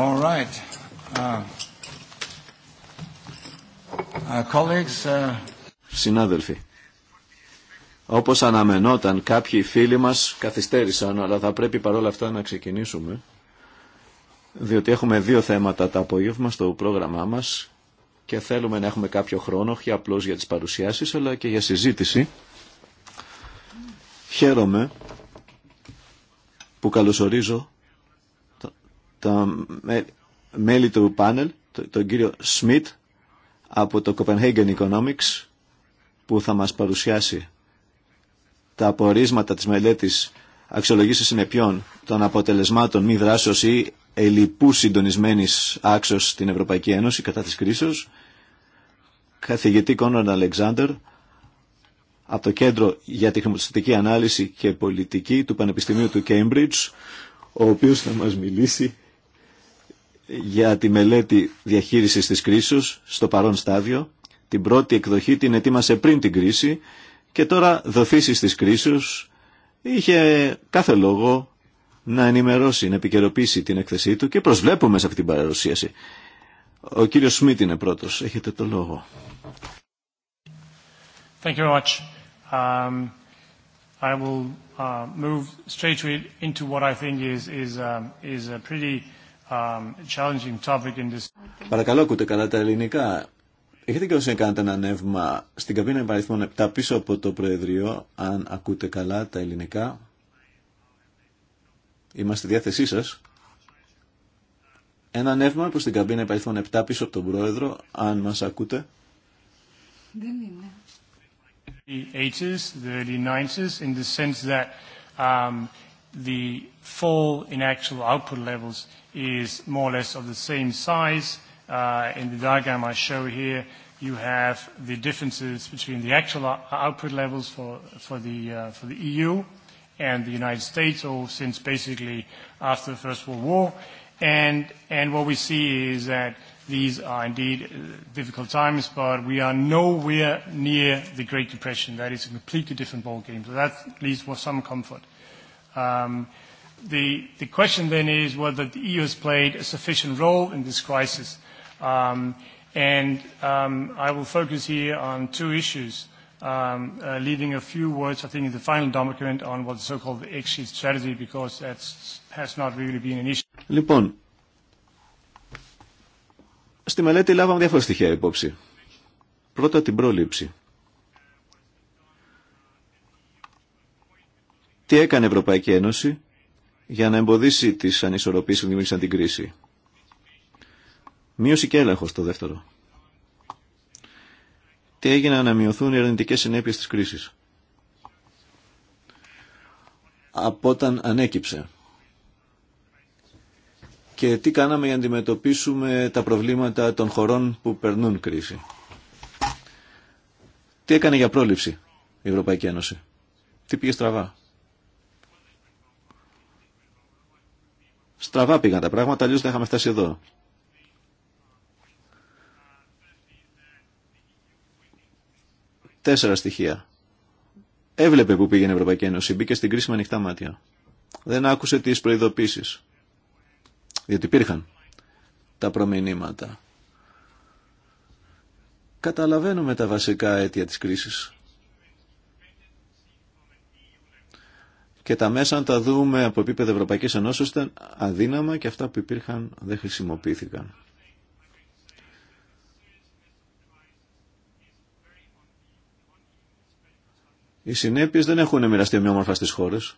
All right. Uh, uh, uh, Συνάδελφοι, όπως αναμενόταν κάποιοι φίλοι μας καθυστέρησαν, αλλά θα πρέπει παρόλα αυτά να ξεκινήσουμε, διότι έχουμε δύο θέματα τα απόγευμα στο πρόγραμμά μας και θέλουμε να έχουμε κάποιο χρόνο, όχι απλώς για τις παρουσιάσεις, αλλά και για συζήτηση. Χαίρομαι που καλωσορίζω τα μέλη του πάνελ, τον κύριο Σμιτ από το Copenhagen Economics που θα μας παρουσιάσει τα απορίσματα της μελέτης αξιολογήσεις συνεπιών των αποτελεσμάτων μη δράσεως ή ελλειπού συντονισμένης άξος στην Ευρωπαϊκή Ένωση κατά της κρίσεως, καθηγητή Κόνορν Αλεξάνδρ από το Κέντρο για τη Χρηματιστική Ανάλυση και Πολιτική του Πανεπιστημίου του Cambridge, ο οποίος θα μας μιλήσει για τη μελέτη διαχείρισης της κρίσης στο παρόν στάδιο. Την πρώτη εκδοχή την ετοίμασε πριν την κρίση και τώρα δοθήσεις της κρίσης είχε κάθε λόγο να ενημερώσει, να επικαιροποιήσει την έκθεσή του και προσβλέπουμε σε αυτή την παρουσίαση. Ο κύριος Σμίτ είναι πρώτος. Έχετε το λόγο. Thank you Um, I will uh, move straight into what I think is, um, a pretty um, challenging topic in this. Παρακαλώ, ακούτε καλά τα ελληνικά. Έχετε και να κάνετε ένα ανέβημα στην καμπίνα υπαριθμών 7 πίσω από το Προεδρείο, αν ακούτε καλά τα ελληνικά. Είμαστε στη διάθεσή σας. Ένα ανέβημα προς την καμπίνα υπαριθμών 7 πίσω από τον Πρόεδρο, αν μας ακούτε. Δεν είναι the 80s, the early 90s, in the sense that the fall in actual output levels is more or less of the same size. in the diagram I show here, you have the differences between the actual output levels for, for, the, uh, for the EU and the United States, or since basically after the First World War. And, and what we see is that These are indeed difficult times, but we are nowhere near the Great Depression. That is a completely different ballgame. So that at was some comfort. Um The the question then is whether the EU has played a sufficient role in this crisis. Um And um I will focus here on two issues, um leaving a few words, I think, in the final document on what's so-called the exit strategy, because that has not really been an issue. Στη μελέτη λάβαμε διάφορα στοιχεία υπόψη. Πρώτα την πρόληψη. Τι έκανε η Ευρωπαϊκή Ένωση για να εμποδίσει τις ανισορροπίες που δημιούργησαν την κρίση. Μείωση και έλεγχο το δεύτερο. Τι έγινε να μειωθούν οι αρνητικέ συνέπειε τη κρίση. Από όταν ανέκυψε και τι κάναμε για να αντιμετωπίσουμε τα προβλήματα των χωρών που περνούν κρίση. Τι έκανε για πρόληψη η Ευρωπαϊκή Ένωση. Τι πήγε στραβά. Στραβά πήγαν τα πράγματα, αλλιώς δεν είχαμε φτάσει εδώ. Τέσσερα στοιχεία. Έβλεπε που πήγαινε η Ευρωπαϊκή Ένωση, μπήκε στην κρίση με ανοιχτά μάτια. Δεν άκουσε τις προειδοποίησεις διότι υπήρχαν τα προμηνύματα. Καταλαβαίνουμε τα βασικά αίτια της κρίσης. Και τα μέσα, αν τα δούμε από επίπεδο Ευρωπαϊκής Ενώσης, ήταν αδύναμα και αυτά που υπήρχαν δεν χρησιμοποιήθηκαν. Οι συνέπειες δεν έχουν μοιραστεί όμορφα στις χώρες.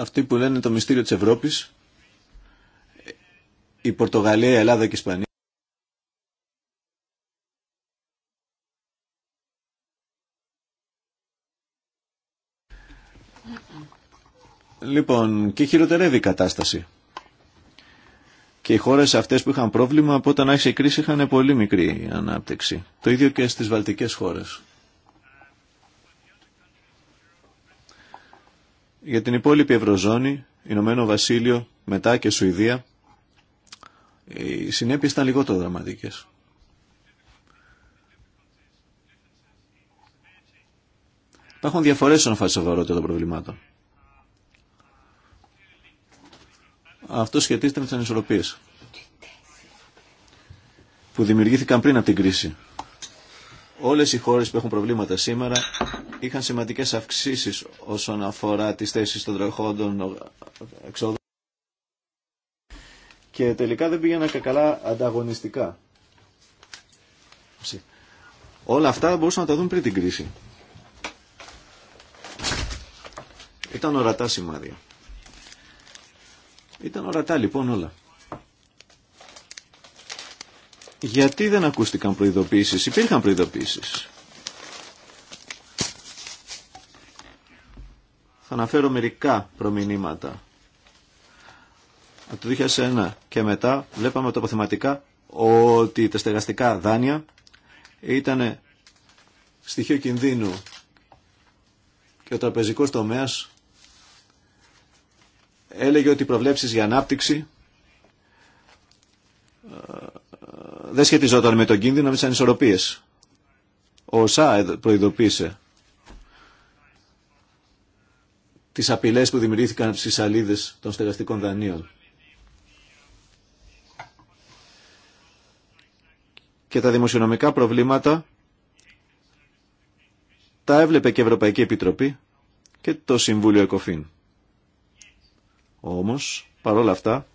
αυτοί που λένε το μυστήριο της Ευρώπης, η Πορτογαλία, η Ελλάδα και η Ισπανία, Λοιπόν, και χειροτερεύει η κατάσταση. Και οι χώρες αυτές που είχαν πρόβλημα από όταν άρχισε η κρίση είχαν πολύ μικρή ανάπτυξη. Το ίδιο και στις βαλτικές χώρες. Για την υπόλοιπη Ευρωζώνη, Ηνωμένο Βασίλειο, μετά και Σουηδία, οι συνέπειες ήταν λιγότερο δραματικές. Υπάρχουν διαφορές στον φάση σοβαρότητα των προβλημάτων. Αυτό σχετίζεται με τις ανισορροπίες που δημιουργήθηκαν πριν από την κρίση. Όλες οι χώρες που έχουν προβλήματα σήμερα είχαν σημαντικέ αυξήσει όσον αφορά τις θέσεις των τρεχόντων εξόδων και τελικά δεν πήγαιναν και καλά ανταγωνιστικά. Όλα αυτά μπορούσαν να τα δουν πριν την κρίση. Ήταν ορατά σημάδια. Ήταν ορατά λοιπόν όλα. Γιατί δεν ακούστηκαν προειδοποίησεις. Υπήρχαν προειδοποίησεις. θα αναφέρω μερικά προμηνύματα. Από το 2001 και μετά βλέπαμε το αποθεματικά ότι τα στεγαστικά δάνεια ήταν στοιχείο κινδύνου και ο τραπεζικός τομέας έλεγε ότι οι προβλέψεις για ανάπτυξη ε, δεν σχετιζόταν με τον κίνδυνο, με τις ανισορροπίες. Ο ΣΑ προειδοποίησε τις απειλές που δημιουργήθηκαν στις αλίδες των στεγαστικών δανείων. Και τα δημοσιονομικά προβλήματα τα έβλεπε και η Ευρωπαϊκή Επιτροπή και το Συμβούλιο Εκοφήν. Όμως, παρόλα αυτά,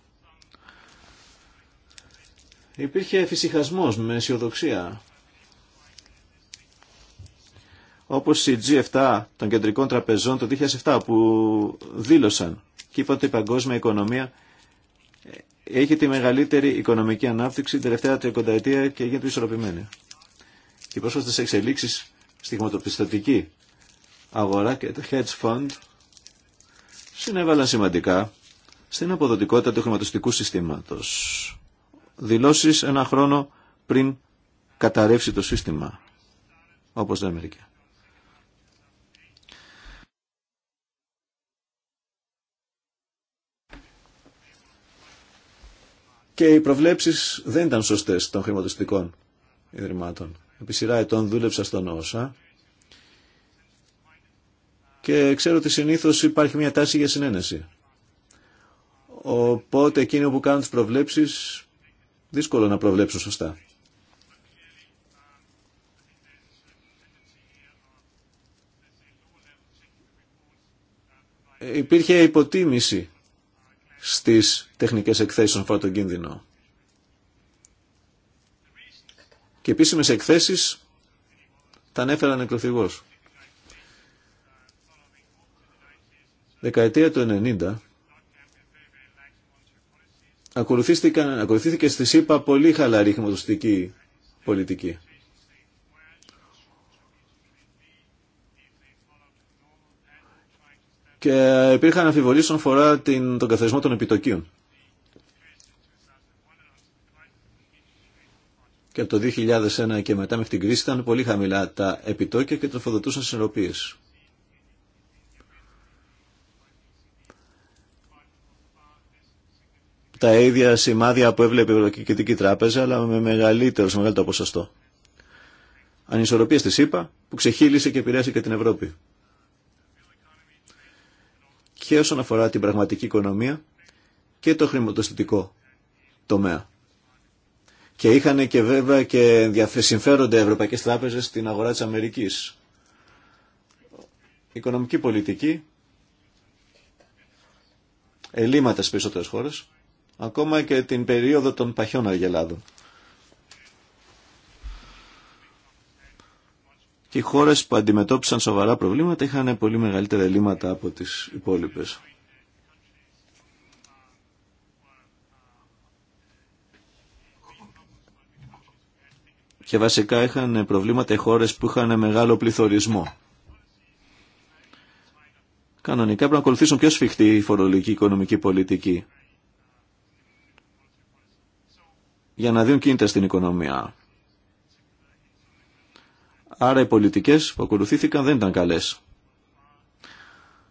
υπήρχε εφησυχασμός με αισιοδοξία όπως η G7 των κεντρικών τραπεζών το 2007 που δήλωσαν και είπαν ότι η παγκόσμια οικονομία έχει τη μεγαλύτερη οικονομική ανάπτυξη την τελευταία τριακονταετία και γίνεται ισορροπημένη. Και οι πρόσφατε εξελίξει στη χρηματοπιστωτική αγορά και το hedge fund συνέβαλαν σημαντικά στην αποδοτικότητα του χρηματοστικού συστήματο, δηλώσει ένα χρόνο πριν καταρρεύσει το σύστημα, όπως λέμε και. και οι προβλέψεις δεν ήταν σωστές των χρηματοστικών ιδρυμάτων. Επί σειρά ετών δούλεψα στον ΩΣΑ και ξέρω ότι συνήθως υπάρχει μια τάση για συνένεση. Οπότε εκείνοι που κάνουν τις προβλέψεις δύσκολο να προβλέψουν σωστά. Υπήρχε υποτίμηση στις τεχνικές εκθέσεις αφορά τον κίνδυνο. Και επίσημες εκθέσεις τα ανέφεραν εκλογηγός. Δεκαετία του 90 ακολουθήθηκε στη ΣΥΠΑ πολύ χαλαρή χρηματοστική πολιτική. και υπήρχαν αμφιβολίες όσον αφορά την, τον καθαρισμό των επιτοκίων. Και από το 2001 και μετά μέχρι την κρίση ήταν πολύ χαμηλά τα επιτόκια και τροφοδοτούσαν συνειδητοποιήσεις. τα ίδια σημάδια που έβλεπε η Ευρωπαϊκή Τράπεζα, αλλά με μεγαλύτερο, σε μεγαλύτερο ποσοστό. Ανισορροπία στη ΣΥΠΑ που ξεχύλισε και επηρέασε και την Ευρώπη και όσον αφορά την πραγματική οικονομία και το χρηματοστατικό τομέα. Και είχαν και βέβαια και συμφέρονται ευρωπαϊκές τράπεζες στην αγορά της Αμερικής. Οικονομική πολιτική, ελλείμματα στις περισσότερες χώρες, ακόμα και την περίοδο των παχιών αργελάδων. οι χώρες που αντιμετώπισαν σοβαρά προβλήματα είχαν πολύ μεγαλύτερα ελλείμματα από τις υπόλοιπες. Και βασικά είχαν προβλήματα οι χώρες που είχαν μεγάλο πληθωρισμό. Κανονικά πρέπει να ακολουθήσουν πιο σφιχτή φορολογική οικονομική πολιτική για να δίνουν κίνητα στην οικονομία. Άρα οι πολιτικές που ακολουθήθηκαν δεν ήταν καλές.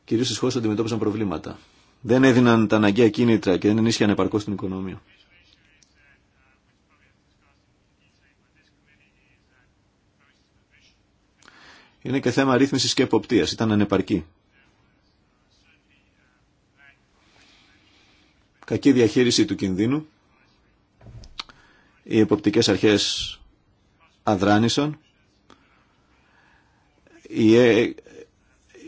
Κυρίως στις χώρες αντιμετώπισαν προβλήματα. Δεν έδιναν τα αναγκαία κίνητρα και δεν ενίσχυαν επαρκώς την οικονομία. Είναι και θέμα ρύθμισης και εποπτεία. Ήταν ανεπαρκή. Κακή διαχείριση του κινδύνου. Οι εποπτικές αρχές αδράνησαν η ε,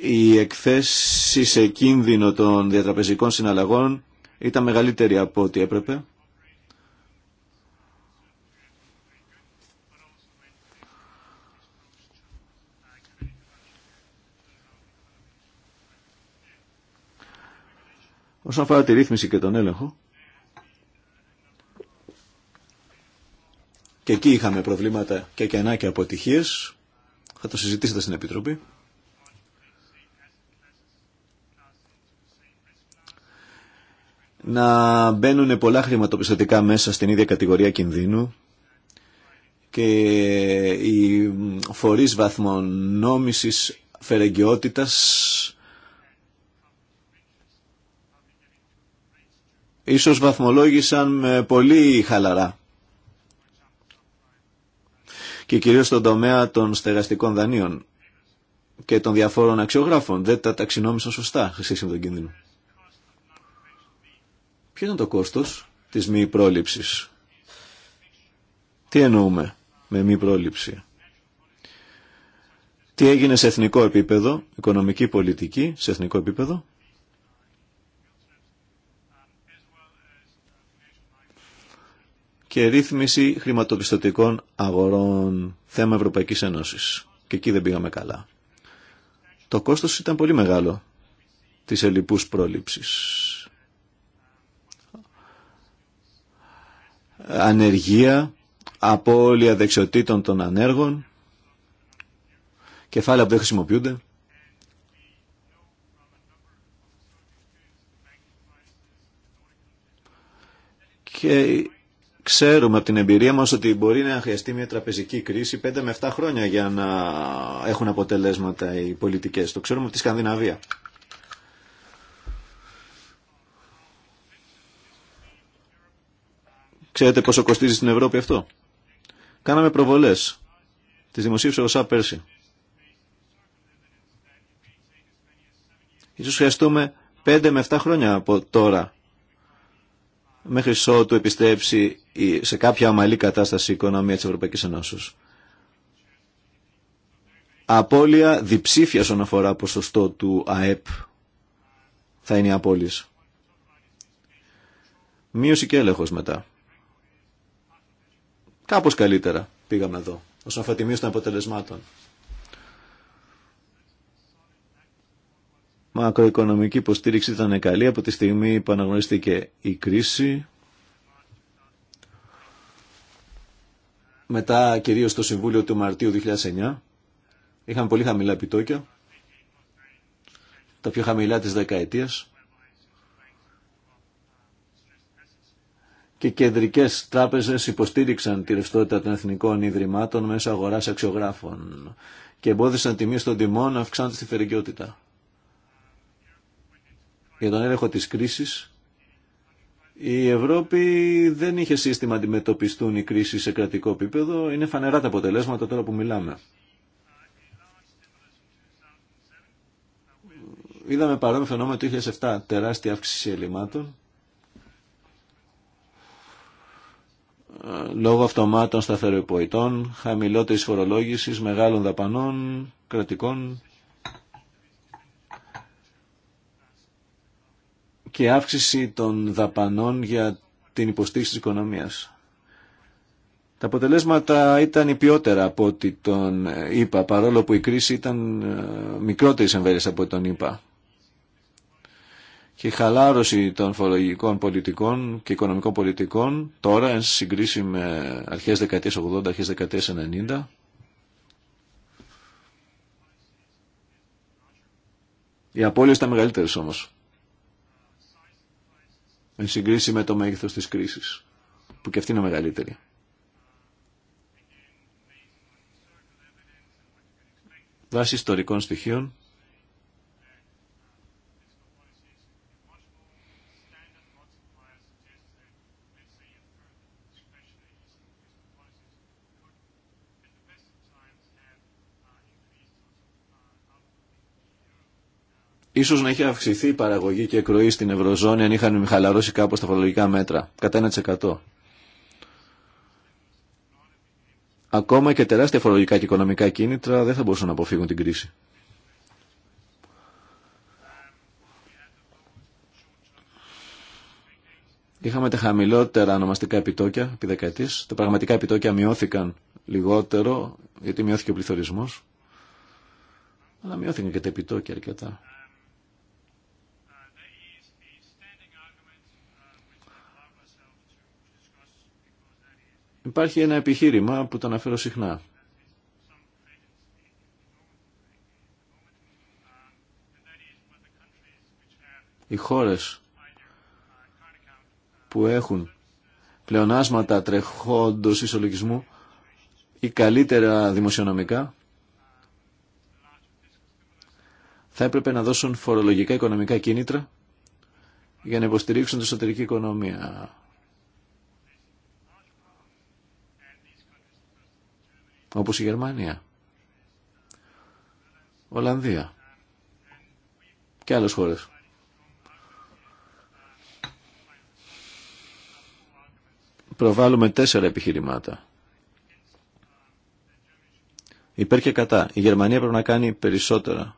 οι εκθέσει σε κίνδυνο των διατραπεζικών συναλλαγών ήταν μεγαλύτερη από ό,τι έπρεπε. Όσον αφορά τη ρύθμιση και τον έλεγχο, και εκεί είχαμε προβλήματα και κενά και αποτυχίες. Θα το συζητήσετε στην Επιτροπή. Να μπαίνουν πολλά χρηματοπιστωτικά μέσα στην ίδια κατηγορία κινδύνου και οι φορείς βαθμονόμησης φερεγγιότητας ίσως βαθμολόγησαν πολύ χαλαρά και κυρίως στον τομέα των στεγαστικών δανείων και των διαφόρων αξιογράφων. Δεν τα ταξινόμησαν σωστά σε με τον κίνδυνο. Ποιο ήταν το κόστος της μη πρόληψης. Τι εννοούμε με μη πρόληψη. Τι έγινε σε εθνικό επίπεδο, οικονομική πολιτική, σε εθνικό επίπεδο. και ρύθμιση χρηματοπιστωτικών αγορών, θέμα Ευρωπαϊκής Ένωσης. Και εκεί δεν πήγαμε καλά. Το κόστος ήταν πολύ μεγάλο της ελληπούς πρόληψης. Ανεργία, απώλεια δεξιοτήτων των ανέργων, κεφάλαια που δεν χρησιμοποιούνται. Και Ξέρουμε από την εμπειρία μας ότι μπορεί να χρειαστεί μια τραπεζική κρίση 5 με 7 χρόνια για να έχουν αποτελέσματα οι πολιτικές. Το ξέρουμε από τη Σκανδιναβία. Ξέρετε πόσο κοστίζει στην Ευρώπη αυτό. Κάναμε προβολές. Τις δημοσίευσε ο ΣΑΠ πέρσι. Ίσως χρειαστούμε 5 με 7 χρόνια από τώρα μέχρι ότου επιστρέψει σε κάποια αμαλή κατάσταση η οικονομία της Ευρωπαϊκής Ενώσεως. Απόλυα διψήφια όσον αφορά ποσοστό του ΑΕΠ θα είναι η απόλυση. Μείωση και έλεγχος μετά. Κάπως καλύτερα πήγαμε εδώ, όσον αφορά τη μείωση των αποτελεσμάτων. μακροοικονομική υποστήριξη ήταν καλή από τη στιγμή που αναγνωρίστηκε η κρίση. Μετά κυρίως το Συμβούλιο του Μαρτίου 2009 είχαν πολύ χαμηλά επιτόκια, τα πιο χαμηλά της δεκαετίας και κεντρικές τράπεζες υποστήριξαν τη ρευστότητα των εθνικών ιδρυμάτων μέσω αγοράς αξιογράφων και εμπόδισαν τιμή στον των να αυξάνονται στη φερικιότητα για τον έλεγχο της κρίσης, η Ευρώπη δεν είχε σύστημα να αντιμετωπιστούν οι κρίσεις σε κρατικό επίπεδο. Είναι φανερά τα αποτελέσματα τώρα που μιλάμε. Είδαμε παρόμοιο φαινόμενο το 2007, τεράστια αύξηση ελλημάτων. Λόγω αυτομάτων σταθεροποιητών, χαμηλότερης φορολόγησης, μεγάλων δαπανών, κρατικών και αύξηση των δαπανών για την υποστήριξη της οικονομίας. Τα αποτελέσματα ήταν υπιότερα από ό,τι τον είπα, παρόλο που η κρίση ήταν ε, μικρότερη εμβέλειας από τον είπα. Και η χαλάρωση των φορολογικών πολιτικών και οικονομικών πολιτικών τώρα, εν συγκρίση με αρχές δεκαετίας 80, αρχές δεκαετίας 90, οι απώλειες ήταν μεγαλύτερες όμως εν συγκρίση με το μέγεθος της κρίσης, που και αυτή είναι μεγαλύτερη. Βάσει ιστορικών στοιχείων, Ίσως να είχε αυξηθεί η παραγωγή και η εκροή στην Ευρωζώνη αν είχαν χαλαρώσει κάπως τα φορολογικά μέτρα, κατά 1%. Ακόμα και τεράστια φορολογικά και οικονομικά κίνητρα δεν θα μπορούσαν να αποφύγουν την κρίση. Είχαμε τα χαμηλότερα ονομαστικά επιτόκια επί δεκαετής. Τα πραγματικά επιτόκια μειώθηκαν λιγότερο, γιατί μειώθηκε ο πληθωρισμός. Αλλά μειώθηκαν και τα επιτόκια αρκετά. Υπάρχει ένα επιχείρημα που το αναφέρω συχνά. Οι χώρες που έχουν πλεονάσματα τρεχόντος ισολογισμού ή καλύτερα δημοσιονομικά θα έπρεπε να δώσουν φορολογικά οικονομικά κίνητρα για να υποστηρίξουν την εσωτερική οικονομία. όπως η Γερμανία, Ολλανδία και άλλες χώρες. Προβάλλουμε τέσσερα επιχειρημάτα. Υπέρ και κατά. Η Γερμανία πρέπει να κάνει περισσότερα.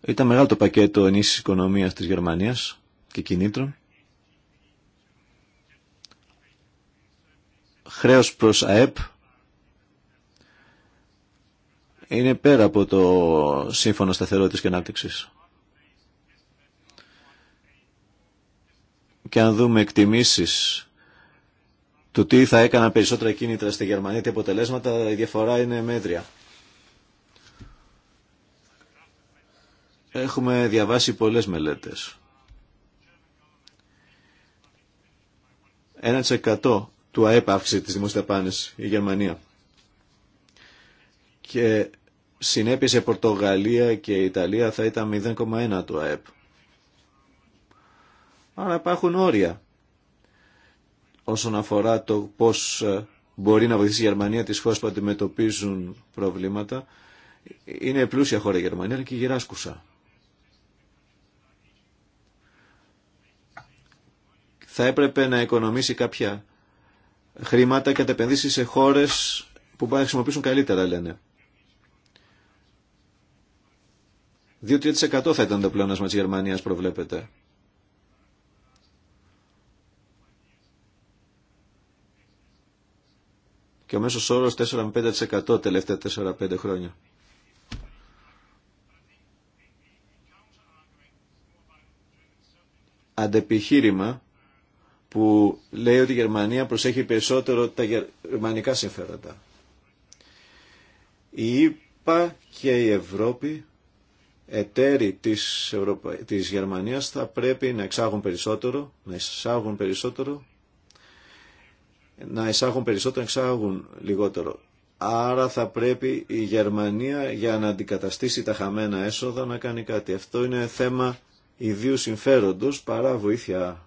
Ήταν μεγάλο το πακέτο ενίσχυσης οικονομίας της Γερμανίας και κινήτρων. χρέος προς ΑΕΠ είναι πέρα από το Σύμφωνο Σταθερότητας και Ανάπτυξης. Και αν δούμε εκτιμήσεις του τι θα έκαναν περισσότερα κίνητρα στη Γερμανία, τι αποτελέσματα, η διαφορά είναι μέτρια. Έχουμε διαβάσει πολλές μελέτες. 1% του ΑΕΠ αύξησε τις η Γερμανία. Και συνέπειε σε Πορτογαλία και Ιταλία θα ήταν 0,1 του ΑΕΠ. Άρα υπάρχουν όρια όσον αφορά το πώς ε, μπορεί να βοηθήσει η Γερμανία τις χώρες που αντιμετωπίζουν προβλήματα. Είναι πλούσια χώρα η Γερμανία, αλλά και γυράσκουσα. Θα έπρεπε να οικονομήσει κάποια χρήματα και να σε χώρε που μπορεί να χρησιμοποιήσουν καλύτερα, λένε. 2-3% θα ήταν το πλεόνασμα της Γερμανίας, προβλέπετε. Και ο μέσο 4 5% τελευταία 4-5 χρόνια. Αντεπιχείρημα που λέει ότι η Γερμανία προσέχει περισσότερο τα γερμανικά συμφέροντα. Η ΕΠΑ και η Ευρώπη, εταίροι της, Γερμανίας, θα πρέπει να εξάγουν περισσότερο, να εισάγουν περισσότερο, να εισάγουν περισσότερο, να εξάγουν λιγότερο. Άρα θα πρέπει η Γερμανία για να αντικαταστήσει τα χαμένα έσοδα να κάνει κάτι. Αυτό είναι θέμα ιδίου συμφέροντος παρά βοήθεια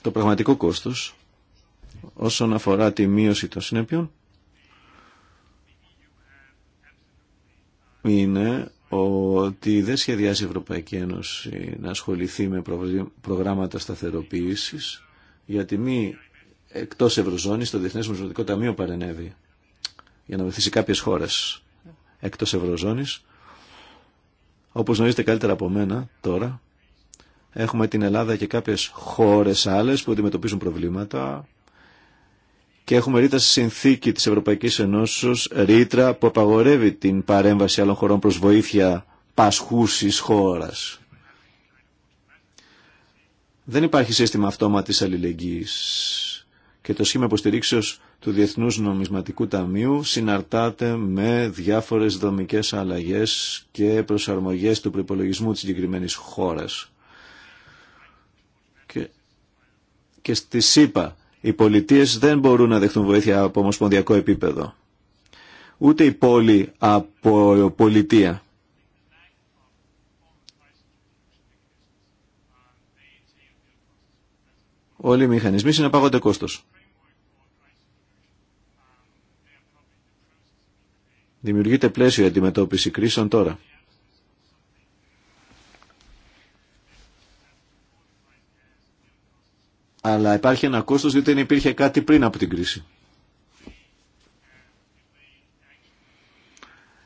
το πραγματικό κόστος όσον αφορά τη μείωση των συνέπειων είναι ότι δεν σχεδιάζει η Ευρωπαϊκή Ένωση να ασχοληθεί με προγράμματα σταθεροποίησης γιατί μη εκτός Ευρωζώνης το Διεθνές Μεσοδοτικό Ταμείο παρενέβη για να βοηθήσει κάποιες χώρες εκτός Ευρωζώνης. Όπως γνωρίζετε καλύτερα από μένα τώρα, έχουμε την Ελλάδα και κάποιες χώρες άλλες που αντιμετωπίζουν προβλήματα και έχουμε ρήτρα στη συνθήκη της Ευρωπαϊκής Ενώσεως, ρήτρα που απαγορεύει την παρέμβαση άλλων χωρών προς βοήθεια πασχούσης χώρας. Δεν υπάρχει σύστημα αυτόματης αλληλεγγύης και το σχήμα υποστηρίξεω του Διεθνούς Νομισματικού Ταμείου συναρτάται με διάφορες δομικές αλλαγές και προσαρμογές του προπολογισμού της συγκεκριμένη χώρας. Και, και στη ΣΥΠΑ οι πολιτείες δεν μπορούν να δεχτούν βοήθεια από ομοσπονδιακό επίπεδο. Ούτε η πόλη από πολιτεία. Όλοι οι μηχανισμοί συναπαγόνται κόστος. Δημιουργείται πλαίσιο αντιμετώπιση κρίσεων τώρα. Αλλά υπάρχει ένα κόστος διότι δεν υπήρχε κάτι πριν από την κρίση.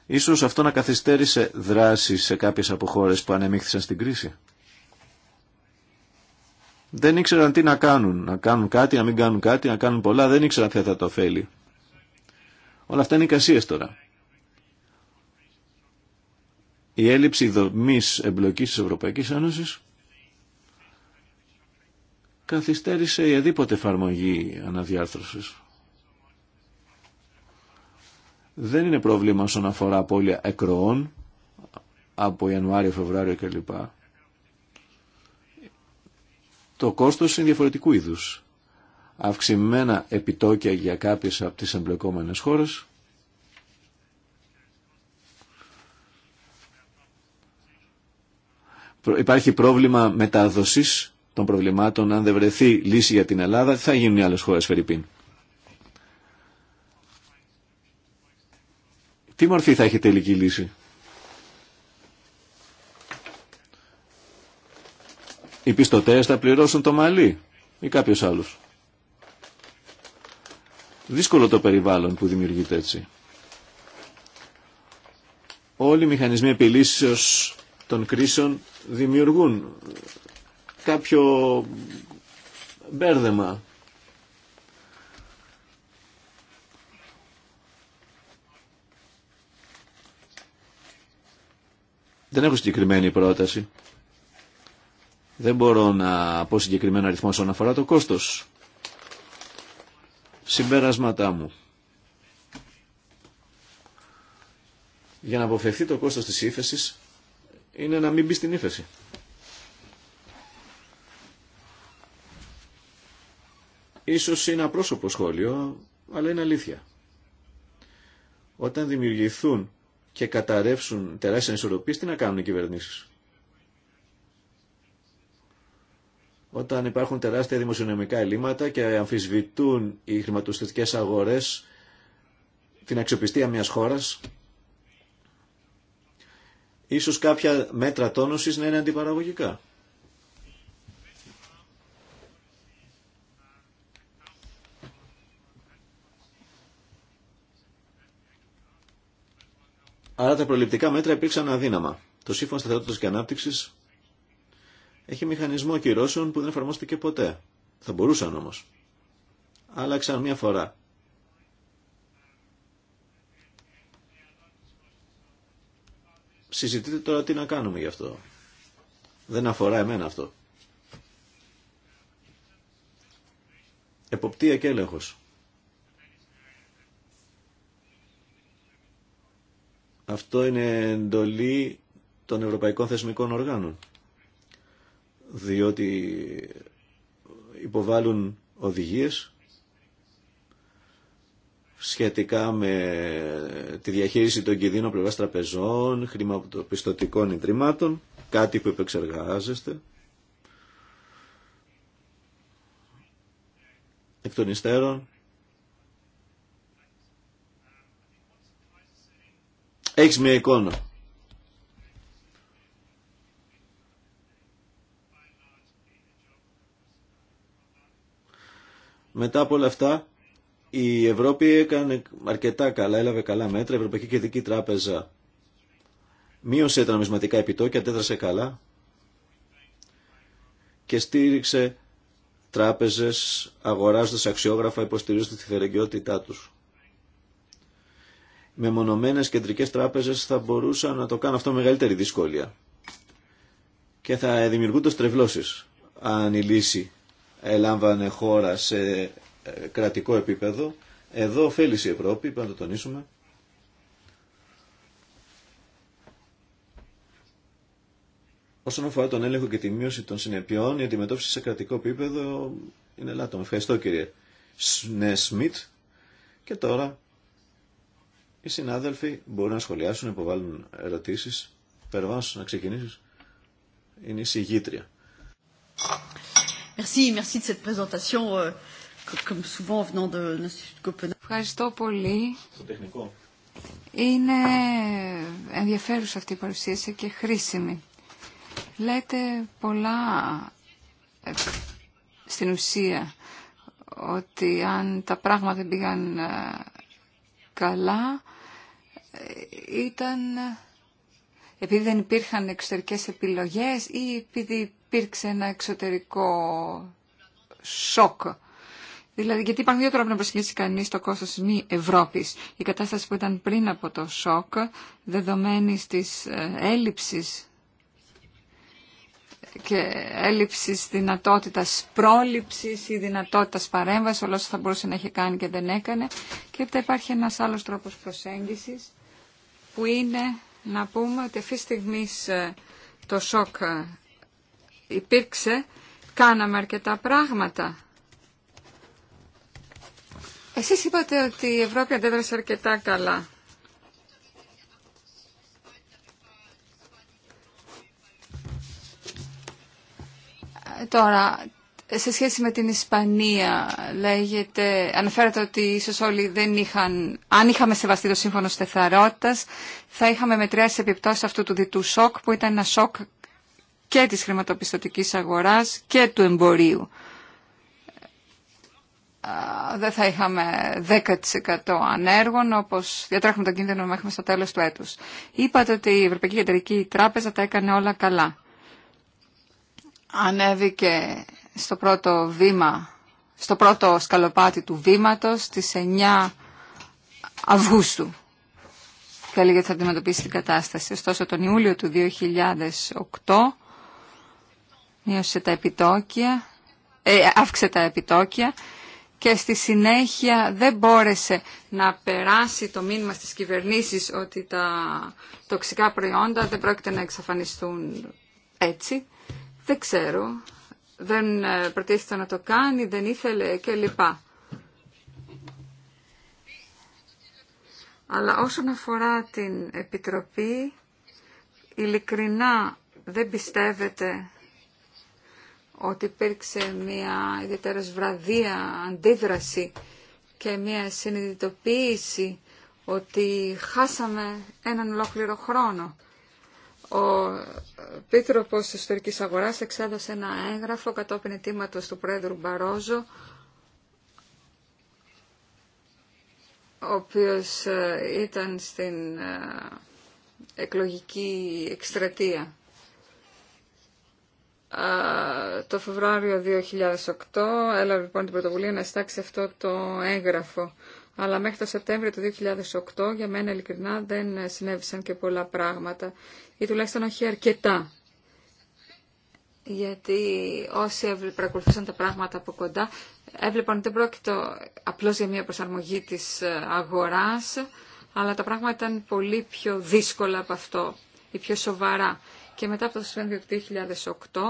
Ίσως αυτό να καθυστέρησε δράση σε κάποιες από χώρες που ανεμίχθησαν στην κρίση δεν ήξεραν τι να κάνουν. Να κάνουν κάτι, να μην κάνουν κάτι, να κάνουν πολλά. Δεν ήξεραν τι θα το θέλει. Όλα αυτά είναι εικασίε τώρα. Η έλλειψη δομή εμπλοκή τη Ευρωπαϊκή Ένωση καθυστέρησε η αδίποτε εφαρμογή αναδιάρθρωσης. Δεν είναι πρόβλημα όσον αφορά απώλεια εκροών από Ιανουάριο, Φεβρουάριο κλπ το κόστος είναι διαφορετικού είδους. Αυξημένα επιτόκια για κάποιες από τις εμπλεκόμενες χώρες, Υπάρχει πρόβλημα μεταδοσής των προβλημάτων. Αν δεν βρεθεί λύση για την Ελλάδα, θα γίνουν οι άλλες χώρες, Φερρυπίν. Τι μορφή θα έχει τελική λύση. οι πιστωτέ θα πληρώσουν το μαλλί ή κάποιο άλλος. Δύσκολο το περιβάλλον που δημιουργείται έτσι. Όλοι οι μηχανισμοί επιλύσεως των κρίσεων δημιουργούν κάποιο μπέρδεμα. Δεν έχω συγκεκριμένη πρόταση. Δεν μπορώ να πω συγκεκριμένα αριθμό όσον αφορά το κόστος. Συμπέρασματά μου. Για να αποφευθεί το κόστος της ύφεσης είναι να μην μπει στην ύφεση. Ίσως είναι απρόσωπο σχόλιο, αλλά είναι αλήθεια. Όταν δημιουργηθούν και καταρρεύσουν τεράστιες ανισορροπίες, τι να κάνουν οι κυβερνήσεις. Όταν υπάρχουν τεράστια δημοσιονομικά ελλείμματα και αμφισβητούν οι χρηματοστατικές αγορές την αξιοπιστία μιας χώρας, ίσως κάποια μέτρα τόνωσης να είναι αντιπαραγωγικά. Άρα τα προληπτικά μέτρα υπήρξαν αδύναμα. Το Σύμφωνο Σταθερότητας και Ανάπτυξης έχει μηχανισμό κυρώσεων που δεν εφαρμόστηκε ποτέ. Θα μπορούσαν όμως. Άλλαξαν μια φορά. Συζητείτε τώρα τι να κάνουμε γι' αυτό. Δεν αφορά εμένα αυτό. Εποπτεία και έλεγχος. Αυτό είναι εντολή των Ευρωπαϊκών Θεσμικών Οργάνων διότι υποβάλλουν οδηγίες σχετικά με τη διαχείριση των κινδύνων πλευρά τραπεζών, χρηματοπιστωτικών ιδρυμάτων, κάτι που επεξεργάζεστε. Εκ των υστέρων, έχεις μια εικόνα Μετά από όλα αυτά, η Ευρώπη έκανε αρκετά καλά, έλαβε καλά μέτρα. Η Ευρωπαϊκή Κεντρική Τράπεζα μείωσε τα νομισματικά επιτόκια, αντέδρασε καλά και στήριξε τράπεζες αγοράζοντας αξιόγραφα υποστηρίζοντας τη θεραγκαιότητά τους. Με μονομένες κεντρικές τράπεζες θα μπορούσαν να το κάνουν αυτό μεγαλύτερη δυσκολία και θα δημιουργούνται στρεβλώσεις αν η λύση έλαμβανε χώρα σε ε, κρατικό επίπεδο. Εδώ ωφέλησε η Ευρώπη, πρέπει να το τονίσουμε. Όσον αφορά τον έλεγχο και τη μείωση των συνεπειών, η αντιμετώπιση σε κρατικό επίπεδο είναι λάθος. Ευχαριστώ κύριε Σνέ Σμιτ. Και τώρα οι συνάδελφοι μπορούν να σχολιάσουν, να υποβάλουν ερωτήσεις. Περβάσου να ξεκινήσεις. Είναι η συγγήτρια. Merci, merci de cette présentation, euh, comme souvent venant de Copenhague. Ευχαριστώ πολύ. Είναι ενδιαφέρουσα αυτή η παρουσίαση και χρήσιμη. Λέτε πολλά ε, στην ουσία ότι αν τα πράγματα πήγαν ε, καλά ε, ήταν επειδή δεν υπήρχαν εξωτερικές επιλογές ή επειδή υπήρξε ένα εξωτερικό σοκ. Δηλαδή, γιατί υπάρχουν δύο τρόποι να προσεγγίσει κανεί το κόστο μη Ευρώπη. Η κατάσταση που ήταν πριν από το σοκ, δεδομένη τη ε, έλλειψη και έλλειψη δυνατότητα πρόληψη ή δυνατότητα παρέμβαση, όλα όσα θα μπορούσε να είχε κάνει και δεν έκανε. Και έπειτα υπάρχει ένα άλλο τρόπο προσέγγιση, που είναι να πούμε ότι αυτή τη στιγμή ε, το σοκ υπήρξε, κάναμε αρκετά πράγματα. Εσείς είπατε ότι η Ευρώπη αντέδρασε αρκετά καλά. Ε, τώρα, σε σχέση με την Ισπανία, λέγεται, αναφέρατε ότι ίσως όλοι δεν είχαν, αν είχαμε σεβαστεί το σύμφωνο στεθαρότητας, θα είχαμε μετριάσει επιπτώσεις αυτού του διτού σοκ, που ήταν ένα σοκ και της χρηματοπιστωτικής αγοράς και του εμπορίου. Δεν θα είχαμε 10% ανέργων, όπως διατρέχουμε τον κίνδυνο μέχρι στο τέλος του έτους. Είπατε ότι η Ευρωπαϊκή Κεντρική Τράπεζα τα έκανε όλα καλά. Ανέβηκε στο πρώτο βήμα, στο πρώτο σκαλοπάτι του βήματος, στις 9 Αυγούστου και έλεγε ότι θα αντιμετωπίσει την κατάσταση. Ωστόσο, τον Ιούλιο του 2008 μείωσε τα επιτόκια, ε, τα επιτόκια και στη συνέχεια δεν μπόρεσε να περάσει το μήνυμα στις κυβερνήσεις ότι τα τοξικά προϊόντα δεν πρόκειται να εξαφανιστούν έτσι. Δεν ξέρω, δεν ε, προτίθεται να το κάνει, δεν ήθελε κλπ. Αλλά όσον αφορά την Επιτροπή, ειλικρινά δεν πιστεύετε ότι υπήρξε μια ιδιαίτερα βραδία αντίδραση και μια συνειδητοποίηση ότι χάσαμε έναν ολόκληρο χρόνο. Ο Πίτροπος τη Ιστορικής Αγοράς εξέδωσε ένα έγγραφο κατόπιν τίματος του Πρόεδρου Μπαρόζο, ο οποίος ε, ήταν στην ε, εκλογική εκστρατεία το Φεβρουάριο 2008 έλαβε λοιπόν την πρωτοβουλία να στάξει αυτό το έγγραφο. Αλλά μέχρι το Σεπτέμβριο του 2008 για μένα ειλικρινά δεν συνέβησαν και πολλά πράγματα ή τουλάχιστον όχι αρκετά. Γιατί όσοι παρακολουθούσαν τα πράγματα από κοντά έβλεπαν ότι δεν πρόκειται απλώς για μια προσαρμογή της ε, αγοράς αλλά τα πράγματα ήταν πολύ πιο δύσκολα από αυτό ή πιο σοβαρά και μετά από το Σεπτέμβριο του 2008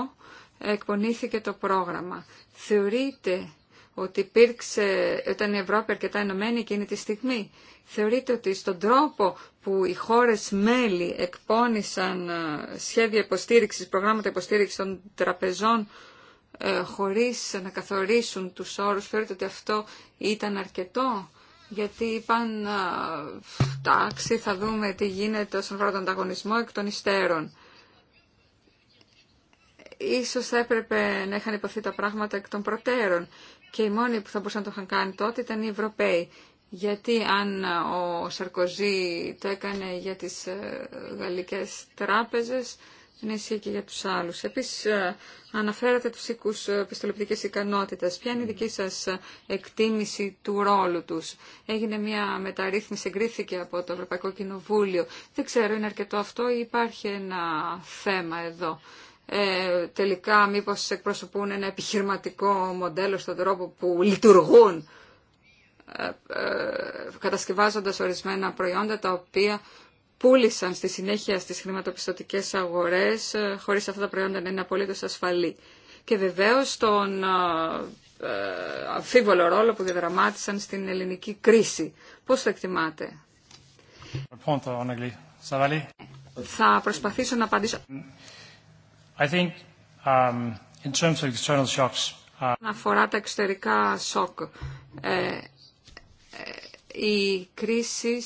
εκπονήθηκε το πρόγραμμα. Θεωρείτε ότι υπήρξε, ήταν η Ευρώπη αρκετά ενωμένη εκείνη τη στιγμή. Θεωρείτε ότι στον τρόπο που οι χώρες μέλη εκπώνησαν ε, σχέδια υποστήριξης, προγράμματα υποστήριξης των τραπεζών ε, χωρίς να καθορίσουν τους όρους, θεωρείτε ότι αυτό ήταν αρκετό. Γιατί είπαν, εντάξει, θα δούμε τι γίνεται όσον αφορά τον ανταγωνισμό εκ των υστέρων ίσως θα έπρεπε να είχαν υποθεί τα πράγματα εκ των προτέρων και οι μόνοι που θα μπορούσαν να το είχαν κάνει τότε ήταν οι Ευρωπαίοι. Γιατί αν ε, ο Σαρκοζή το έκανε για τις ε, γαλλικές τράπεζες, δεν ισχύει και για τους άλλους. Επίσης ε, αναφέρατε τους οίκους πιστοληπτικής ικανότητας. Ποια είναι η δική σας εκτίμηση του ρόλου τους. Έγινε μια μεταρρύθμιση, εγκρίθηκε από το Ευρωπαϊκό Κοινοβούλιο. Δεν ξέρω, είναι αρκετό αυτό ή υπάρχει ένα θέμα εδώ ε, τελικά μήπως εκπροσωπούν ένα επιχειρηματικό μοντέλο στον τρόπο που λειτουργούν ε, ε κατασκευάζοντας ορισμένα προϊόντα τα οποία πούλησαν στη συνέχεια στις χρηματοπιστωτικές αγορές ε, χωρίς αυτά τα προϊόντα να είναι απολύτως ασφαλή. Και βεβαίως τον ε, αμφίβολο ρόλο που διαδραμάτισαν στην ελληνική κρίση. Πώς το εκτιμάτε? Θα προσπαθήσω να απαντήσω. I um, uh, Αφορά τα εξωτερικά σοκ. Ε, ε η κρίση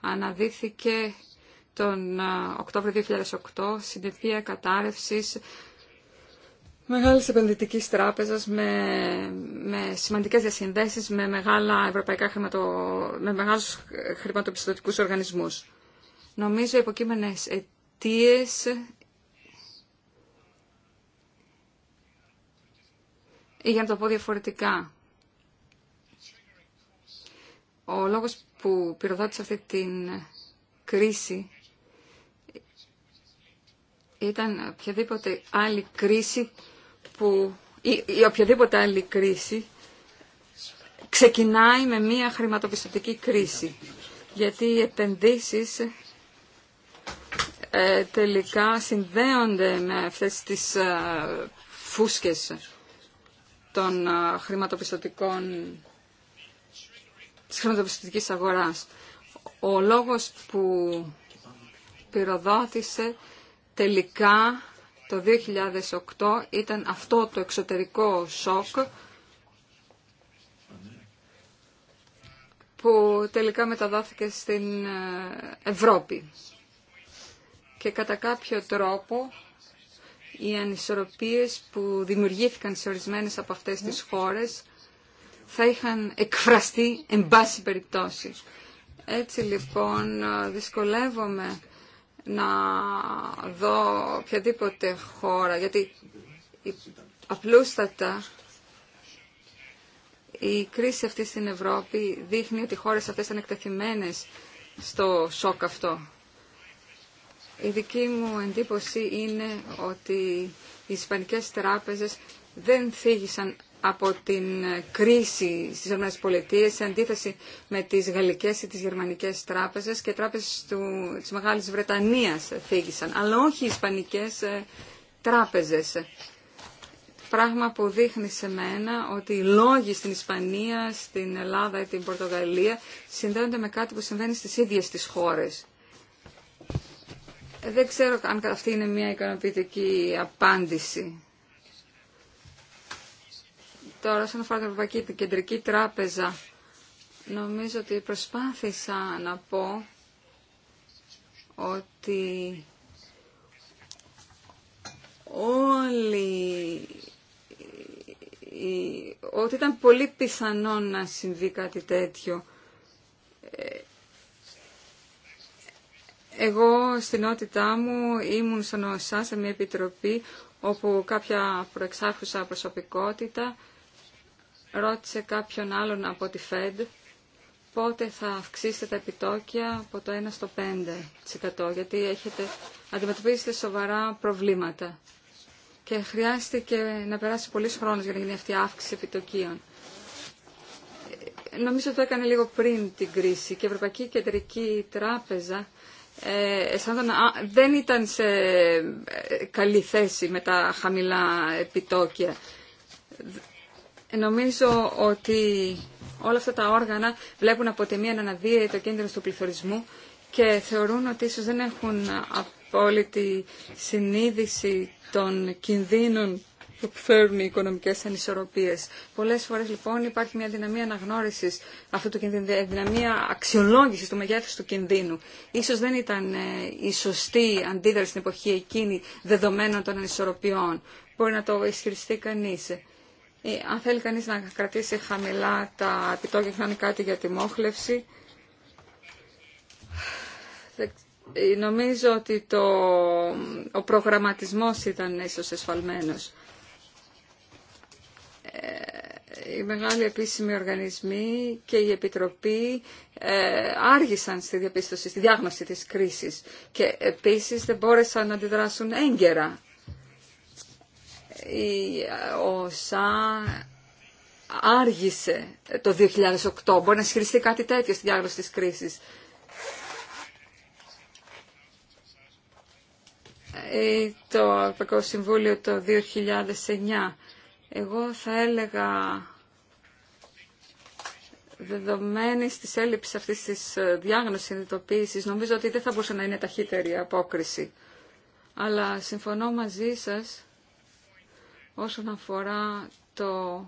αναδύθηκε τον ε, Οκτώβριο 2008 συντυπία κατάρρευσης μεγάλης επενδυτικής τράπεζας με, με σημαντικές διασυνδέσεις με, μεγάλα ευρωπαϊκά χρηματο, με μεγάλους χρηματοπιστωτικούς οργανισμούς. Νομίζω οι υποκείμενες αιτίες Ή για να το πω διαφορετικά, ο λόγος που πυροδότησε αυτή την κρίση ήταν οποιαδήποτε άλλη κρίση που, ή, οποιαδήποτε άλλη κρίση ξεκινάει με μία χρηματοπιστωτική κρίση. Γιατί οι επενδύσεις ε, τελικά συνδέονται με αυτές τις ε, φούσκες των χρηματοπιστωτικών της χρηματοπιστωτικής αγοράς. Ο λόγος που πυροδότησε τελικά το 2008 ήταν αυτό το εξωτερικό σοκ που τελικά μεταδόθηκε στην ε, Ευρώπη. Και κατά κάποιο τρόπο οι ανισορροπίες που δημιουργήθηκαν σε ορισμένες από αυτές τις χώρες θα είχαν εκφραστεί εν πάση περιπτώσει. Έτσι λοιπόν δυσκολεύομαι να δω οποιαδήποτε χώρα, γιατί απλούστατα η κρίση αυτή στην Ευρώπη δείχνει ότι οι χώρες αυτές ήταν εκτεθειμένες στο σοκ αυτό. Η δική μου εντύπωση είναι ότι οι ισπανικές τράπεζες δεν θίγησαν από την κρίση στις πολιτείες σε αντίθεση με τις γαλλικές ή τις γερμανικές τράπεζες και τράπεζες του, της Μεγάλης Βρετανίας θίγησαν, αλλά όχι οι ισπανικές ε, τράπεζες. Πράγμα που δείχνει σε μένα ότι οι λόγοι στην Ισπανία, στην Ελλάδα ή την Πορτογαλία συνδέονται με κάτι που συμβαίνει στις ίδιες τις χώρες. Δεν ξέρω αν αυτή είναι μια ικανοποιητική απάντηση. Τώρα, όσον αφορά την Ευρωπαϊκή Κεντρική Τράπεζα, νομίζω ότι προσπάθησα να πω ότι όλοι ότι ήταν πολύ πιθανό να συμβεί κάτι τέτοιο ε, εγώ στην νότητά μου ήμουν στον ΟΣΑ σε μια επιτροπή όπου κάποια προεξάρχουσα προσωπικότητα ρώτησε κάποιον άλλον από τη ΦΕΔ πότε θα αυξήσετε τα επιτόκια από το 1 στο 5% γιατί έχετε, αντιμετωπίζετε σοβαρά προβλήματα και χρειάστηκε να περάσει πολλής χρόνος για να γίνει αυτή η αύξηση επιτοκίων. Ε, νομίζω το έκανε λίγο πριν την κρίση και η Ευρωπαϊκή Κεντρική Τράπεζα ε, να, δεν ήταν σε ε, καλή θέση με τα χαμηλά επιτόκια. Ε, νομίζω ότι όλα αυτά τα όργανα βλέπουν από τη μία να αναδύεται το κίνδυνο του πληθωρισμού και θεωρούν ότι ίσως δεν έχουν απόλυτη συνείδηση των κινδύνων που φέρουν οι οικονομικέ ανισορροπίες. Πολλές φορές λοιπόν υπάρχει μια δυναμία αναγνώρισης αυτού του κινδύνου, δυναμία αξιολόγηση του μεγέθους του κινδύνου. Ίσως δεν ήταν ε, η σωστή αντίδραση στην εποχή εκείνη δεδομένων των ανισορροπιών. Μπορεί να το ισχυριστεί κανείς. Ε, αν θέλει κανεί να κρατήσει χαμηλά τα επιτόκια και να είναι κάτι για τη μόχλευση, νομίζω ότι το, ο προγραμματισμός ήταν ίσως εσφαλμένος οι μεγάλοι επίσημοι οργανισμοί και η Επιτροπή ε, άργησαν στη διαπίστωση, στη διάγνωση της κρίσης και επίσης δεν μπόρεσαν να αντιδράσουν έγκαιρα. Ο ΩΣΑ άργησε το 2008. Μπορεί να ισχυριστεί κάτι τέτοιο στη διάγνωση της κρίσης. Ε, το Ευρωπαϊκό Συμβούλιο το 2009 εγώ θα έλεγα δεδομένη της έλλειψης αυτής της ε, διάγνωσης συνειδητοποίησης, νομίζω ότι δεν θα μπορούσε να είναι ταχύτερη η απόκριση. Αλλά συμφωνώ μαζί σας όσον αφορά το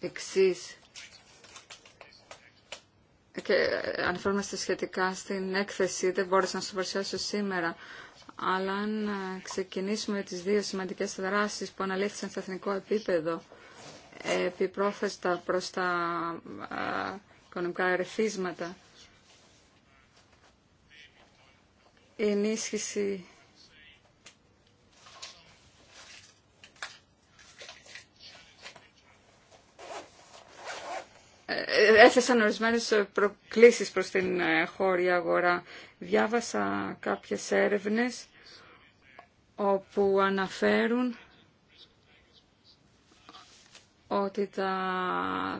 εξής. Και ε, αναφέρομαστε σχετικά στην έκθεση, δεν μπόρεσα να σου παρουσιάσω σήμερα, αλλά αν ε, ξεκινήσουμε τις δύο σημαντικές δράσεις που αναλύθησαν στο εθνικό επίπεδο επιπρόθεστα προς τα ε, οικονομικά ερεθίσματα, η ενίσχυση ε, έθεσαν ορισμένες προκλήσεις προς την χώρια αγορά Διάβασα κάποιες έρευνες όπου αναφέρουν ότι τα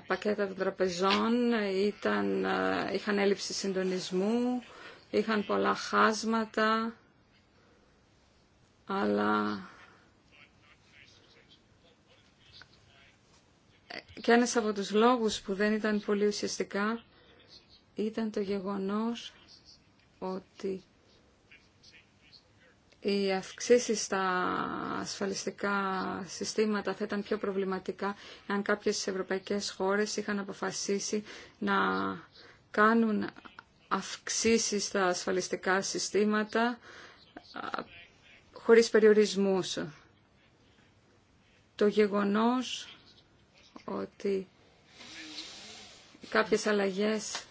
πακέτα των τραπεζών ήταν, είχαν έλλειψη συντονισμού, είχαν πολλά χάσματα, αλλά και ένας από τους λόγους που δεν ήταν πολύ ουσιαστικά ήταν το γεγονός ότι οι αυξήσει στα ασφαλιστικά συστήματα θα ήταν πιο προβληματικά αν κάποιες ευρωπαϊκές χώρες είχαν αποφασίσει να κάνουν αυξήσεις στα ασφαλιστικά συστήματα χωρίς περιορισμούς. Το γεγονός ότι κάποιες αλλαγές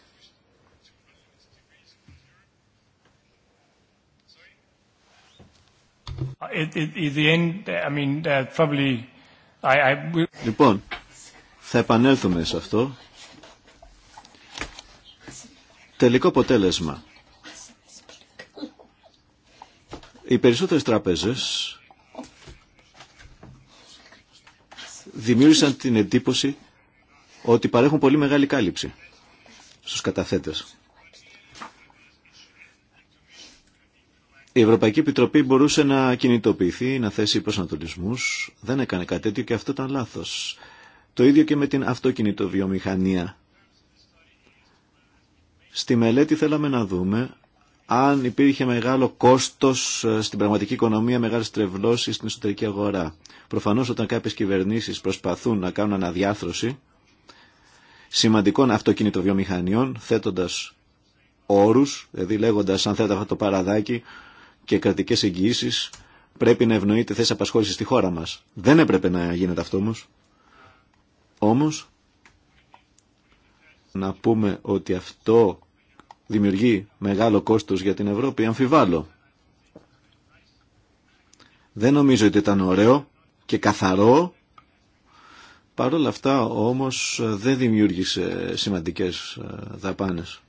Λοιπόν, θα επανέλθουμε σε αυτό. Τελικό αποτέλεσμα. Οι περισσότερες τράπεζες δημιούργησαν την εντύπωση ότι παρέχουν πολύ μεγάλη κάλυψη στους καταθέτες. η Ευρωπαϊκή Επιτροπή μπορούσε να κινητοποιηθεί, να θέσει προσανατολισμού. Δεν έκανε κάτι τέτοιο και αυτό ήταν λάθο. Το ίδιο και με την αυτοκινητοβιομηχανία. Στη μελέτη θέλαμε να δούμε αν υπήρχε μεγάλο κόστο ε, στην πραγματική οικονομία, μεγάλες τρευλώσει στην εσωτερική αγορά. Προφανώ όταν κάποιε κυβερνήσει προσπαθούν να κάνουν αναδιάθρωση σημαντικών αυτοκινητοβιομηχανιών, θέτοντας όρους, δηλαδή λέγοντα, αν θέλετε αυτό το παραδάκι, και κρατικέ εγγυησει πρέπει να ευνοείται θέση απασχόληση στη χώρα μας. Δεν έπρεπε να γίνεται αυτό όμως. Όμως, να πούμε ότι αυτό δημιουργεί μεγάλο κόστος για την Ευρώπη, αμφιβάλλω. Δεν νομίζω ότι ήταν ωραίο και καθαρό. Παρ' όλα αυτά όμως δεν δημιούργησε σημαντικές ε, δαπάνες.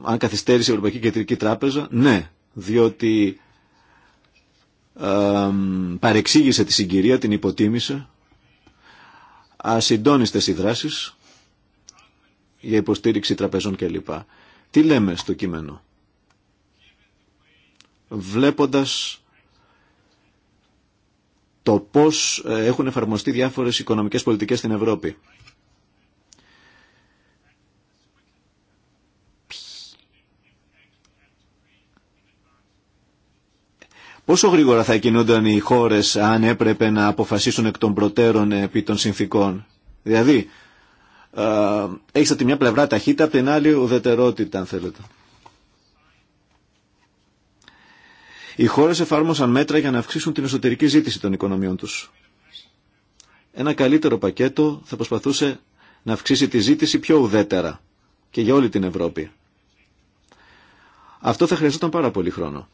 αν καθυστέρησε η Ευρωπαϊκή Κεντρική Τράπεζα, ναι, διότι ε, παρεξήγησε τη συγκυρία, την υποτίμησε, ασυντόνιστες οι δράσεις για υποστήριξη τραπεζών κλπ. Τι λέμε στο κείμενο. Βλέποντας το πώς έχουν εφαρμοστεί διάφορες οικονομικές πολιτικές στην Ευρώπη. Πόσο γρήγορα θα κινούνταν οι χώρες αν έπρεπε να αποφασίσουν εκ των προτέρων επί των συνθήκων. Δηλαδή, ε, έχεις από τη μια πλευρά ταχύτητα, από την άλλη ουδετερότητα, αν θέλετε. Οι χώρες εφάρμοσαν μέτρα για να αυξήσουν την εσωτερική ζήτηση των οικονομιών τους. Ένα καλύτερο πακέτο θα προσπαθούσε να αυξήσει τη ζήτηση πιο ουδέτερα και για όλη την Ευρώπη. Αυτό θα χρειαζόταν πάρα πολύ χρόνο.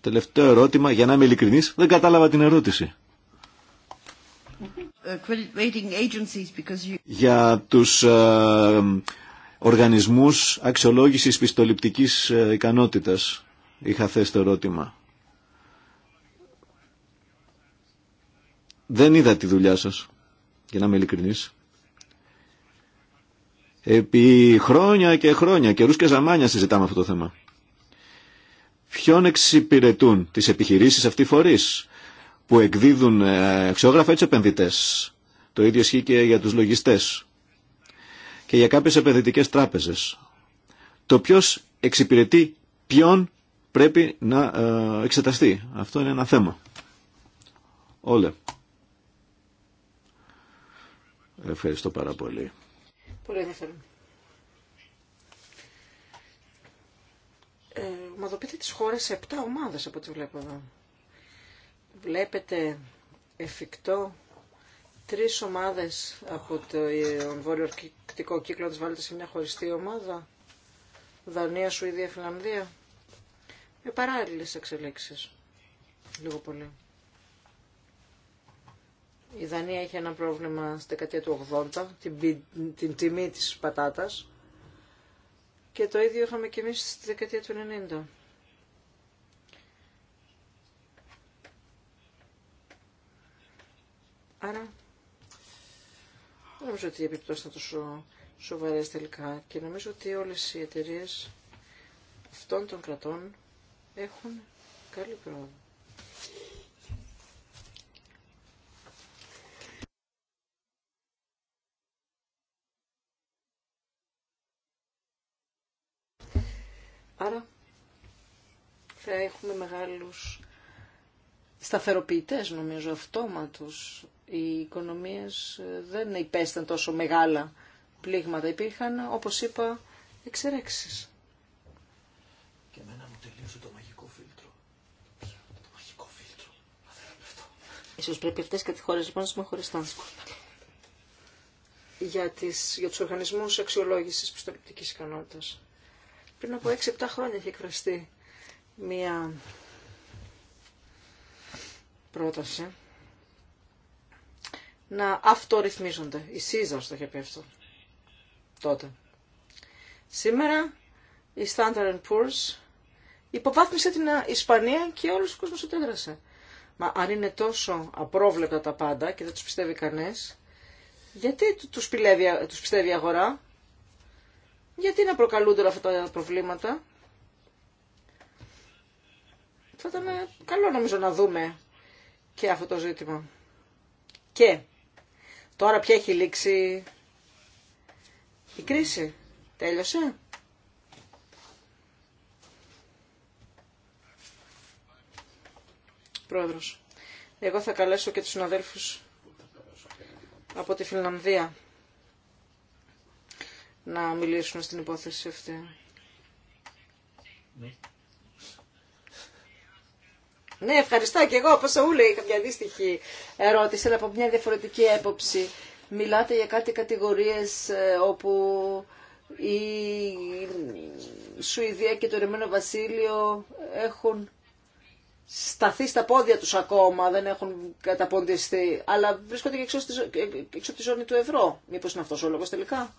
Τελευταίο ερώτημα, για να είμαι ειλικρινής, δεν κατάλαβα την ερώτηση. Uh, για τους ε, οργανισμούς αξιολόγησης πιστοληπτικής ε, ικανότητας είχα θέσει το ερώτημα. Δεν είδα τη δουλειά σας, για να είμαι ειλικρινής. Επί χρόνια και χρόνια, καιρούς και ζαμάνια συζητάμε αυτό το θέμα. Ποιον εξυπηρετούν τις επιχειρήσεις αυτοί φορείς που εκδίδουν ε, αξιόγραφα έτσι επενδυτές. Το ίδιο ισχύει και για τους λογιστές και για κάποιες επενδυτικές τράπεζες. Το ποιος εξυπηρετεί ποιον πρέπει να ε, εξεταστεί. Αυτό είναι ένα θέμα. Όλε. Ευχαριστώ πάρα πολύ. ε, ομαδοποιείτε τις χώρες σε 7 ομάδες από ό,τι βλέπω εδώ. Βλέπετε εφικτό τρεις ομάδες από ε, τον βόρειο αρκτικό κύκλο να τις βάλετε σε μια χωριστή ομάδα. Δανία, Σουηδία, Φιλανδία. Με παράλληλες εξελίξεις. Λίγο πολύ. Η Δανία είχε ένα πρόβλημα στη δεκαετία του 80, την, την τιμή της πατάτας και το ίδιο είχαμε και εμείς στη δεκαετία του 90. Άρα, νομίζω ότι οι επιπτώσεις ήταν τόσο σοβαρές τελικά και νομίζω ότι όλες οι εταιρείες αυτών των κρατών έχουν καλή πρόοδο. Άρα θα έχουμε μεγάλους σταθεροποιητές νομίζω αυτόματος. Οι οικονομίες ε, δεν υπέσταν τόσο μεγάλα πλήγματα. Υπήρχαν, όπως είπα, εξαιρέξεις. Και εμένα μου τελείωσε το μαγικό φίλτρο. Το μαγικό φίλτρο. Ίσως πρέπει αυτές και τις χώρες λοιπόν να συμμεχωριστούν. Για, τις, για τους οργανισμούς αξιολόγησης πιστοληπτικής ικανότητας. Πριν από 6-7 χρόνια έχει εκφραστεί μία πρόταση να αυτορυθμίζονται. Η Caesars το είχε πει αυτό τότε. Σήμερα η Standard Poor's υποβάθμισε την Ισπανία και όλος ο κόσμος αντέδρασε. Μα αν είναι τόσο απρόβλεπτα τα πάντα και δεν τους πιστεύει κανείς, γιατί τους, τους πιστεύει η αγορά, γιατί να προκαλούνται όλα αυτά τα προβλήματα. Θα ήταν καλό νομίζω να δούμε και αυτό το ζήτημα. Και τώρα πια έχει λήξει η κρίση. Τέλειωσε. Πρόεδρος, εγώ θα καλέσω και τους συναδέλφους από τη Φιλανδία να μιλήσουν στην υπόθεση αυτή. Ναι, ευχαριστώ και εγώ, όπως ούλε είχα μια αντίστοιχη ερώτηση, αλλά από μια διαφορετική έποψη. Μιλάτε για κάτι κατηγορίες όπου η Σουηδία και το ρεμένο Βασίλειο έχουν σταθεί στα πόδια τους ακόμα, δεν έχουν καταποντιστεί, αλλά βρίσκονται και έξω από τη ζώνη του ευρώ. Μήπως είναι αυτός ο λόγος τελικά.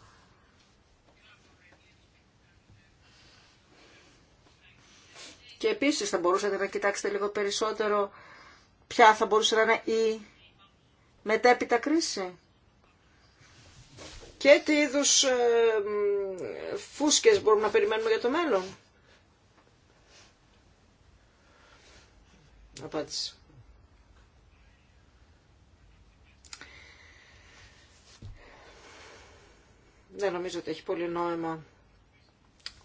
Και επίσης θα μπορούσατε να κοιτάξετε λίγο περισσότερο ποια θα μπορούσε να είναι η μετέπειτα κρίση. Και τι είδου ε, φούσκες μπορούμε να περιμένουμε για το μέλλον. Απάντηση. Δεν νομίζω ότι έχει πολύ νόημα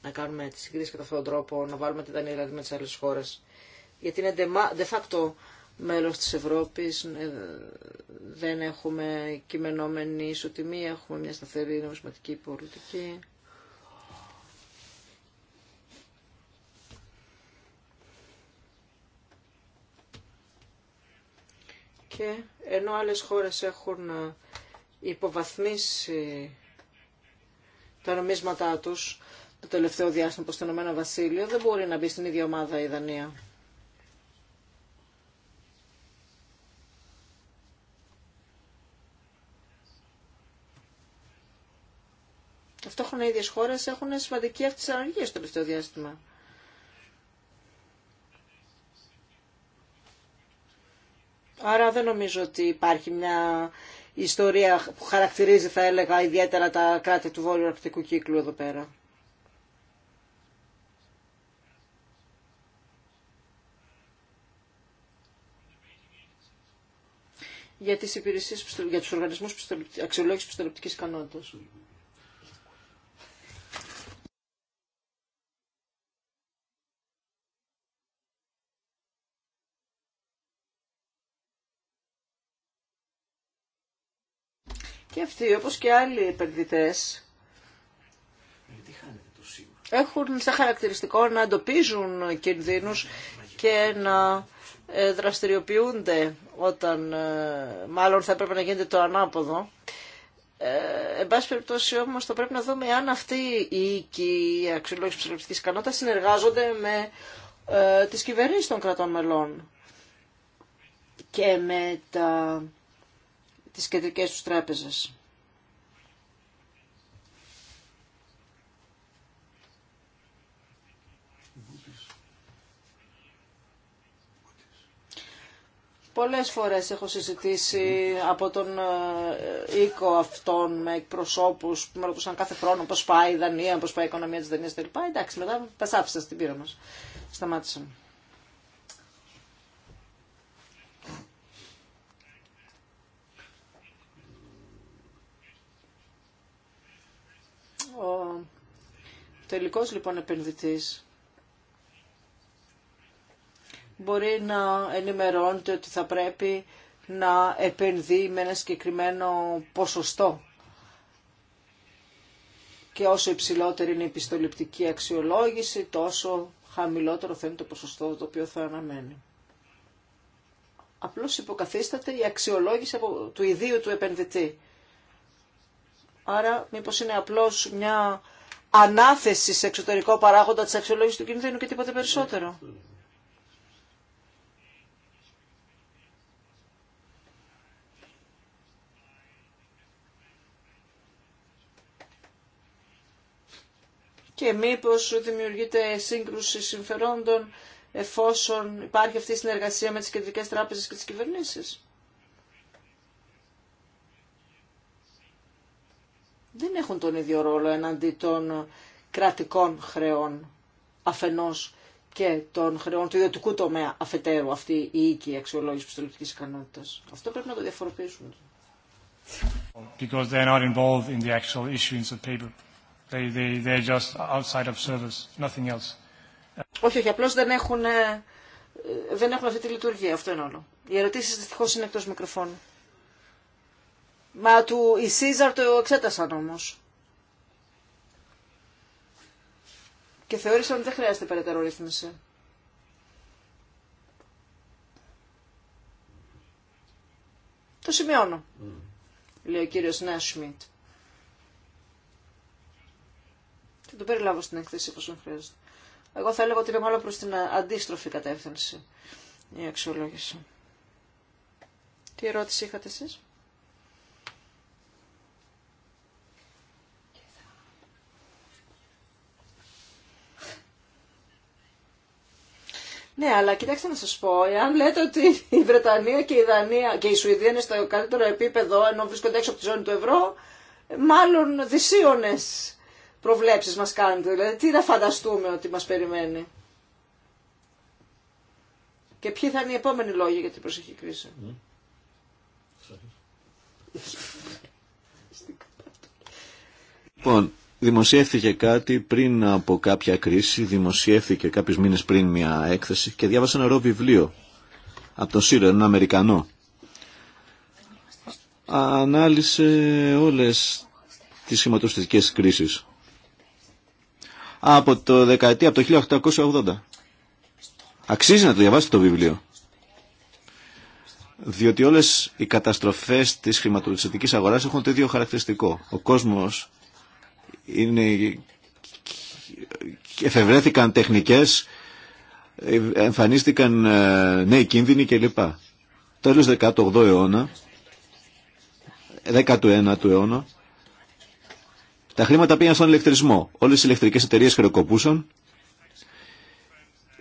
να κάνουμε τι συγκρίσει κατά αυτόν τον τρόπο, να βάλουμε την Δανία δηλαδή με τι άλλε χώρε. Γιατί είναι de facto μέλο τη Ευρώπη, ε, δεν έχουμε κειμενόμενη ισοτιμία, έχουμε μια σταθερή νομισματική πολιτική. Και ενώ άλλες χώρες έχουν ε, υποβαθμίσει τα νομίσματά τους, το τελευταίο διάστημα προς το Ηνωμένο Βασίλειο, δεν μπορεί να μπει στην ίδια ομάδα η Δανία. Ταυτόχρονα οι ίδιες χώρες έχουν σημαντική αύξηση στο στο τελευταίο διάστημα. Άρα δεν νομίζω ότι υπάρχει μια ιστορία που χαρακτηρίζει, θα έλεγα, ιδιαίτερα τα κράτη του Βόρειου Αρκτικού Κύκλου εδώ πέρα. για τις υπηρεσίες, για τους οργανισμούς αξιολόγησης πιστοληπτικής ικανότητας. Και αυτοί, όπως και άλλοι επενδυτές, έχουν σαν χαρακτηριστικό να εντοπίζουν κινδύνους και να ε, δραστηριοποιούνται όταν ε, μάλλον θα έπρεπε να γίνεται το ανάποδο. Ε, εν πάση περιπτώσει όμω θα πρέπει να δούμε αν αυτοί οι οίκοι αξιολόγηση ψηφιακή ικανότητα συνεργάζονται με ε, τι κυβερνήσει των κρατών μελών και με τα, τις κεντρικές τους τράπεζες. Πολλές φορές έχω συζητήσει από τον ε, οίκο αυτών με εκπροσώπους που με ρωτούσαν κάθε χρόνο πώς πάει η Δανία, πώς πάει η οικονομία της Δανίας κλπ. Εντάξει, μετά τα σάφισα στην πείρα μας. Σταμάτησα. Ο τελικός λοιπόν επενδυτής μπορεί να ενημερώνεται ότι θα πρέπει να επενδύει με ένα συγκεκριμένο ποσοστό. Και όσο υψηλότερη είναι η επιστοληπτική αξιολόγηση, τόσο χαμηλότερο θα είναι το ποσοστό το οποίο θα αναμένει. Απλώς υποκαθίσταται η αξιολόγηση του ιδίου του επενδυτή. Άρα μήπως είναι απλώς μια ανάθεση σε εξωτερικό παράγοντα της αξιολόγησης του κινδύνου και τίποτε περισσότερο. Ναι. και μήπως δημιουργείται σύγκρουση συμφερόντων εφόσον υπάρχει αυτή η συνεργασία με τις κεντρικές τράπεζες και τις κυβερνήσεις. Δεν έχουν τον ίδιο ρόλο εναντί των κρατικών χρεών αφενός και των χρεών του ιδιωτικού τομέα αφετέρου αυτή η οίκη αξιολόγηση πιστολογικής ικανότητας. Αυτό πρέπει να το διαφοροποιήσουμε. Because they are not involved in the actual issuance of paper. Όχι, όχι, απλώς δεν έχουν, ε, δεν έχουν αυτή τη λειτουργία, αυτό είναι όλο. Οι ερωτήσεις δυστυχώς είναι εκτός μικροφώνου. Μα του, η Σίζαρ το εξέτασαν όμως. Και θεώρησαν ότι δεν χρειάζεται περαιτέρω ρύθμιση. Το σημειώνω, λέει ο κύριος Νέα Σμιτ. Θα το περιλάβω στην έκθεση εφόσον χρειάζεται. Εγώ θα έλεγα ότι είναι μάλλον προς την αντίστροφη κατεύθυνση η αξιολόγηση. Τι ερώτηση είχατε εσείς? Ναι, αλλά κοιτάξτε να σας πω, εάν λέτε ότι η Βρετανία και η Δανία και η Σουηδία είναι στο καλύτερο επίπεδο ενώ βρίσκονται έξω από τη ζώνη του ευρώ, μάλλον δυσίωνες προβλέψεις μας κάνετε, δηλαδή τι να φανταστούμε ότι μας περιμένει. Και ποιοι θα είναι οι επόμενοι λόγοι για την προσεχή κρίση. Λοιπόν, δημοσιεύθηκε κάτι πριν από κάποια κρίση, δημοσιεύθηκε κάποιους μήνες πριν μια έκθεση και διάβασα ένα ωραίο βιβλίο από τον Σύρο, έναν Αμερικανό. Ανάλυσε όλες τις σχηματοστατικές κρίσεις από το δεκαετία, από το 1880. Αξίζει να το διαβάσετε το βιβλίο. Διότι όλες οι καταστροφές της χρηματοδοτικής αγοράς έχουν το ίδιο χαρακτηριστικό. Ο κόσμος είναι... εφευρέθηκαν τεχνικές, εμφανίστηκαν ε, νέοι κίνδυνοι κλπ. Τέλος 18 αιώνα, 19ου αιώνα, τα χρήματα πήγαν στον ηλεκτρισμό. Όλες οι ηλεκτρικές εταιρείες χρεοκοπούσαν.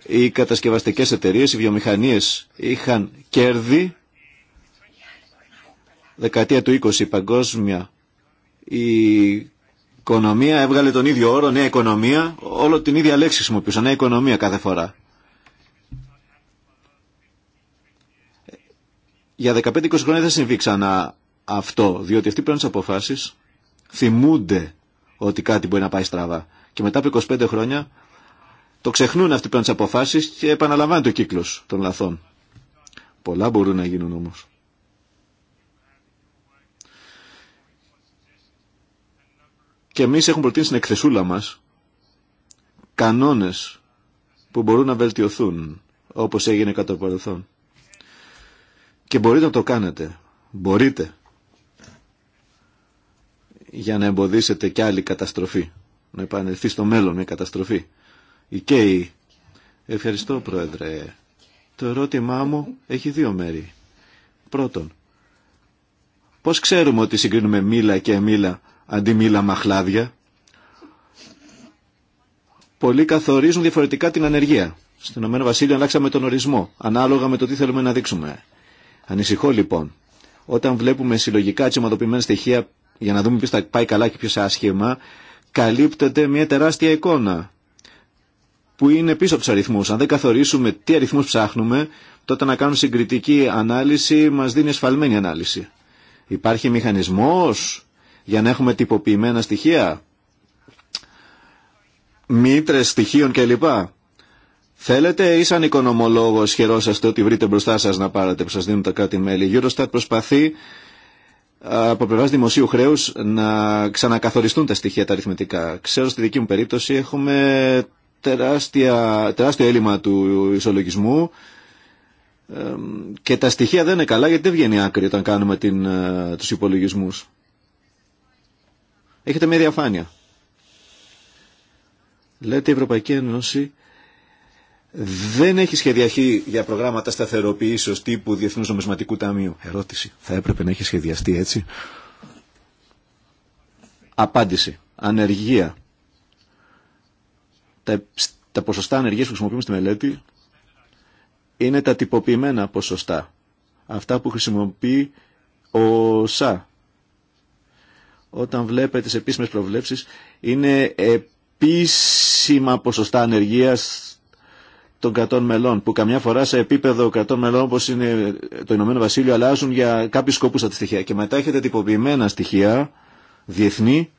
Οι κατασκευαστικές εταιρείες, οι βιομηχανίες είχαν κέρδη. Δεκαετία του 20 η παγκόσμια η οικονομία έβγαλε τον ίδιο όρο, νέα οικονομία, όλο την ίδια λέξη χρησιμοποιούσαν, νέα οικονομία κάθε φορά. Για 15-20 χρόνια δεν συμβεί ξανά αυτό, διότι αυτοί πρέπει να τι αποφάσει θυμούνται ότι κάτι μπορεί να πάει στραβά. Και μετά από 25 χρόνια το ξεχνούν αυτοί πλέον τι αποφάσει και επαναλαμβάνει το κύκλο των λαθών. Πολλά μπορούν να γίνουν όμω. Και εμεί έχουμε προτείνει στην εκθεσούλα μα κανόνε που μπορούν να βελτιωθούν όπως έγινε κατά το παρελθόν. Και μπορείτε να το κάνετε. Μπορείτε για να εμποδίσετε κι άλλη καταστροφή. Να επανελθεί στο μέλλον μια καταστροφή. Η ΚΕΙ. Ευχαριστώ Πρόεδρε. Το ερώτημά μου έχει δύο μέρη. Πρώτον, πώς ξέρουμε ότι συγκρίνουμε μήλα και μήλα αντί μήλα μαχλάδια. Πολλοί καθορίζουν διαφορετικά την ανεργία. Στην ΟΒ αλλάξαμε τον ορισμό, ανάλογα με το τι θέλουμε να δείξουμε. Ανησυχώ λοιπόν, όταν βλέπουμε συλλογικά τσιματοποιημένα στοιχεία για να δούμε ποιος θα πάει καλά και ποιος άσχημα, καλύπτεται μια τεράστια εικόνα που είναι πίσω από τους αριθμούς. Αν δεν καθορίσουμε τι αριθμούς ψάχνουμε, τότε να κάνουμε συγκριτική ανάλυση μας δίνει ασφαλμένη ανάλυση. Υπάρχει μηχανισμός για να έχουμε τυποποιημένα στοιχεία, μήτρες στοιχείων κλπ. Θέλετε ή σαν οικονομολόγος χαιρόσαστε ότι βρείτε μπροστά σας να πάρετε που σας δίνουν τα κάτι μελη Η Eurostat προσπαθεί από πλευρά δημοσίου χρέου να ξανακαθοριστούν τα στοιχεία τα αριθμητικά. Ξέρω στη δική μου περίπτωση έχουμε τεράστια, τεράστιο έλλειμμα του ισολογισμού και τα στοιχεία δεν είναι καλά γιατί δεν βγαίνει άκρη όταν κάνουμε την, ε, τους υπολογισμούς. Έχετε μια διαφάνεια. Λέτε η Ευρωπαϊκή Ένωση δεν έχει σχεδιαχεί για προγράμματα ω τύπου Διεθνούς Νομισματικού Ταμείου. Ερώτηση. Θα έπρεπε να έχει σχεδιαστεί έτσι. Απάντηση. Ανεργία. Τα, ποσοστά ανεργίας που χρησιμοποιούμε στη μελέτη είναι τα τυποποιημένα ποσοστά. Αυτά που χρησιμοποιεί ο ΣΑ. Όταν βλέπετε τις επίσημες προβλέψεις είναι επίσημα ποσοστά ανεργίας των κρατών μελών, που καμιά φορά σε επίπεδο κρατών μελών όπω είναι το Ηνωμένο Βασίλειο αλλάζουν για κάποιου σκοπού τα στοιχεία. Και μετά έχετε τυποποιημένα στοιχεία διεθνή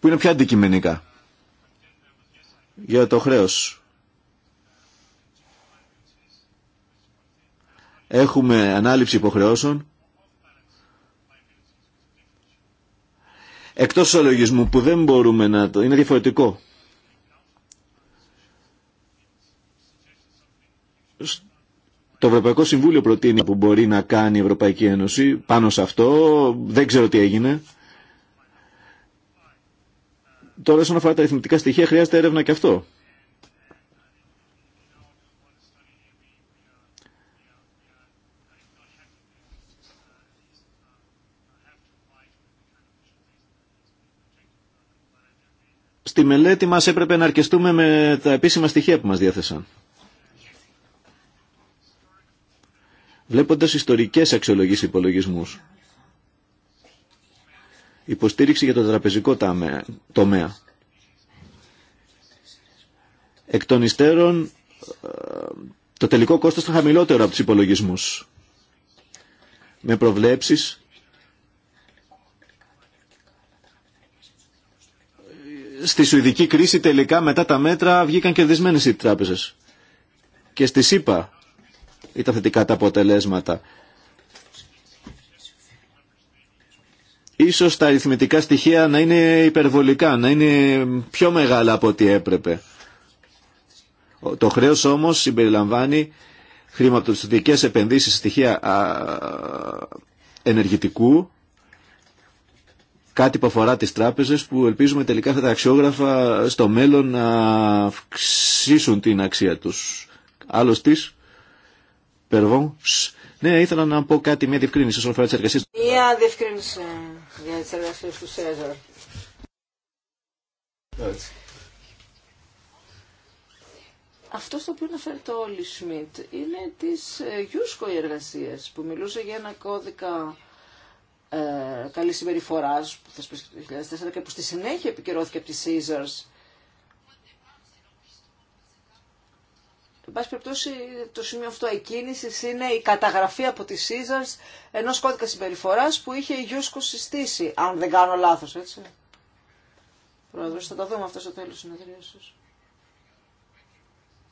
που είναι πια αντικειμενικά για το χρέος. Έχουμε ανάληψη υποχρεώσεων εκτός ολογισμού που δεν μπορούμε να το... είναι διαφορετικό. Το Ευρωπαϊκό Συμβούλιο προτείνει που μπορεί να κάνει η Ευρωπαϊκή Ένωση πάνω σε αυτό. Δεν ξέρω τι έγινε. Τώρα, όσον αφορά τα αριθμητικά στοιχεία, χρειάζεται έρευνα και αυτό. Στη μελέτη μας έπρεπε να αρκεστούμε με τα επίσημα στοιχεία που μας διέθεσαν. βλέποντας ιστορικές αξιολογήσεις υπολογισμούς. Υποστήριξη για το τραπεζικό τομέα. Εκ των υστέρων, ε, το τελικό κόστος ήταν χαμηλότερο από τους υπολογισμούς. Με προβλέψεις στη Σουηδική κρίση τελικά μετά τα μέτρα βγήκαν κερδισμένες οι τράπεζες. Και στη ΣΥΠΑ ήταν θετικά τα αποτελέσματα. Ίσως τα αριθμητικά στοιχεία να είναι υπερβολικά, να είναι πιο μεγάλα από ό,τι έπρεπε. Το χρέος όμως συμπεριλαμβάνει χρηματοδοτικές επενδύσεις στοιχεία ενεργητικού, κάτι που αφορά τις τράπεζες που ελπίζουμε τελικά αυτά τα αξιόγραφα στο μέλλον να αυξήσουν την αξία τους. Άλλωστε, Περβόν, Ναι, ήθελα να πω κάτι, μια διευκρίνηση όσον αφορά τις εργασίες. Μια διευκρίνηση για τι εργασίε του ΣΕΖΑΡ. Αυτό στο οποίο αναφέρει το Όλι Σμιτ είναι τη ε, Γιούσκο οι εργασίες που μιλούσε για ένα κώδικα ε, καλή συμπεριφορά που θα σπίσει το 2004 και που στη συνέχεια επικυρώθηκε από τη Σέζαρ. Εν πάση περιπτώσει, το σημείο αυτό εκκίνηση είναι η καταγραφή από τη Σίζαρ ενό κώδικα συμπεριφορά που είχε η Γιούσκο συστήσει, αν δεν κάνω λάθος, έτσι. Πρόεδρο, θα τα δούμε αυτό στο τέλος σα.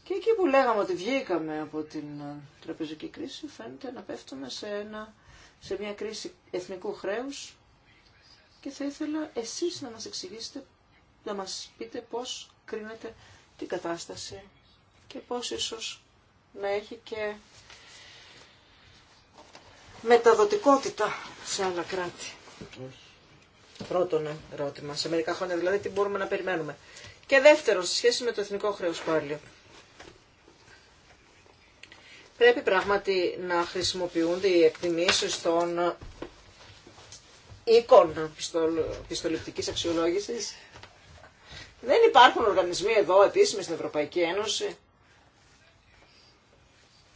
Και εκεί που λέγαμε ότι βγήκαμε από την ε, τραπεζική κρίση, φαίνεται να πέφτουμε σε, ένα, σε μια κρίση εθνικού χρέου. και θα ήθελα εσεί να μα εξηγήσετε, να μα πείτε πώ κρίνετε την κατάσταση και πώς ίσως να έχει και μεταδοτικότητα σε άλλα κράτη. Πρώτον ερώτημα. Σε μερικά χρόνια δηλαδή τι μπορούμε να περιμένουμε. Και δεύτερον, σε σχέση με το εθνικό χρέος πάλι. Πρέπει πράγματι να χρησιμοποιούνται οι εκτιμήσεις των οίκων πιστοληπτικής αξιολόγησης. Δεν υπάρχουν οργανισμοί εδώ επίσημοι στην Ευρωπαϊκή Ένωση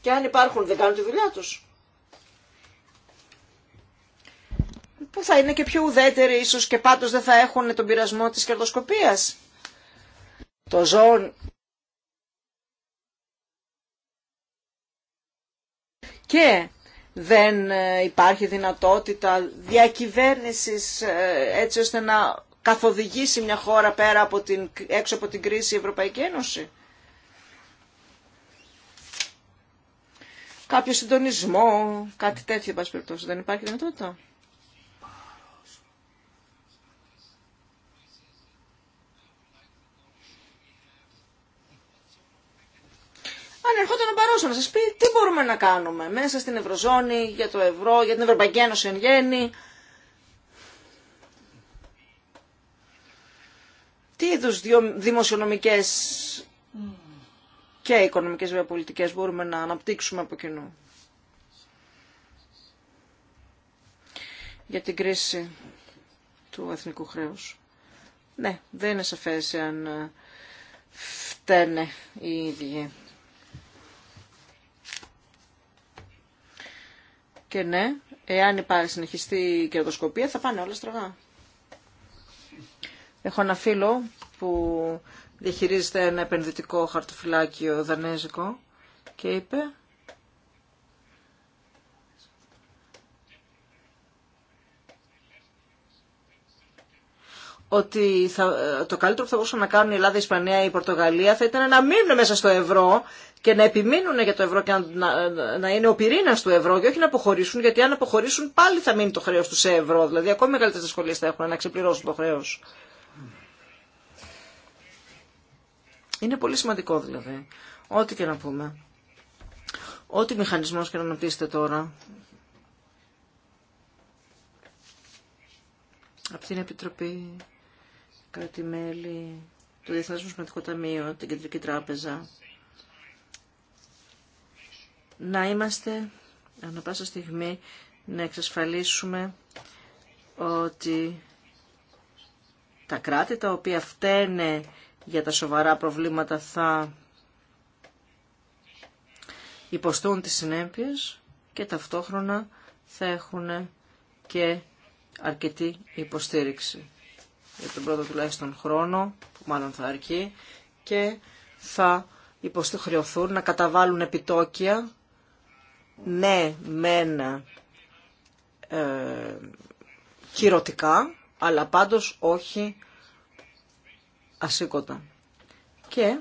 και αν υπάρχουν δεν κάνουν τη δουλειά του. Που θα είναι και πιο ουδέτεροι ίσως και πάντως δεν θα έχουν τον πειρασμό της κερδοσκοπία. Το ζώο... Και δεν ε, υπάρχει δυνατότητα διακυβέρνησης ε, έτσι ώστε να καθοδηγήσει μια χώρα πέρα από την, έξω από την κρίση η Ευρωπαϊκή Ένωση. κάποιο συντονισμό, κάτι τέτοιο, εν περιπτώσει. Δεν υπάρχει δυνατότητα. Αν ερχόταν ο Μπαρόσο να σας πει τι μπορούμε να κάνουμε μέσα στην Ευρωζώνη, για το Ευρώ, για την Ευρωπαϊκή Ένωση εν γέννη. Τι είδους δημοσιονομικές και οικονομικές βιοπολιτικές μπορούμε να αναπτύξουμε από κοινού. Για την κρίση του εθνικού χρέους. Ναι, δεν είναι σαφές αν ε, φταίνε οι ίδιοι. Και ναι, εάν υπάρχει συνεχιστή κερδοσκοπία θα πάνε όλα στραβά. Έχω ένα φίλο που διαχειρίζεται ένα επενδυτικό χαρτοφυλάκιο δανέζικο και είπε ότι θα, το καλύτερο που θα μπορούσαν να κάνουν η Ελλάδα, η Ισπανία, η Πορτογαλία θα ήταν να μείνουν μέσα στο ευρώ και να επιμείνουν για το ευρώ και να, να είναι ο πυρήνα του ευρώ και όχι να αποχωρήσουν, γιατί αν αποχωρήσουν πάλι θα μείνει το χρέο του σε ευρώ. Δηλαδή, ακόμη μεγαλύτερε δυσκολίε θα έχουν να ξεπληρώσουν το χρέο. Είναι πολύ σημαντικό δηλαδή, ό,τι και να πούμε. Ό,τι μηχανισμός και να αναπτύσσετε τώρα, από την Επιτροπή, κάτι μέλη, το Διεθνές Μοσπονδικό Ταμείο, την Κεντρική Τράπεζα, να είμαστε, ανά πάσα στιγμή, να εξασφαλίσουμε ότι τα κράτη τα οποία φταίνε για τα σοβαρά προβλήματα θα υποστούν τις συνέπειες και ταυτόχρονα θα έχουν και αρκετή υποστήριξη για τον πρώτο τουλάχιστον χρόνο, που μάλλον θα αρκεί, και θα υποστηριωθούν να καταβάλουν επιτόκια, ναι, μένα, ε, κυρωτικά, αλλά πάντως όχι ασήκωτα. Και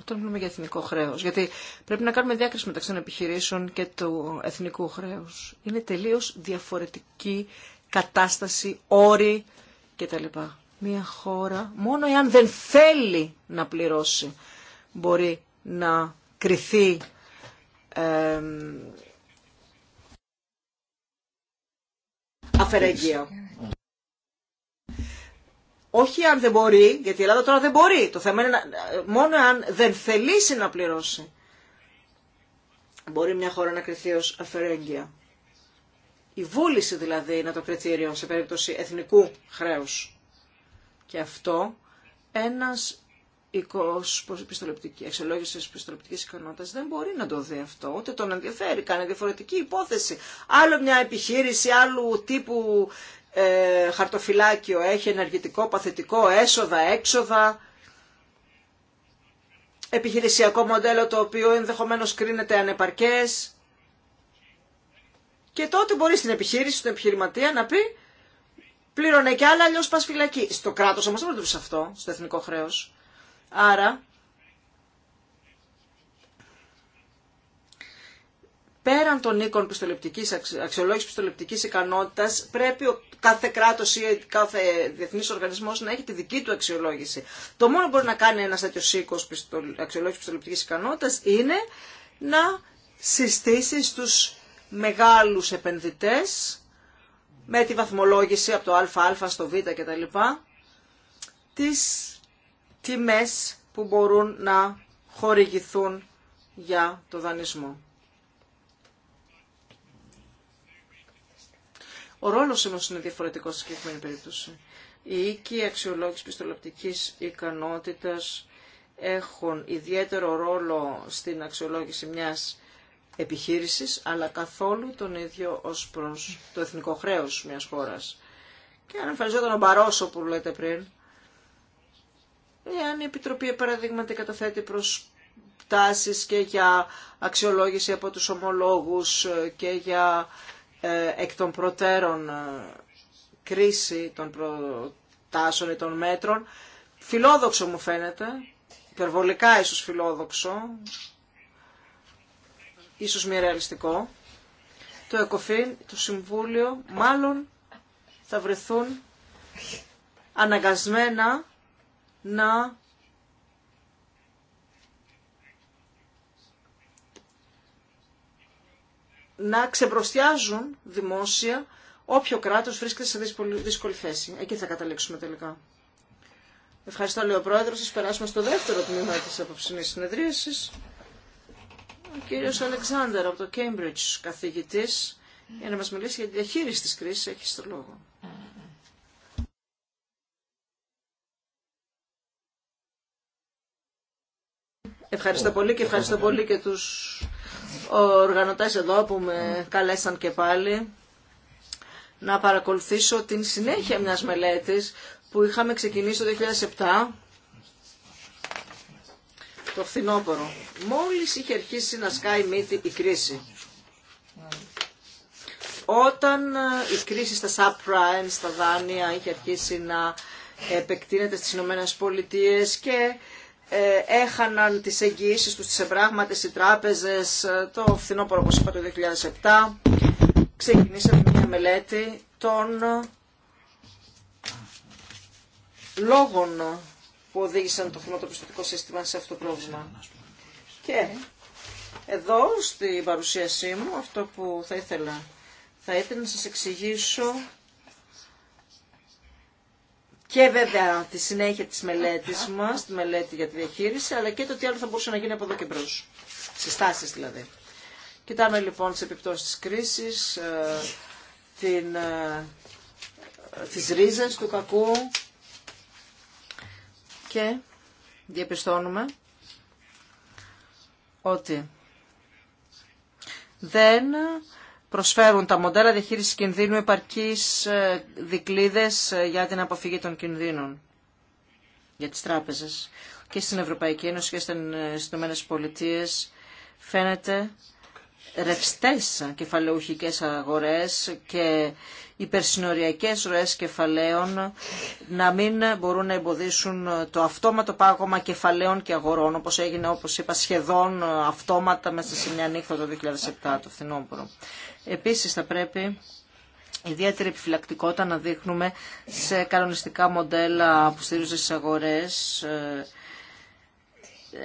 όταν μιλούμε για εθνικό χρέος, Γιατί πρέπει να κάνουμε διάκριση μεταξύ των επιχειρήσεων και του εθνικού χρέους. Είναι τελείως διαφορετική κατάσταση, όροι κτλ. Μία χώρα, μόνο εάν δεν θέλει να πληρώσει, μπορεί να κριθεί αφαιρεγγύο. Όχι αν δεν μπορεί, γιατί η Ελλάδα τώρα δεν μπορεί. Το θέμα είναι μόνο αν δεν θελήσει να πληρώσει. Μπορεί μια χώρα να κριθεί ως αφαιρέγγια. Η βούληση δηλαδή είναι το κριτήριο σε περίπτωση εθνικού χρέους. Και αυτό ένας πιστολεπτική, αξιολόγηση τη πιστολεπτική ικανότητα δεν μπορεί να το δει αυτό, ούτε τον ενδιαφέρει. Κάνει διαφορετική υπόθεση. Άλλο μια επιχείρηση, άλλου τύπου ε, χαρτοφυλάκιο έχει ενεργητικό, παθητικό, έσοδα, έξοδα. Επιχειρησιακό μοντέλο το οποίο ενδεχομένως κρίνεται ανεπαρκές. Και τότε μπορεί στην επιχείρηση, στον επιχειρηματία να πει πλήρωνε κι άλλα, αλλιώ πα φυλακή. Στο κράτο όμω δεν μπορεί να το αυτό, στο εθνικό χρέο. Άρα, πέραν των οίκων πιστολεπτικής, αξιολόγησης πιστολεπτικής ικανότητας, πρέπει ο κάθε κράτος ή κάθε διεθνής οργανισμός να έχει τη δική του αξιολόγηση. Το μόνο που μπορεί να κάνει ένας τέτοιος οίκος αξιολόγησης πιστολεπτικής ικανότητας είναι να συστήσει στους μεγάλους επενδυτές με τη βαθμολόγηση από το ΑΑ στο Β κτλ. τις τιμές που μπορούν να χορηγηθούν για το δανεισμό. Ο ρόλος όμω είναι διαφορετικός στη συγκεκριμένη περίπτωση. Οι οίκοι αξιολόγηση πιστολοπτική ικανότητας έχουν ιδιαίτερο ρόλο στην αξιολόγηση μιας επιχείρησης, αλλά καθόλου τον ίδιο ως προς το εθνικό χρέος μιας χώρας. Και αν εμφανιζόταν ο Μπαρόσο που λέτε πριν, Εάν η Επιτροπή, παραδείγματι, καταθέτει τάσεις και για αξιολόγηση από τους ομολόγους ε, και για ε, εκ των προτέρων ε, κρίση των προτάσεων ή των μέτρων, φιλόδοξο μου φαίνεται, υπερβολικά ίσως φιλόδοξο, ίσως μη ρεαλιστικό, το ΕΚΟΦΗΝ, το Συμβούλιο, μάλλον θα βρεθούν αναγκασμένα να να ξεπροστιάζουν δημόσια όποιο κράτος βρίσκεται σε δύσκολη θέση. Εκεί θα καταλήξουμε τελικά. Ευχαριστώ, λέει ο Πρόεδρος. Σας περάσουμε στο δεύτερο τμήμα της απόψινής συνεδρίασης. Ο κύριος Αλεξάνδερ από το Cambridge, καθηγητής, για να μας μιλήσει για τη διαχείριση της κρίσης, έχει το λόγο. Ευχαριστώ πολύ και ευχαριστώ πολύ και τους οργανωτές εδώ που με καλέσαν και πάλι να παρακολουθήσω την συνέχεια μιας μελέτης που είχαμε ξεκινήσει το 2007 το φθινόπωρο. Μόλις είχε αρχίσει να σκάει μύτη η κρίση. Όταν ε, η κρίση στα subprime, στα δάνεια, είχε αρχίσει να επεκτείνεται στις Ηνωμένε Πολιτείες και ε, έχαναν τις εγγυήσεις τους, τις εμπράγματες, οι τράπεζες ε, το φθινόπωρο, όπως είπα, το 2007. Ξεκινήσαμε μια μελέτη των ε, λόγων που οδήγησαν το χρηματοπιστωτικό σύστημα σε αυτό το πρόβλημα. Και εδώ στην παρουσίασή μου αυτό που θα ήθελα θα ήθελα να σας εξηγήσω και βέβαια τη συνέχεια της μελέτης μας, τη μελέτη για τη διαχείριση, αλλά και το τι άλλο θα μπορούσε να γίνει από εδώ και μπρος. Συστάσεις δηλαδή. Κοιτάμε λοιπόν τις επιπτώσεις της κρίσης, ε, τι ε, τις ρίζες του κακού και διαπιστώνουμε ότι δεν προσφέρουν τα μοντέλα διαχείρισης κινδύνου επαρκείς ε, δικλίδες ε, για την αποφυγή των κινδύνων για τις τράπεζες. Και στην Ευρωπαϊκή Ένωση και ε, στις Ηνωμένες Πολιτείες φαίνεται ρευστές κεφαλαιοχικές αγορές και υπερσυνοριακές ροές κεφαλαίων να μην μπορούν να εμποδίσουν το αυτόματο πάγωμα κεφαλαίων και αγορών, όπως έγινε, όπως είπα, σχεδόν αυτόματα μέσα σε μια νύχτα το 2007 το φθινόπωρο. Επίσης θα πρέπει ιδιαίτερη επιφυλακτικότητα να δείχνουμε σε κανονιστικά μοντέλα που στηρίζονται στις αγορές, ε,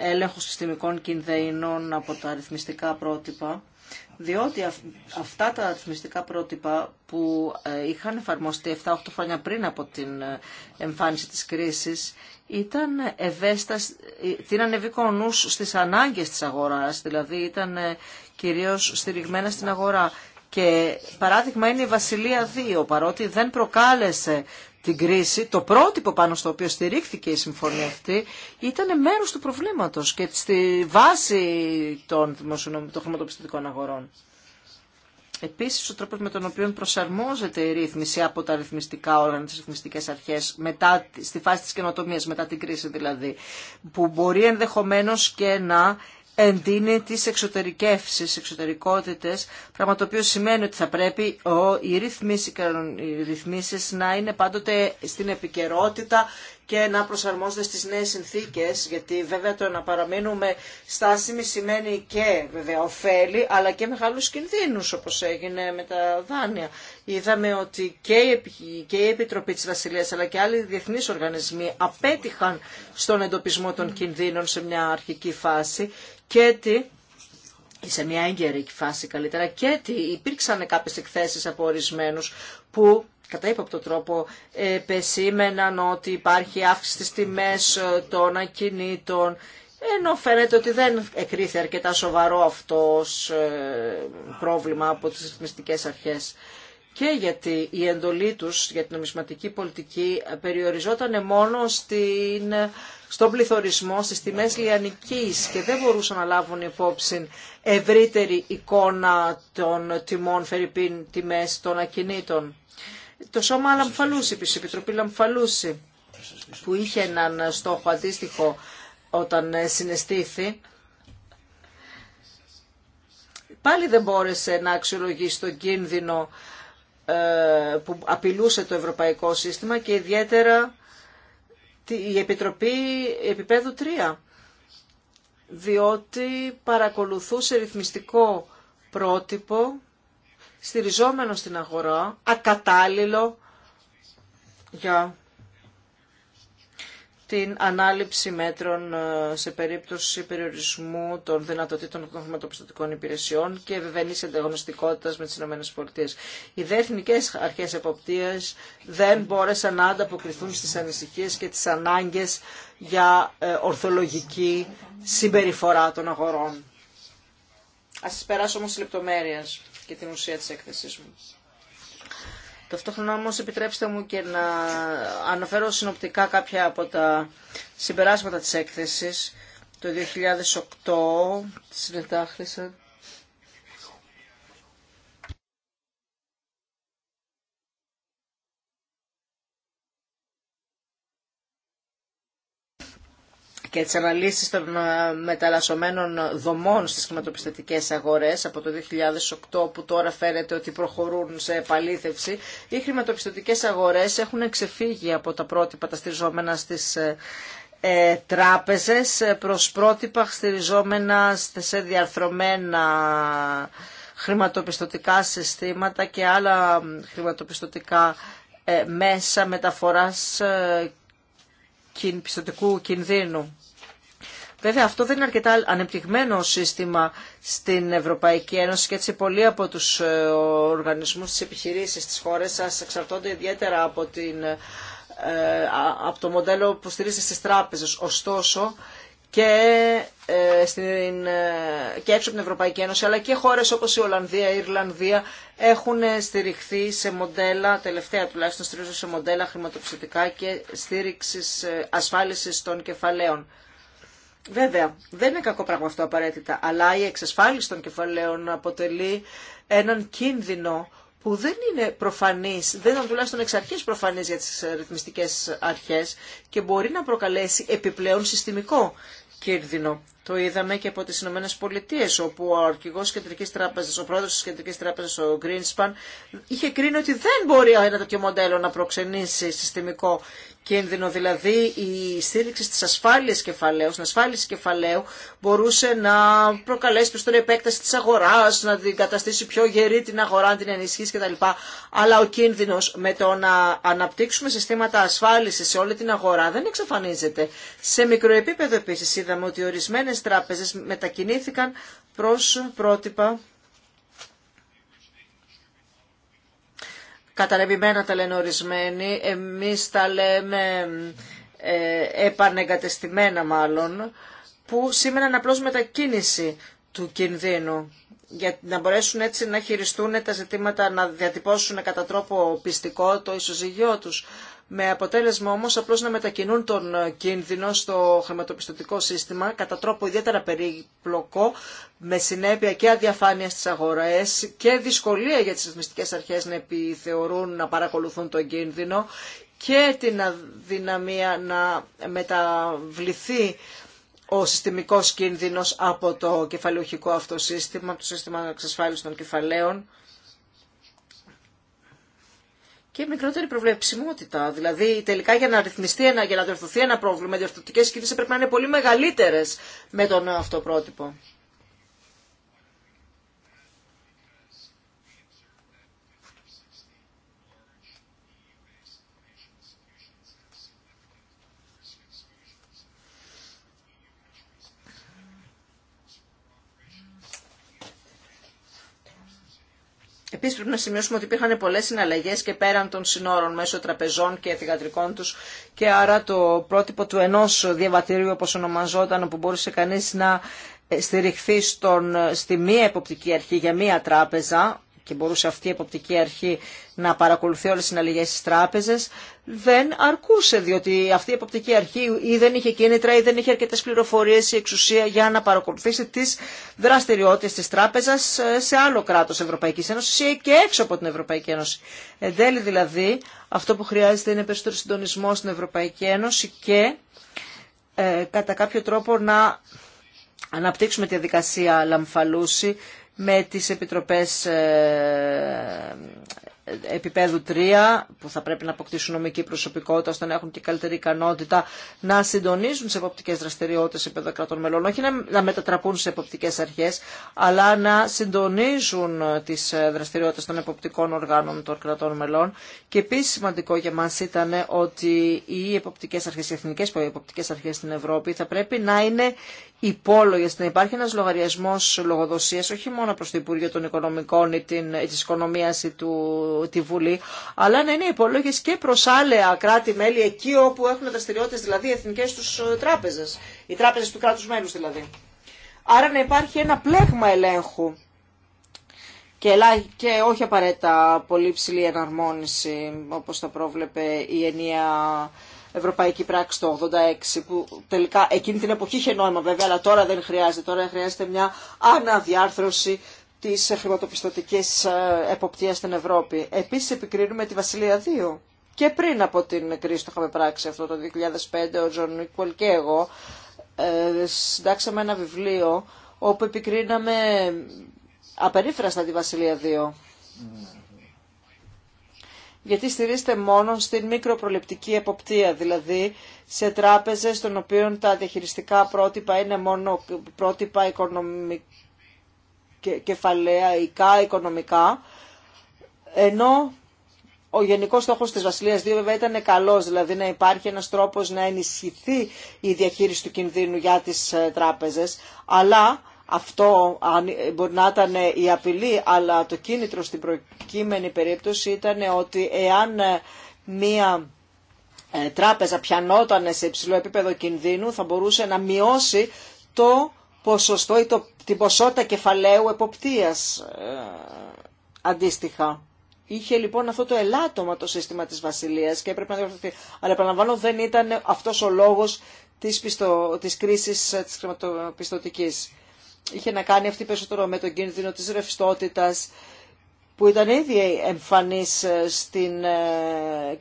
έλεγχο συστημικών κινδύνων από τα αριθμιστικά πρότυπα διότι αυτά τα αριθμιστικά πρότυπα που ε, είχαν εφαρμοστεί 7-8 χρόνια πριν από την ε, εμφάνιση της κρίσης ήταν ευαίσθητα, ε, τίναν νους στις ανάγκες της αγοράς, δηλαδή ήταν κυρίως στηριγμένα στην αγορά. Και παράδειγμα είναι η Βασιλεία 2, παρότι δεν προκάλεσε κρίση, το πρότυπο πάνω στο οποίο στηρίχθηκε η συμφωνία αυτή ήταν μέρος του προβλήματος και στη βάση των, των χρηματοπιστωτικών αγορών. Επίσης, ο τρόπος με τον οποίο προσαρμόζεται η ρύθμιση από τα ρυθμιστικά όργανα, τις ρυθμιστικές αρχές, μετά, στη φάση της καινοτομίας, μετά την κρίση δηλαδή, που μπορεί ενδεχομένως και να εντείνει τις εξωτερικεύσεις, εξωτερικότητες, πράγμα το οποίο σημαίνει ότι θα πρέπει οι, ρυθμίσεις, οι ρυθμίσεις να είναι πάντοτε στην επικαιρότητα και να προσαρμόζονται στις νέες συνθήκες, γιατί βέβαια το να παραμείνουμε στάσιμοι σημαίνει και βέβαια ωφέλη, αλλά και μεγάλους κινδύνους όπως έγινε με τα δάνεια. Είδαμε ότι και η Επιτροπή της Βασιλείας αλλά και άλλοι διεθνείς οργανισμοί απέτυχαν στον εντοπισμό των κινδύνων σε μια αρχική φάση και σε μια έγκαιρη φάση καλύτερα και ότι υπήρξαν κάποιες εκθέσεις από ορισμένου που κατά ύποπτο τρόπο επεσήμεναν ότι υπάρχει αύξηση στις τιμές ε, των ακινήτων, ενώ φαίνεται ότι δεν εκρίθη αρκετά σοβαρό αυτός ε, πρόβλημα από τις ρυθμιστικές αρχές. Και γιατί η εντολή τους για την νομισματική πολιτική περιοριζόταν μόνο στην, στον πληθωρισμό, στις τιμές λιανικής και δεν μπορούσαν να λάβουν υπόψη ευρύτερη εικόνα των τιμών, φερρυπίν τιμές των ακινήτων το σώμα Λαμφαλούση, η Επιτροπή Λαμφαλούση, που είχε έναν στόχο αντίστοιχο όταν συναισθήθη, πάλι δεν μπόρεσε να αξιολογήσει τον κίνδυνο ε, που απειλούσε το ευρωπαϊκό σύστημα και ιδιαίτερα η Επιτροπή επίπεδου 3, διότι παρακολουθούσε ρυθμιστικό πρότυπο στηριζόμενο στην αγορά, ακατάλληλο για την ανάληψη μέτρων ε, σε περίπτωση περιορισμού των δυνατοτήτων των χρηματοπιστωτικών υπηρεσιών και βεβαινή ανταγωνιστικότητα με τι ΗΠΑ. Οι δε εθνικέ αρχέ εποπτεία δεν μπόρεσαν να ανταποκριθούν στι ανησυχίε και τι ανάγκε για ε, ορθολογική συμπεριφορά των αγορών. Α περάσω όμω λεπτομέρειες και την ουσία της έκθεσης μου. Ταυτόχρονα όμω, επιτρέψτε μου και να αναφέρω συνοπτικά κάποια από τα συμπεράσματα της έκθεσης. Το 2008 συνετάχθησαν και τι αναλύσει των ε, μεταλλασσομένων δομών στις χρηματοπιστωτικέ αγορές από το 2008 που τώρα φαίνεται ότι προχωρούν σε επαλήθευση, οι χρηματοπιστωτικέ αγορές έχουν ξεφύγει από τα πρότυπα τα στηριζόμενα στις ε, ε τράπεζες ε, προς πρότυπα στηριζόμενα σε διαρθρωμένα χρηματοπιστωτικά συστήματα και άλλα χρηματοπιστωτικά μέσα μεταφοράς πιστωτικού κινδύνου. Βέβαια αυτό δεν είναι αρκετά ανεπτυγμένο σύστημα στην Ευρωπαϊκή Ένωση και έτσι πολλοί από τους ε, οργανισμούς της επιχειρήσης της χώρας σας εξαρτώνται ιδιαίτερα από, την, ε, από το μοντέλο που στηρίζεται στις τράπεζες. Ωστόσο, και, ε, στην, και έξω από την Ευρωπαϊκή Ένωση, αλλά και χώρες όπως η Ολλανδία, η Ιρλανδία έχουν στηριχθεί σε μοντέλα, τελευταία τουλάχιστον στηρίζονται σε μοντέλα χρηματοπιστωτικά και στήριξης ασφάλισης των κεφαλαίων. Βέβαια, δεν είναι κακό πράγμα αυτό απαραίτητα, αλλά η εξασφάλιση των κεφαλαίων αποτελεί έναν κίνδυνο που δεν είναι προφανής, δεν ήταν τουλάχιστον εξ αρχής προφανής για τις ρυθμιστικές αρχές και μπορεί να προκαλέσει επιπλέον συστημικό κίνδυνο. Το είδαμε και από τι Ηνωμένε Πολιτείε όπου ο αρχηγός κεντρική τράπεζα, ο πρόεδρος τη Κεντρική Τράπεζα, ο Γκρινσπαν είχε κρίνει ότι δεν μπορεί ένα τέτοιο μοντέλο να προξενήσει συστημικό κίνδυνο, δηλαδή η στήριξη τη ασφάλεια κεφαλαίου, στην ασφάλιση κεφαλαίου μπορούσε να προκαλέσει την επέκταση τη αγορά, να την καταστήσει πιο γερή την αγορά, να την ενισχύσει κτλ. Αλλά ο κίνδυνο με το να αναπτύξουμε συστήματα ασφάλιση σε όλη την αγορά δεν εξαφανίζεται. Σε μικροεπίπεδο επίση, είδαμε ότι ορισμένε Τράπεζε τράπεζες μετακινήθηκαν προς πρότυπα καταρρεμπημένα τα λένε ορισμένοι, εμείς τα λέμε ε, επανεγκατεστημένα μάλλον, που σήμαιναν απλώς μετακίνηση του κινδύνου για να μπορέσουν έτσι να χειριστούν τα ζητήματα, να διατυπώσουν κατά τρόπο πιστικό το ισοζυγιό τους με αποτέλεσμα όμως απλώς να μετακινούν τον κίνδυνο στο χρηματοπιστωτικό σύστημα κατά τρόπο ιδιαίτερα περίπλοκο, με συνέπεια και αδιαφάνεια στις αγορές και δυσκολία για τις ρυθμιστικές αρχές να επιθεωρούν, να παρακολουθούν τον κίνδυνο και την αδυναμία να μεταβληθεί ο συστημικός κίνδυνος από το κεφαλαιοχικό αυτό σύστημα, το σύστημα εξασφάλισης των κεφαλαίων και μικρότερη προβλεψιμότητα. Δηλαδή, τελικά για να ρυθμιστεί ένα, για να διορθωθεί ένα πρόβλημα, οι διορθωτικέ κινήσει πρέπει να είναι πολύ μεγαλύτερε με τον νέο αυτό πρότυπο. Επίση, πρέπει να σημειώσουμε ότι υπήρχαν πολλές συναλλαγέ και πέραν των συνόρων μέσω τραπεζών και θηγατρικών τους και άρα το πρότυπο του ενό διαβατηρίου όπω ονομαζόταν όπου μπορούσε κανείς να στηριχθεί στον, στη μία εποπτική αρχή για μία τράπεζα και μπορούσε αυτή η εποπτική αρχή να παρακολουθεί όλες τις συναλλαγές στις τράπεζες, δεν αρκούσε, διότι αυτή η εποπτική αρχή ή δεν είχε κίνητρα ή δεν είχε αρκετές πληροφορίες ή εξουσία για να παρακολουθήσει τις δραστηριότητες της τράπεζας σε άλλο κράτος Ευρωπαϊκής Ένωσης ή και έξω από την Ευρωπαϊκή Ένωση. Εν τέλει δηλαδή, αυτό που χρειάζεται είναι περισσότερο συντονισμό στην Ευρωπαϊκή Ένωση και ε, κατά κάποιο τρόπο να αναπτύξουμε τη διαδικασία Λαμφαλούση με τις επιτροπές ε, επίπεδου 3 που θα πρέπει να αποκτήσουν νομική προσωπικότητα ώστε να έχουν και καλύτερη ικανότητα να συντονίζουν σε εποπτικές δραστηριότητες επίπεδο κρατών μελών, όχι να μετατραπούν σε εποπτικές αρχές, αλλά να συντονίζουν τις ε, δραστηριότητες των εποπτικών οργάνων των κρατών μελών. Και επίσης σημαντικό για μας ήταν ότι οι εποπτικές αρχές, οι εθνικές εποπτικές αρχές στην Ευρώπη θα πρέπει να είναι υπόλογες να υπάρχει ένας λογαριασμός λογοδοσίας όχι μόνο προς το Υπουργείο των Οικονομικών ή την, της Οικονομίας ή του, τη Βουλή αλλά να είναι υπόλογες και προς άλλα κράτη-μέλη εκεί όπου έχουν δραστηριότητε δηλαδή οι εθνικές τους ε, τράπεζες, οι τράπεζες του κράτους μέλους δηλαδή. Άρα να υπάρχει ένα πλέγμα ελέγχου και, και όχι απαραίτητα πολύ ψηλή εναρμόνιση όπως τα πρόβλεπε η ενία ευρωπαϊκή πράξη το 86 που τελικά εκείνη την εποχή είχε νόημα βέβαια αλλά τώρα δεν χρειάζεται. Τώρα χρειάζεται μια αναδιάρθρωση της χρηματοπιστωτικής ε, εποπτείας στην Ευρώπη. Επίσης επικρίνουμε τη Βασιλεία 2. Και πριν από την κρίση το είχαμε πράξει αυτό το 2005 ο Τζον Νίκουελ και εγώ ε, συντάξαμε ένα βιβλίο όπου επικρίναμε απερίφραστα τη Βασιλεία 2 γιατί στηρίζεται μόνο στην μικροπροληπτική εποπτεία, δηλαδή σε τράπεζες των οποίων τα διαχειριστικά πρότυπα είναι μόνο πρότυπα οικονομικά, κεφαλαϊκά, οικονομικά, ενώ ο γενικός στόχος της Βασιλείας 2 βέβαια ήταν καλός, δηλαδή να υπάρχει ένας τρόπος να ενισχυθεί η διαχείριση του κινδύνου για τις ε, τράπεζες, αλλά αυτό ε, μπορεί να ήταν ε, η απειλή, αλλά το κίνητρο στην προκείμενη περίπτωση ήταν ότι εάν ε, μία τράπεζα πιανόταν σε υψηλό επίπεδο κινδύνου θα μπορούσε να μειώσει το ποσοστό ή την ποσότητα κεφαλαίου εποπτείας αντίστοιχα. Είχε λοιπόν αυτό το ελάττωμα το σύστημα της βασιλείας και έπρεπε να διορθωθεί. Αλλά επαναλαμβάνω δεν ήταν αυτός ο λόγος της, πιστο, της κρίσης της χρηματοπιστωτικής είχε να κάνει αυτή περισσότερο με τον κίνδυνο της ρευστότητα που ήταν ήδη εμφανής στην, ε,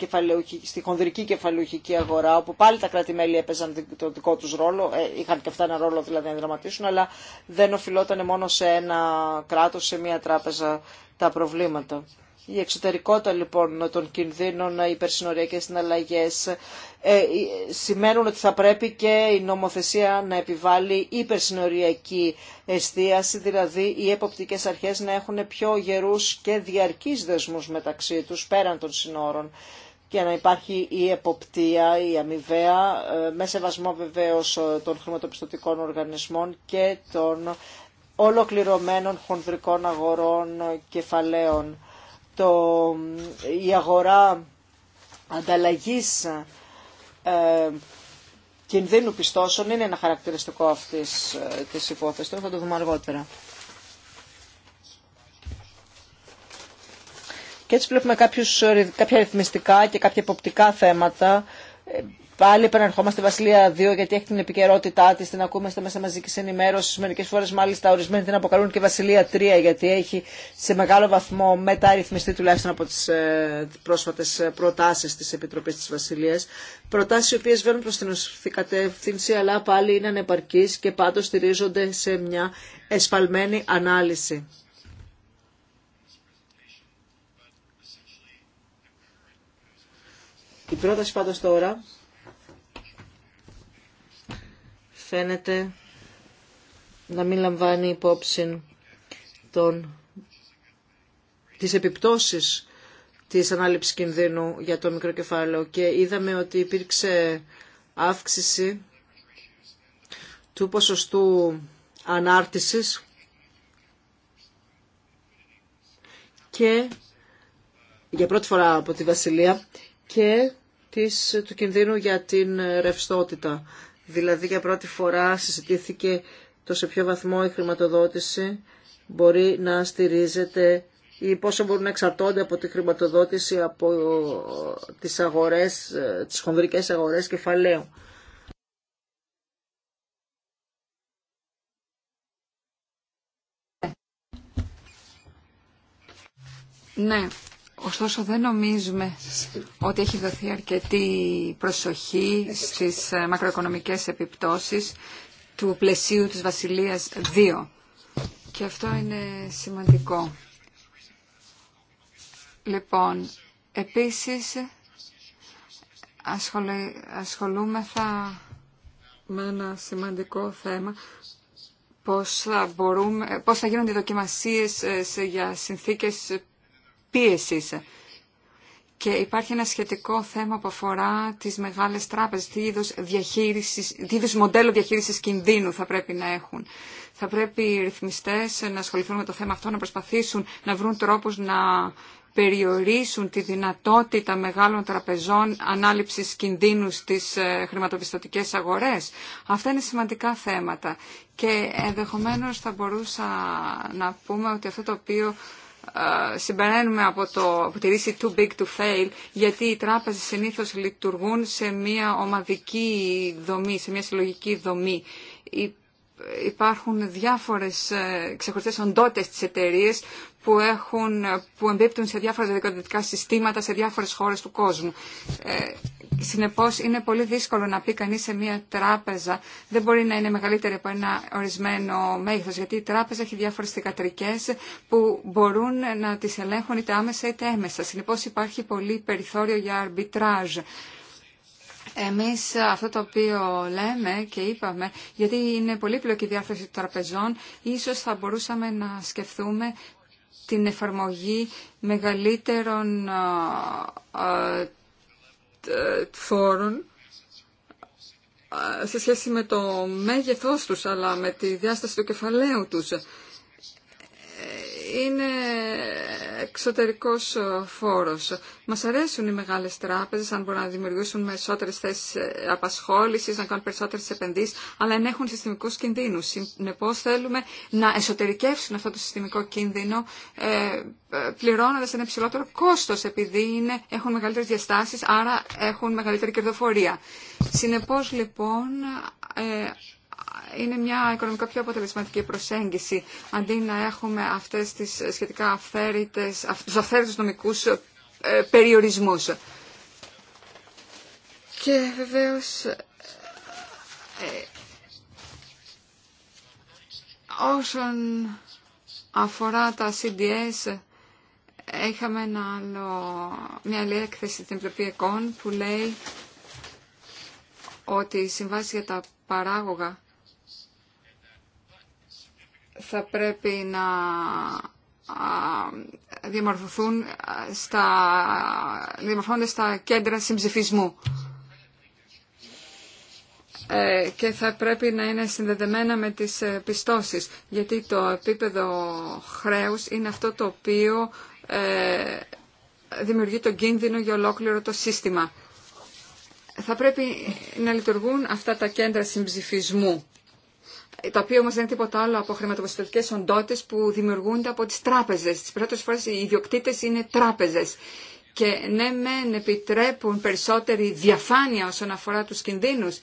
στη χονδρική κεφαλαιοχική αγορά, όπου πάλι τα κράτη-μέλη έπαιζαν το δικό τους ρόλο, ε, είχαν και αυτά ένα ρόλο δηλαδή να δραματίσουν, αλλά δεν οφειλόταν μόνο σε ένα κράτος, σε μία τράπεζα τα προβλήματα η εξωτερικότητα λοιπόν των κινδύνων, οι υπερσυνοριακές συναλλαγές ε, ε, σημαίνουν ότι θα πρέπει και η νομοθεσία να επιβάλλει υπερσυνοριακή εστίαση, δηλαδή οι εποπτικές αρχές να έχουν πιο γερούς και διαρκείς δεσμούς μεταξύ τους πέραν των συνόρων και να υπάρχει η εποπτεία, η αμοιβαία, ε, με σεβασμό βεβαίως ε, των χρηματοπιστωτικών οργανισμών και των ολοκληρωμένων χονδρικών αγορών κεφαλαίων το, η αγορά ανταλλαγής ε, κινδύνου πιστώσεων είναι ένα χαρακτηριστικό αυτής ε, της υπόθεσης. Τώρα θα το δούμε αργότερα. Και έτσι βλέπουμε κάποιους, ε, κάποια ρυθμιστικά και κάποια υποπτικά θέματα ε, Πάλι επαναρχόμαστε Βασιλεία 2 γιατί έχει την επικαιρότητά τη, την ακούμε στα μέσα μαζική ενημέρωση. Μερικέ φορέ μάλιστα ορισμένοι την αποκαλούν και Βασιλεία 3 γιατί έχει σε μεγάλο βαθμό μεταρρυθμιστεί τουλάχιστον από τι ε, πρόσφατε προτάσει τη Επιτροπή τη Βασιλεία. Προτάσει οι οποίε βαίνουν προ την ουσιαστική κατεύθυνση αλλά πάλι είναι ανεπαρκεί και πάντω στηρίζονται σε μια εσφαλμένη ανάλυση. Η πρόταση πάντως τώρα φαίνεται να μην λαμβάνει υπόψη των, τις επιπτώσεις της ανάληψης κινδύνου για το μικροκεφάλαιο και είδαμε ότι υπήρξε αύξηση του ποσοστού ανάρτησης και για πρώτη φορά από τη Βασιλεία και της, του κινδύνου για την ρευστότητα. Δηλαδή για πρώτη φορά συζητήθηκε το σε ποιο βαθμό η χρηματοδότηση μπορεί να στηρίζεται ή πόσο μπορούν να εξαρτώνται από τη χρηματοδότηση από τις αγορές, τις χονδρικές αγορές κεφαλαίου. Ναι, Ωστόσο δεν νομίζουμε ότι έχει δοθεί αρκετή προσοχή στις ε, μακροοικονομικές επιπτώσεις του πλαισίου της Βασιλείας 2. Και αυτό είναι σημαντικό. Λοιπόν, επίσης ασχολούμεθα με ένα σημαντικό θέμα πώς θα, μπορούμε, πώς θα γίνονται οι δοκιμασίες ε, για συνθήκες πίεσης. Και υπάρχει ένα σχετικό θέμα που αφορά τις μεγάλες τράπεζες, τι διαχείρισης, τι είδους μοντέλο διαχείρισης κινδύνου θα πρέπει να έχουν. Θα πρέπει οι ρυθμιστές να ασχοληθούν με το θέμα αυτό, να προσπαθήσουν να βρουν τρόπους να περιορίσουν τη δυνατότητα μεγάλων τραπεζών ανάληψης κινδύνου στις ε, χρηματοπιστωτικές αγορές. Αυτά είναι σημαντικά θέματα και ενδεχομένω θα μπορούσα να πούμε ότι αυτό το οποίο συμπεραίνουμε από, το, από τη ρίση too big to fail, γιατί οι Τράπεζε συνήθω λειτουργούν σε μια ομαδική δομή, σε μια συλλογική δομή. Υπάρχουν διάφορε ξεχωριστέ οντότητε της εταιρείε που, έχουν, που εμπίπτουν σε διάφορα δικαιοδοτικά συστήματα σε διάφορες χώρες του κόσμου. Ε, συνεπώς είναι πολύ δύσκολο να πει κανείς σε μια τράπεζα δεν μπορεί να είναι μεγαλύτερη από ένα ορισμένο μέγεθος γιατί η τράπεζα έχει διάφορες θηκατρικές που μπορούν να τις ελέγχουν είτε άμεσα είτε έμεσα. Συνεπώς υπάρχει πολύ περιθώριο για αρμπιτράζ. Εμείς αυτό το οποίο λέμε και είπαμε, γιατί είναι πολύπλοκη η διάθεση των τραπεζών, ίσως θα μπορούσαμε να σκεφτούμε την εφαρμογή μεγαλύτερων φόρων σε σχέση με το μέγεθός τους αλλά με τη διάσταση του κεφαλαίου τους είναι εξωτερικός ε, φόρος. Μας αρέσουν οι μεγάλες τράπεζες αν μπορούν να δημιουργήσουν μεσότερε θέσεις ε, απασχόλησης, να κάνουν περισσότερες επενδύσεις, αλλά ενέχουν συστημικούς κινδύνους. Συνεπώς θέλουμε να εσωτερικεύσουν αυτό το συστημικό κίνδυνο ε, πληρώνοντας ένα υψηλότερο κόστος επειδή έχουν μεγαλύτερες διαστάσεις, άρα έχουν μεγαλύτερη κερδοφορία. Συνεπώς λοιπόν είναι μια οικονομικά πιο αποτελεσματική προσέγγιση αντί να έχουμε αυτές τις σχετικά αυθαίρετες, τους αυθαίρετους νομικούς ε, περιορισμούς. Και βεβαίως ε, όσον αφορά τα CDS είχαμε μια άλλη έκθεση στην Επιτροπή ΕΚΟΝ που λέει ότι οι συμβάσει για τα παράγωγα θα πρέπει να διαμορφωθούν στα, στα κέντρα συμψηφισμού ε, και θα πρέπει να είναι συνδεδεμένα με τις ε, πιστώσεις γιατί το επίπεδο χρέους είναι αυτό το οποίο ε, δημιουργεί τον κίνδυνο για ολόκληρο το σύστημα. Θα πρέπει να λειτουργούν αυτά τα κέντρα συμψηφισμού τα οποία όμω δεν είναι τίποτα άλλο από χρηματοπιστωτικέ οντότητε που δημιουργούνται από τις τράπεζες. Τι πρώτε φορέ οι ιδιοκτήτες είναι τράπεζες. Και ναι, μεν επιτρέπουν περισσότερη διαφάνεια όσον αφορά του κινδύνους,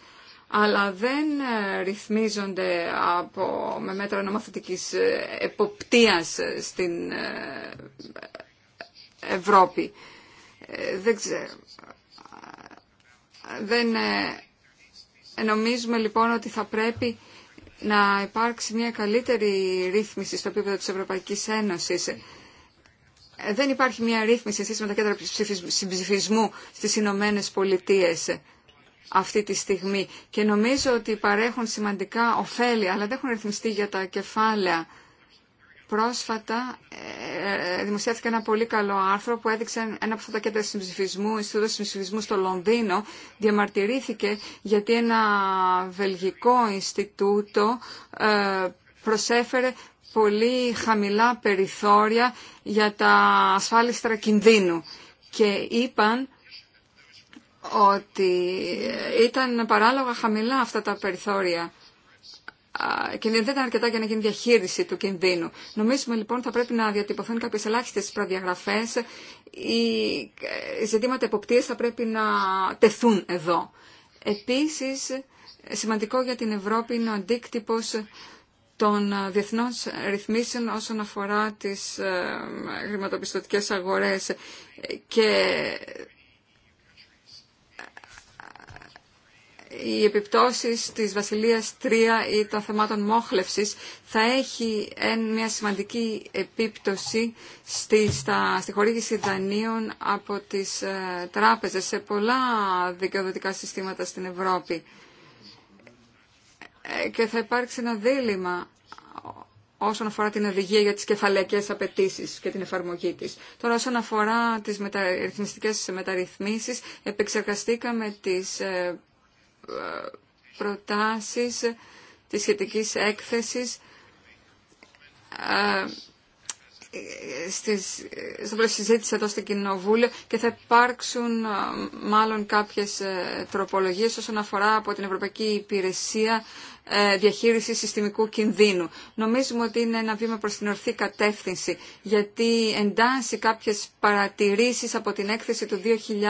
αλλά δεν ε, ρυθμίζονται από, με μέτρα νομοθετική ε, εποπτείας ε, στην Ευρώπη. Δεν ξέρω. Δεν νομίζουμε λοιπόν ότι θα πρέπει να υπάρξει μια καλύτερη ρύθμιση στο επίπεδο της Ευρωπαϊκής Ένωσης. Δεν υπάρχει μια ρύθμιση εσείς με τα κέντρα συμψηφισμού στις Ηνωμένε Πολιτείε αυτή τη στιγμή και νομίζω ότι παρέχουν σημαντικά ωφέλη αλλά δεν έχουν ρυθμιστεί για τα κεφάλαια Πρόσφατα ε, ε, δημοσιεύτηκε ένα πολύ καλό άρθρο που έδειξε ένα από αυτά τα κέντρα συμψηφισμού, Ινστιτούτο Συμψηφισμού στο Λονδίνο. Διαμαρτυρήθηκε γιατί ένα βελγικό Ινστιτούτο ε, προσέφερε πολύ χαμηλά περιθώρια για τα ασφάλιστρα κινδύνου και είπαν ότι ήταν παράλογα χαμηλά αυτά τα περιθώρια και δεν ήταν αρκετά για να γίνει διαχείριση του κινδύνου. Νομίζουμε λοιπόν θα πρέπει να διατυπωθούν κάποιε ελάχιστε προδιαγραφέ. Οι ε, ζητήματα εποπτεία θα πρέπει να τεθούν εδώ. Επίση, σημαντικό για την Ευρώπη είναι ο αντίκτυπο των ε, διεθνών ρυθμίσεων όσον αφορά τις ε, χρηματοπιστωτικές αγορές και οι επιπτώσεις της Βασιλείας 3 ή των θεμάτων μόχλευσης θα έχει μια σημαντική επίπτωση στη, στη χορήγηση δανείων από τις ε, τράπεζες σε πολλά δικαιοδοτικά συστήματα στην Ευρώπη. Ε, και θα υπάρξει ένα δίλημα όσον αφορά την οδηγία για τις κεφαλαιακές απαιτήσει και την εφαρμογή της. Τώρα όσον αφορά τι μεταρρυθμιστικές μεταρρυθμίσεις, επεξεργαστήκαμε τις ε, προτάσεις της σχετικής έκθεσης στις, στο πλαίσιο συζήτηση εδώ στο Κοινοβούλιο και θα υπάρξουν μάλλον κάποιες ε, τροπολογίες όσον αφορά από την Ευρωπαϊκή Υπηρεσία ε, διαχείριση συστημικού κινδύνου. Νομίζουμε ότι είναι ένα βήμα προς την ορθή κατεύθυνση, γιατί εντάσσει κάποιες παρατηρήσεις από την έκθεση του 2007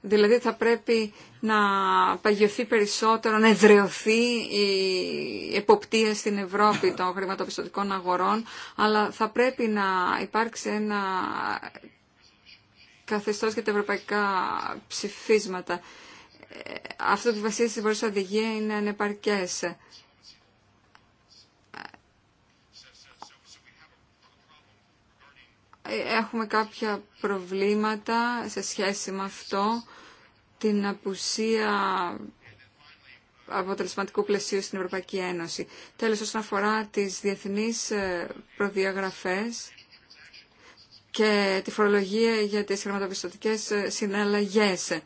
Δηλαδή θα πρέπει να παγιωθεί περισσότερο, να εδρεωθεί η εποπτεία στην Ευρώπη των χρηματοπιστωτικών αγορών, αλλά θα πρέπει να υπάρξει ένα καθεστώς για τα ευρωπαϊκά ψηφίσματα. Ε, αυτό που βασίζεται στην παρούσα οδηγία είναι ανεπαρκές. Έχουμε κάποια προβλήματα σε σχέση με αυτό, την απουσία αποτελεσματικού πλαισίου στην Ευρωπαϊκή Ένωση. Τέλος, όσον αφορά τις διεθνείς ε, προδιαγραφές και τη φορολογία για τις χρηματοπιστωτικές ε, συναλλαγές.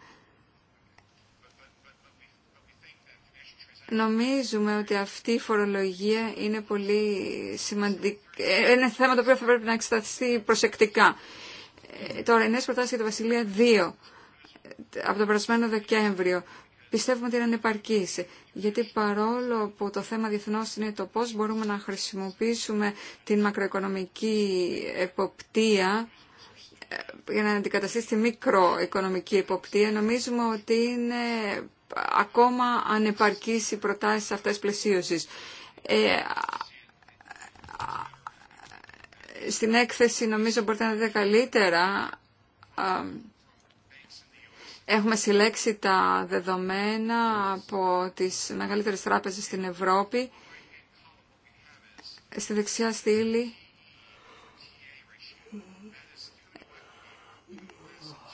Νομίζουμε ότι αυτή η φορολογία είναι πολύ σημαντική ένα θέμα το οποίο θα πρέπει να εξεταστεί προσεκτικά. Ε, τώρα, οι νέες για το Βασιλεία 2 από τον περασμένο Δεκέμβριο πιστεύουμε ότι είναι ανεπαρκή. Γιατί παρόλο που το θέμα διεθνώ είναι το πώ μπορούμε να χρησιμοποιήσουμε την μακροοικονομική εποπτεία ε, για να αντικαταστήσει τη μικροοικονομική εποπτεία, νομίζουμε ότι είναι ακόμα ανεπαρκή οι προτάσεις αυτές πλαισίωσης. Ε, στην έκθεση νομίζω μπορείτε να δείτε καλύτερα. Έχουμε συλλέξει τα δεδομένα από τις μεγαλύτερες τράπεζες στην Ευρώπη. Στη δεξιά στήλη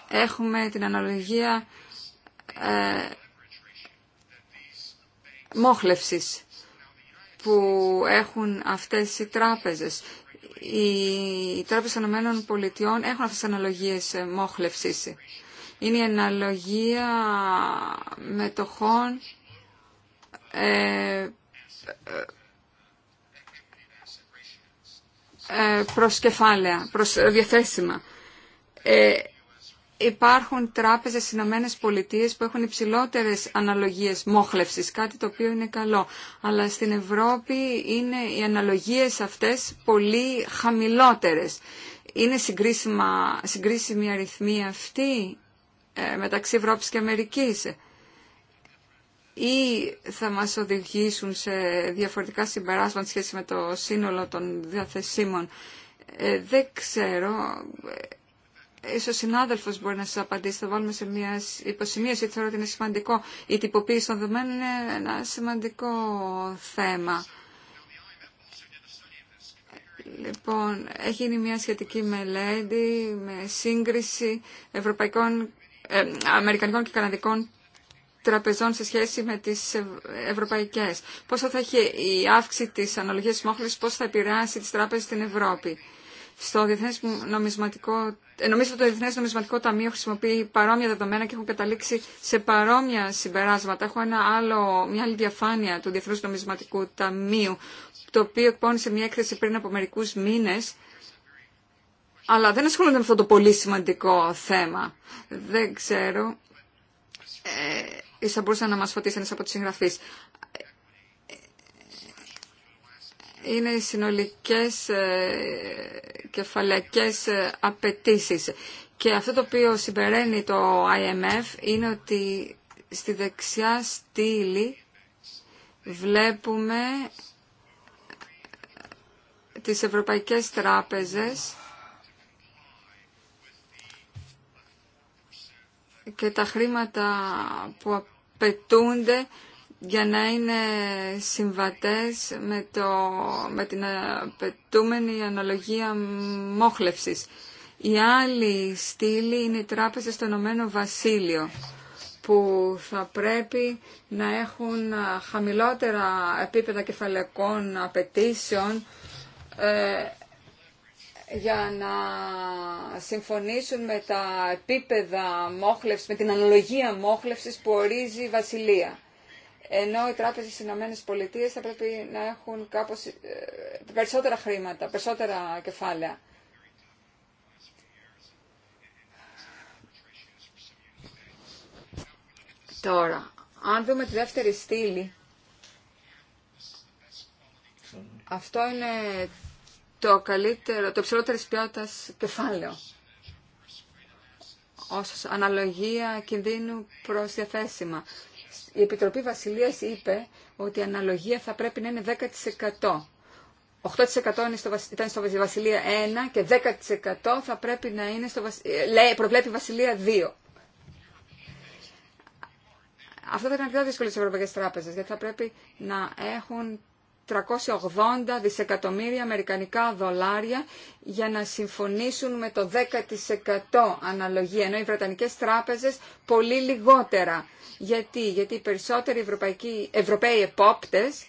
έχουμε την αναλογία ε, μόχλευσης που έχουν αυτές οι τράπεζες οι τράπεζες των Ηνωμένων Πολιτειών έχουν αυτές τις αναλογίες μόχλευσης. Είναι η αναλογία μετοχών ε, ε προς κεφάλαια, προς διαθέσιμα. Ε, υπάρχουν τράπεζες στις Ηνωμένες Πολιτείες που έχουν υψηλότερες αναλογίες μόχλευσης, κάτι το οποίο είναι καλό. Αλλά στην Ευρώπη είναι οι αναλογίες αυτές πολύ χαμηλότερες. Είναι συγκρίσιμη η αριθμή αυτή ε, μεταξύ Ευρώπης και Αμερικής ή θα μας οδηγήσουν σε διαφορετικά συμπεράσματα σχέση με το σύνολο των διαθεσίμων. Ε, δεν ξέρω, ε, Ίσως συνάδελφο μπορεί να σα απαντήσει. Θα βάλουμε σε μια υποσημείωση, γιατί θεωρώ ότι είναι σημαντικό. Η τυποποίηση των δεδομένων είναι ένα σημαντικό θέμα. Λοιπόν, έχει γίνει μια σχετική μελέτη με σύγκριση ευρωπαϊκών, ε, αμερικανικών και καναδικών τραπεζών σε σχέση με τις ευρωπαϊκές. Πόσο θα έχει η αύξηση της αναλογίας μόχλης, πώς θα επηρεάσει τις τράπεζες στην Ευρώπη στο Διεθνές Νομισματικό, ε, νομίζω ότι το Διεθνές Νομισματικό Ταμείο χρησιμοποιεί παρόμοια δεδομένα και έχουν καταλήξει σε παρόμοια συμπεράσματα. Έχω ένα άλλο, μια άλλη διαφάνεια του Διεθνούς Νομισματικού Ταμείου, το οποίο εκπώνησε μια έκθεση πριν από μερικούς μήνες, αλλά δεν ασχολούνται με αυτό το πολύ σημαντικό θέμα. Δεν ξέρω. Ε, ίσα μπορούσαν να μας φωτίσει από τους συγγραφείς είναι οι συνολικές ε, κεφαλαϊκές ε, απαιτήσεις. Και αυτό το οποίο συμπεραίνει το IMF είναι ότι στη δεξιά στήλη βλέπουμε ε, τις ευρωπαϊκές τράπεζες και τα χρήματα που απαιτούνται για να είναι συμβατές με, το, με την απαιτούμενη αναλογία μόχλευσης. Η άλλη στήλη είναι οι τράπεζες στο Ηνωμένο που θα πρέπει να έχουν χαμηλότερα επίπεδα κεφαλαικών απαιτήσεων ε, για να συμφωνήσουν με τα επίπεδα μόχλευσης, με την αναλογία μόχλευσης που ορίζει η Βασιλεία ενώ οι τράπεζες στις Ηνωμένες Πολιτείες θα πρέπει να έχουν κάπως ε, περισσότερα χρήματα, περισσότερα κεφάλαια. Τώρα, αν δούμε τη δεύτερη στήλη, αυτό είναι το καλύτερο, το ποιότητας κεφάλαιο ως αναλογία κινδύνου προς διαθέσιμα. Η Επιτροπή Βασιλείας είπε ότι η αναλογία θα πρέπει να είναι 10%. 8% ήταν στο Βασιλεία 1 και 10% θα πρέπει να είναι στο Βασιλεία, ε, προβλέπει Βασιλεία 2. Αυτό θα ήταν πιο δύσκολο στι Ευρωπαϊκέ Τράπεζε, γιατί θα πρέπει να έχουν 380 δισεκατομμύρια αμερικανικά δολάρια για να συμφωνήσουν με το 10% αναλογία, ενώ οι Βρετανικές τράπεζες πολύ λιγότερα. Γιατί, Γιατί οι περισσότεροι ευρωπαϊκοί, Ευρωπαίοι επόπτες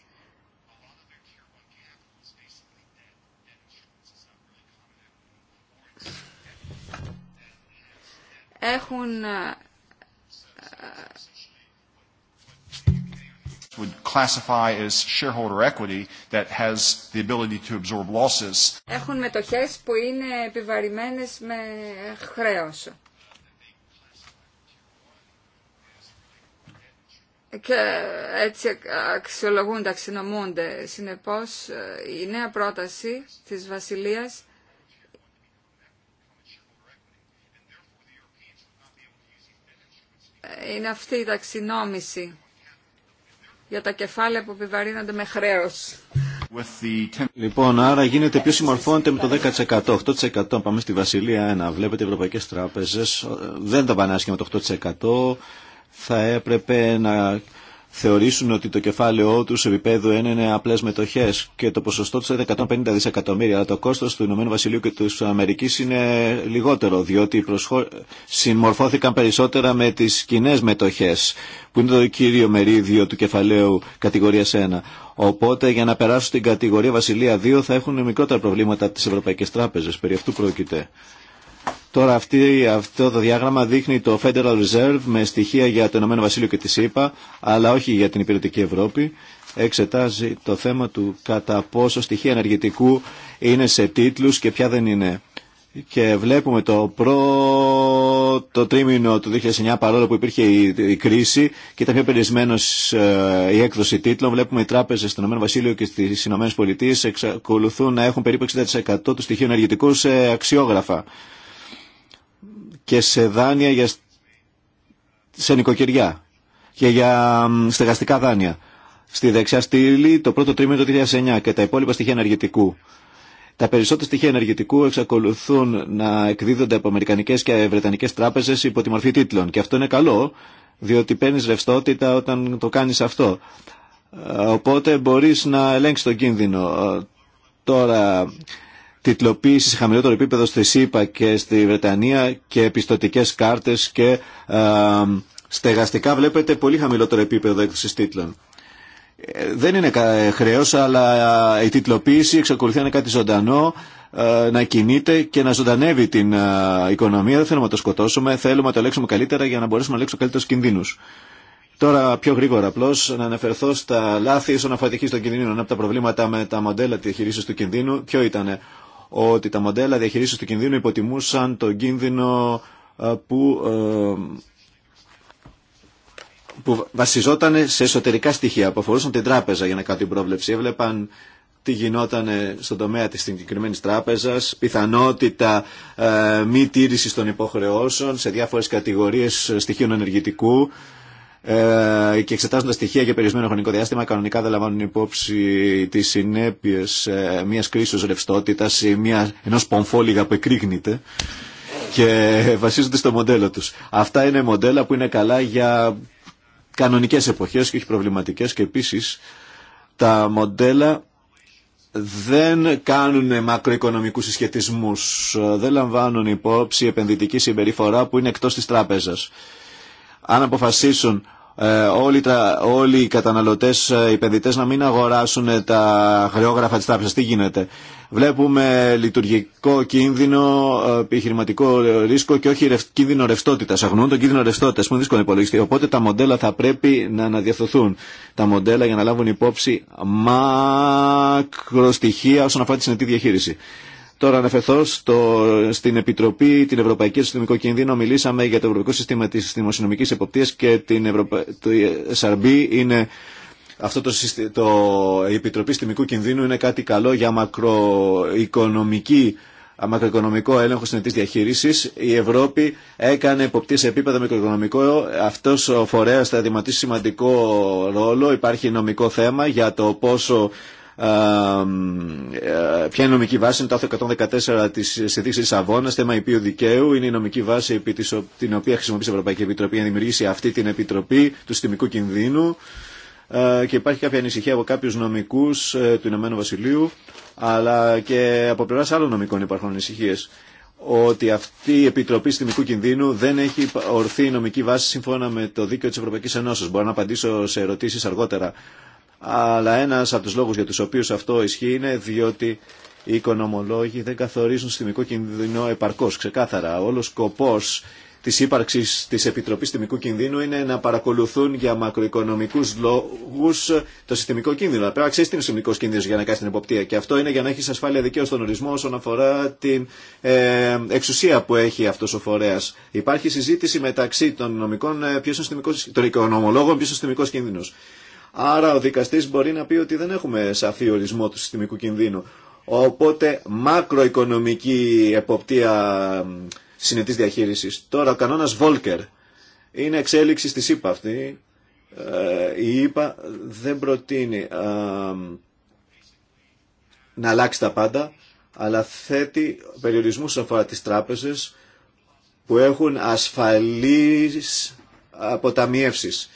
έχουν would classify as Έχουν μετοχές που είναι επιβαρημένες με χρέος. Και έτσι αξιολογούνται, αξινομούνται. Συνεπώς, η νέα πρόταση της Βασιλείας είναι αυτή η ταξινόμηση για τα κεφάλαια που επιβαρύνονται με χρέο. Λοιπόν, άρα γίνεται πιο συμμορφώνεται με το 10%. 8% πάμε στη Βασιλεία 1. Βλέπετε οι ευρωπαϊκές τράπεζες ε, δεν τα πανάσχε με το 8%. Θα έπρεπε να θεωρήσουν ότι το κεφάλαιό του σε επίπεδο είναι απλέ μετοχέ και το ποσοστό του είναι 150 δισεκατομμύρια. Αλλά το κόστο του Ηνωμένου Βασιλείου και τη Αμερική είναι λιγότερο, διότι προσχω... συμμορφώθηκαν περισσότερα με τι κοινέ μετοχέ, που είναι το κύριο μερίδιο του κεφαλαίου κατηγορία 1. Οπότε για να περάσουν στην κατηγορία Βασιλεία 2 θα έχουν μικρότερα προβλήματα από τι Ευρωπαϊκέ Τράπεζε. Περί αυτού πρόκειται. Τώρα αυτή, αυτό το διάγραμμα δείχνει το Federal Reserve με στοιχεία για το Ηνωμένο Βασίλειο και τη ΣΥΠΑ, αλλά όχι για την υπηρετική Ευρώπη. Εξετάζει το θέμα του κατά πόσο στοιχεία ενεργητικού είναι σε τίτλους και ποια δεν είναι. Και βλέπουμε το πρώτο τρίμηνο του 2009, παρόλο που υπήρχε η, κρίση και ήταν πιο περιορισμένο ε, η έκδοση τίτλων, βλέπουμε οι τράπεζε στο Ηνωμένο Βασίλειο και στι ΗΠΑ εξακολουθούν να έχουν περίπου 60% του στοιχείου ενεργητικού σε αξιόγραφα και σε δάνεια για, σε νοικοκυριά και για στεγαστικά δάνεια. Στη δεξιά στήλη το πρώτο τρίμηνο του 2009 και τα υπόλοιπα στοιχεία ενεργητικού. Τα περισσότερα στοιχεία ενεργητικού εξακολουθούν να εκδίδονται από Αμερικανικέ και Βρετανικέ τράπεζε υπό τη μορφή τίτλων. Και αυτό είναι καλό, διότι παίρνει ρευστότητα όταν το κάνει αυτό. Ε, οπότε μπορεί να ελέγξει τον κίνδυνο. Ε, τώρα, τιτλοποίηση σε χαμηλότερο επίπεδο στη ΣΥΠΑ και στη Βρετανία και πιστοτικές κάρτες και στεγαστικά βλέπετε πολύ χαμηλότερο επίπεδο έκθεση τίτλων. Ε, δεν είναι ε, χρέο, αλλά ε, η τιτλοποίηση εξακολουθεί να είναι κάτι ζωντανό, να κινείται και να ζωντανεύει την οικονομία. Δεν θέλουμε να το σκοτώσουμε, θέλουμε να το ελέγξουμε καλύτερα για να μπορέσουμε να ελέγξουμε καλύτερου κινδύνου. Τώρα πιο γρήγορα απλώ να αναφερθώ στα λάθη όσον αφορά τη των κινδύνων. Ένα από τα προβλήματα με τα μοντέλα τη διαχείριση του κινδύνου, ποιο ήταν ότι τα μοντέλα διαχειρίσεως του κινδύνου υποτιμούσαν τον κίνδυνο ε, που, ε, που βασιζόταν σε εσωτερικά στοιχεία που αφορούσαν την τράπεζα για να κάνουν την πρόβλεψη. Έβλεπαν τι γινόταν στον τομέα της συγκεκριμένη τράπεζας, πιθανότητα ε, μη τήρησης των υποχρεώσεων σε διάφορες κατηγορίες στοιχείων ενεργητικού, ε, και εξετάζουν τα στοιχεία για περιορισμένο χρονικό διάστημα, κανονικά δεν λαμβάνουν υπόψη τι συνέπειε ε, μια κρίση ρευστότητα ή ενό πομφόλιγα που εκρήγνεται και βασίζονται στο μοντέλο του. Αυτά είναι μοντέλα που είναι καλά για κανονικέ εποχέ και όχι προβληματικέ. και επίση τα μοντέλα δεν κάνουν μακροοικονομικούς συσχετισμούς, ε, δεν λαμβάνουν υπόψη επενδυτική συμπεριφορά που είναι εκτός της τράπεζας αν αποφασίσουν ε, όλοι, τα, όλοι οι καταναλωτές, ε, οι επενδυτές να μην αγοράσουν τα χρεόγραφα της τράπεζας. Τι γίνεται. Βλέπουμε λειτουργικό κίνδυνο, ε, επιχειρηματικό ρίσκο και όχι κίνδυνο ρευστότητα. Αγνοούν τον κίνδυνο ρευστότητα που είναι δύσκολο να υπολογιστεί. Οπότε τα μοντέλα θα πρέπει να αναδιαθωθούν. Τα μοντέλα για να λάβουν υπόψη μακροστοιχεία όσον αφορά τη συνετή διαχείριση. Τώρα αναφερθώ στο, στην Επιτροπή, την Ευρωπαϊκή Συστημικό Κίνδυνο. Μιλήσαμε για το Ευρωπαϊκό Σύστημα τη Δημοσιονομική Εποπτείας και την το e SRB είναι αυτό το, το, η Επιτροπή Συστημικού Κινδύνου είναι κάτι καλό για μακροοικονομική μακροοικονομικό έλεγχο συνετής διαχείρισης. Η Ευρώπη έκανε εποπτή σε επίπεδο μικροοικονομικό. Αυτός ο φορέας θα δηματίσει σημαντικό ρόλο. Υπάρχει νομικό θέμα για το πόσο ε, ποια είναι η νομική βάση, είναι το 114 τη συνθήκη τη Αβώνα, θέμα υπείου δικαίου. Είναι η νομική βάση επί την οποία χρησιμοποιεί η Ευρωπαϊκή Επιτροπή για να δημιουργήσει αυτή την επιτροπή του συστημικού κινδύνου. Ε, και υπάρχει κάποια ανησυχία από κάποιου νομικού ε, του Ηνωμένου Βασιλείου, αλλά και από πλευρά άλλων νομικών υπάρχουν ανησυχίε ότι αυτή η Επιτροπή Συστημικού Κινδύνου δεν έχει ορθή νομική βάση σύμφωνα με το δίκαιο της Ευρωπαϊκής Ενώσης. Μπορώ να απαντήσω σε ερωτήσεις αργότερα αλλά ένας από τους λόγους για τους οποίους αυτό ισχύει είναι διότι οι οικονομολόγοι δεν καθορίζουν συστημικό κινδύνο επαρκώς, ξεκάθαρα. Όλος σκοπός της ύπαρξης της Επιτροπής Συστημικού Κινδύνου είναι να παρακολουθούν για μακροοικονομικούς λόγους το συστημικό κίνδυνο. Πρέπει να ξέρει τι είναι συστημικός κίνδυνος για να κάνει την εποπτεία. Και αυτό είναι για να έχει ασφάλεια δικαίου στον ορισμό όσον αφορά την ε, εξουσία που έχει αυτό ο φορέας. Υπάρχει συζήτηση μεταξύ των, νομικών, ε, ποιος είναι των οικονομολόγων είναι συστημικός κίνδυνος. Άρα ο δικαστής μπορεί να πει ότι δεν έχουμε σαφή ορισμό του συστημικού κινδύνου. Οπότε μακροοικονομική εποπτεία συνετής διαχείρισης. Τώρα ο κανόνας Βόλκερ είναι εξέλιξη στη ΣΥΠΑ αυτή. Ε, η ύπα δεν προτείνει ε, να αλλάξει τα πάντα, αλλά θέτει περιορισμούς αφορά τις τράπεζες που έχουν ασφαλείς αποταμιεύσεις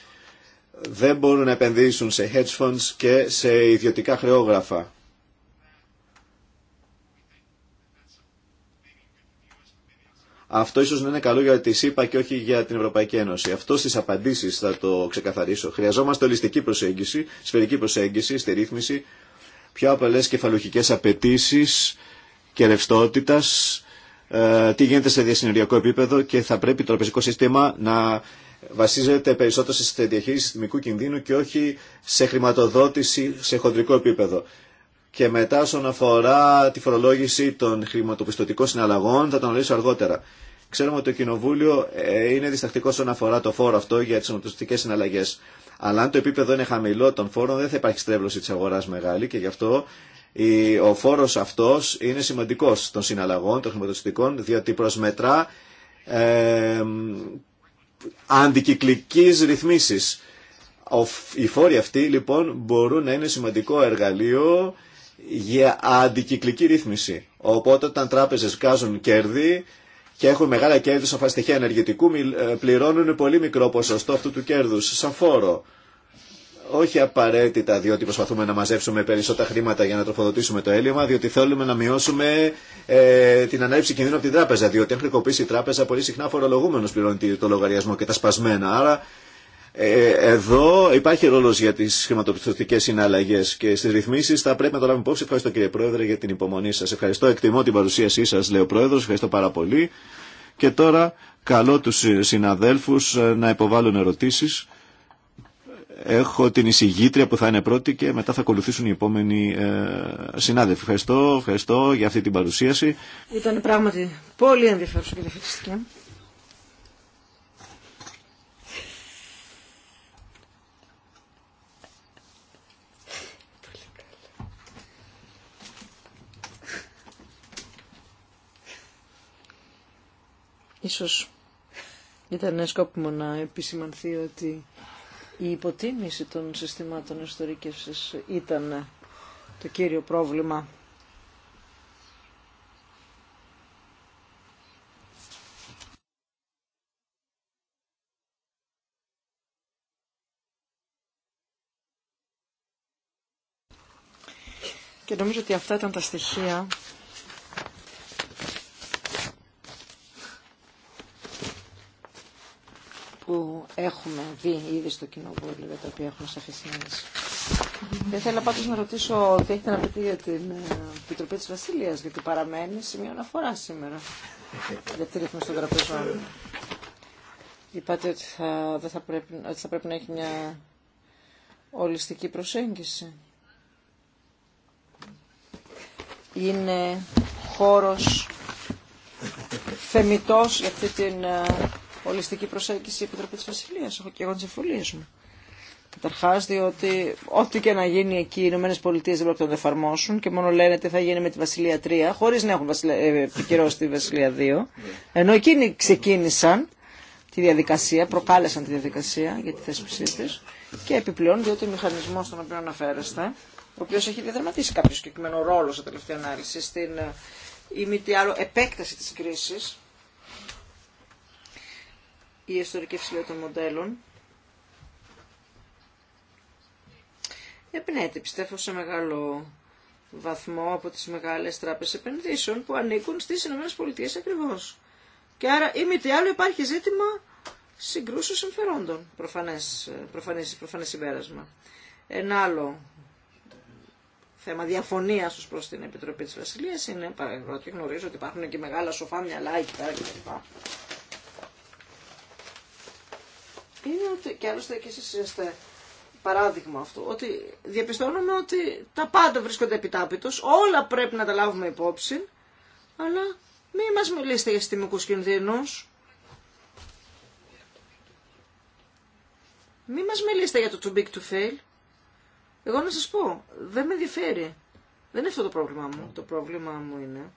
δεν μπορούν να επενδύσουν σε hedge funds και σε ιδιωτικά χρεόγραφα. Αυτό ίσως να είναι καλό για τη ΣΥΠΑ και όχι για την Ευρωπαϊκή Ένωση. Αυτό στις απαντήσεις θα το ξεκαθαρίσω. Χρειαζόμαστε ολιστική προσέγγιση, σφαιρική προσέγγιση στη ρύθμιση, πιο απαλές κεφαλουχικές απαιτήσει και ρευστότητα, ε, τι γίνεται σε διασυνοριακό επίπεδο και θα πρέπει το τραπεζικό σύστημα να βασίζεται περισσότερο σε διαχείριση συστημικού κινδύνου και όχι σε χρηματοδότηση σε χοντρικό επίπεδο. Και μετά όσον αφορά τη φορολόγηση των χρηματοπιστωτικών συναλλαγών θα τον αναλύσω αργότερα. Ξέρουμε ότι το Κοινοβούλιο ε, είναι διστακτικό όσον αφορά το φόρο αυτό για τι χρηματοπιστωτικέ συναλλαγέ. Αλλά αν το επίπεδο είναι χαμηλό των φόρων δεν θα υπάρχει στρέβλωση τη αγορά μεγάλη και γι' αυτό ο φόρο αυτό είναι σημαντικό των συναλλαγών, των χρηματοπιστωτικών, διότι προσμετρά ε, αντικυκλικής ρυθμίσης. Οι φόροι αυτοί λοιπόν μπορούν να είναι σημαντικό εργαλείο για αντικυκλική ρύθμιση. Οπότε όταν τράπεζες βγάζουν κέρδη και έχουν μεγάλα κέρδη σαν στοιχεία ενεργητικού ε, πληρώνουν πολύ μικρό ποσοστό αυτού του κέρδους σαν φόρο όχι απαραίτητα διότι προσπαθούμε να μαζέψουμε περισσότερα χρήματα για να τροφοδοτήσουμε το έλλειμμα, διότι θέλουμε να μειώσουμε ε, την ανάληψη κινδύνου από την τράπεζα. Διότι αν χρηκοποιήσει η τράπεζα, πολύ συχνά φορολογούμενο πληρώνει το λογαριασμό και τα σπασμένα. Άρα ε, εδώ υπάρχει ρόλο για τι χρηματοπιστωτικέ συναλλαγέ και στι ρυθμίσει θα πρέπει να το λάβουμε υπόψη. Ευχαριστώ κύριε Πρόεδρε για την υπομονή σα. Ευχαριστώ. Εκτιμώ την παρουσίασή σα, λέει ο Πρόεδρο. Ευχαριστώ πάρα πολύ. Και τώρα καλώ του συναδέλφου ε, να υποβάλουν ερωτήσει. Έχω την εισηγήτρια που θα είναι πρώτη και μετά θα ακολουθήσουν οι επόμενοι ε, συνάδελφοι. Ευχαριστώ, ευχαριστώ για αυτή την παρουσίαση. Ήταν πράγματι πολύ ενδιαφέρουσα και διαφημιστική. Ίσως ήταν σκόπιμο να επισημανθεί ότι η υποτίμηση των συστημάτων ιστορικής ήταν το κύριο πρόβλημα. Και νομίζω ότι αυτά ήταν τα στοιχεία έχουμε δει ήδη στο κοινοβούλιο, για τα οποία έχουμε σαφή συνέντευξη. Δεν θέλω πάντω να ρωτήσω τι έχετε να πείτε για την ε, Επιτροπή τη Βασιλείας, γιατί παραμένει σημείο αναφορά σήμερα. Γιατί τη των τραπεζών. Είπατε ότι θα, θα πρέπει, ότι θα πρέπει να έχει μια ολιστική προσέγγιση. Είναι χώρος θεμητός για αυτή την ε, ολιστική προσέγγιση η Επιτροπή της Βασιλεία. Έχω και εγώ τι εμφολίες μου. Καταρχά, διότι ό,τι και να γίνει εκεί, οι Ηνωμένε Πολιτείε δεν πρέπει να το εφαρμόσουν και μόνο λένε ότι θα γίνει με τη Βασιλεία 3, χωρί να έχουν ε, επικυρώσει τη Βασιλεία 2. Ενώ εκείνοι ξεκίνησαν τη διαδικασία, προκάλεσαν τη διαδικασία για τη θέσπιση τη και επιπλέον διότι ο μηχανισμό στον οποίο αναφέρεστε, ο οποίο έχει διαδραματίσει κάποιο συγκεκριμένο ρόλο σε τελευταία ανάλυση στην ε, ή μη τι άλλο επέκταση τη κρίση, η ιστορική φυσιολογία των μοντέλων. Επνέτη, πιστεύω, σε μεγάλο βαθμό από τις μεγάλες τράπεζες επενδύσεων που ανήκουν στις ΗΠΑ ακριβώς. Και άρα ή μη τι άλλο υπάρχει ζήτημα συγκρούσεων συμφερόντων, προφανές, προφανές, προφανές συμπέρασμα. Ένα άλλο θέμα διαφωνία του προ την Επιτροπή τη Βασιλεία είναι παραγωγή γνωρίζω ότι υπάρχουν και μεγάλα σοφά μυαλά εκεί πέρα κτλ και ότι, και άλλωστε και εσείς είστε παράδειγμα αυτού, ότι διαπιστώνουμε ότι τα πάντα βρίσκονται επιτάπητος, όλα πρέπει να τα λάβουμε υπόψη, αλλά μη μας μιλήσετε για συστημικούς κινδύνους. Μη μας μιλήσετε για το too big to fail. Εγώ να σας πω, δεν με ενδιαφέρει. Δεν είναι αυτό το πρόβλημά μου. Το πρόβλημά μου είναι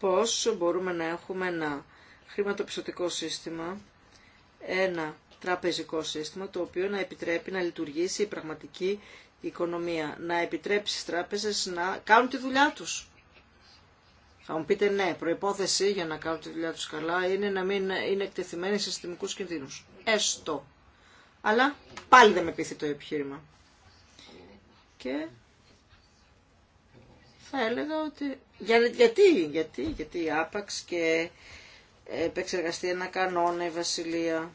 πώς μπορούμε να έχουμε ένα χρηματοπιστωτικό σύστημα, ένα τραπεζικό σύστημα, το οποίο να επιτρέπει να λειτουργήσει η πραγματική οικονομία, να επιτρέψει στις τράπεζες να κάνουν τη δουλειά τους. Θα μου πείτε ναι, προϋπόθεση για να κάνουν τη δουλειά τους καλά είναι να μην είναι εκτεθειμένοι σε συστημικούς κινδύνους. Έστω. Αλλά πάλι δεν με πείθει το επιχείρημα. Και θα έλεγα ότι... γιατί, γιατί, γιατί άπαξ και επεξεργαστεί ένα κανόνα η Βασιλεία.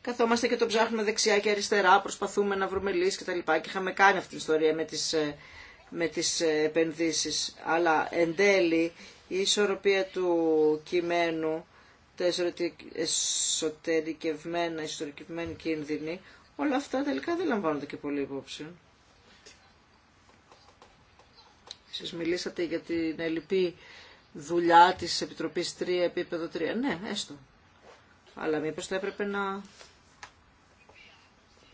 Καθόμαστε και το ψάχνουμε δεξιά και αριστερά, προσπαθούμε να βρούμε λύσεις τα λοιπά και είχαμε κάνει αυτή την ιστορία με τις, ε, με τις ε, επενδύσεις. Αλλά εν τέλει η ισορροπία του κειμένου, τα εσωτερικευμένα, ιστορικευμένοι κίνδυνοι, όλα αυτά τελικά δεν λαμβάνονται και πολύ υπόψη. Σας μιλήσατε για την ελληπή δουλειά της Επιτροπής 3, επίπεδο 3. Ναι, έστω. Αλλά μήπως θα έπρεπε να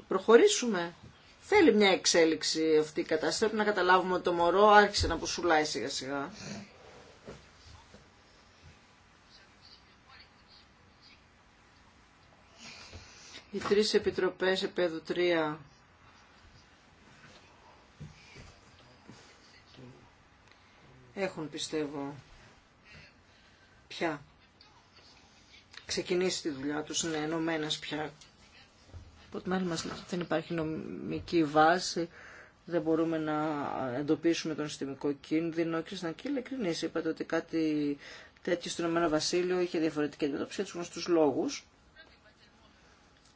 προχωρήσουμε. Θέλει μια εξέλιξη αυτή η κατάσταση. Πρέπει να καταλάβουμε ότι το μωρό άρχισε να πουσουλάει σιγά σιγά. Οι τρεις επιτροπές επέδου 3 έχουν πιστεύω πια ξεκινήσει τη δουλειά τους, είναι ενωμένε πια. Από την άλλη μας δεν υπάρχει νομική βάση, δεν μπορούμε να εντοπίσουμε τον συστημικό κίνδυνο και στην αρχή είπατε ότι κάτι τέτοιο στον Ηνωμένο Βασίλειο είχε διαφορετική αντιμετώπιση για τους γνωστούς λόγους.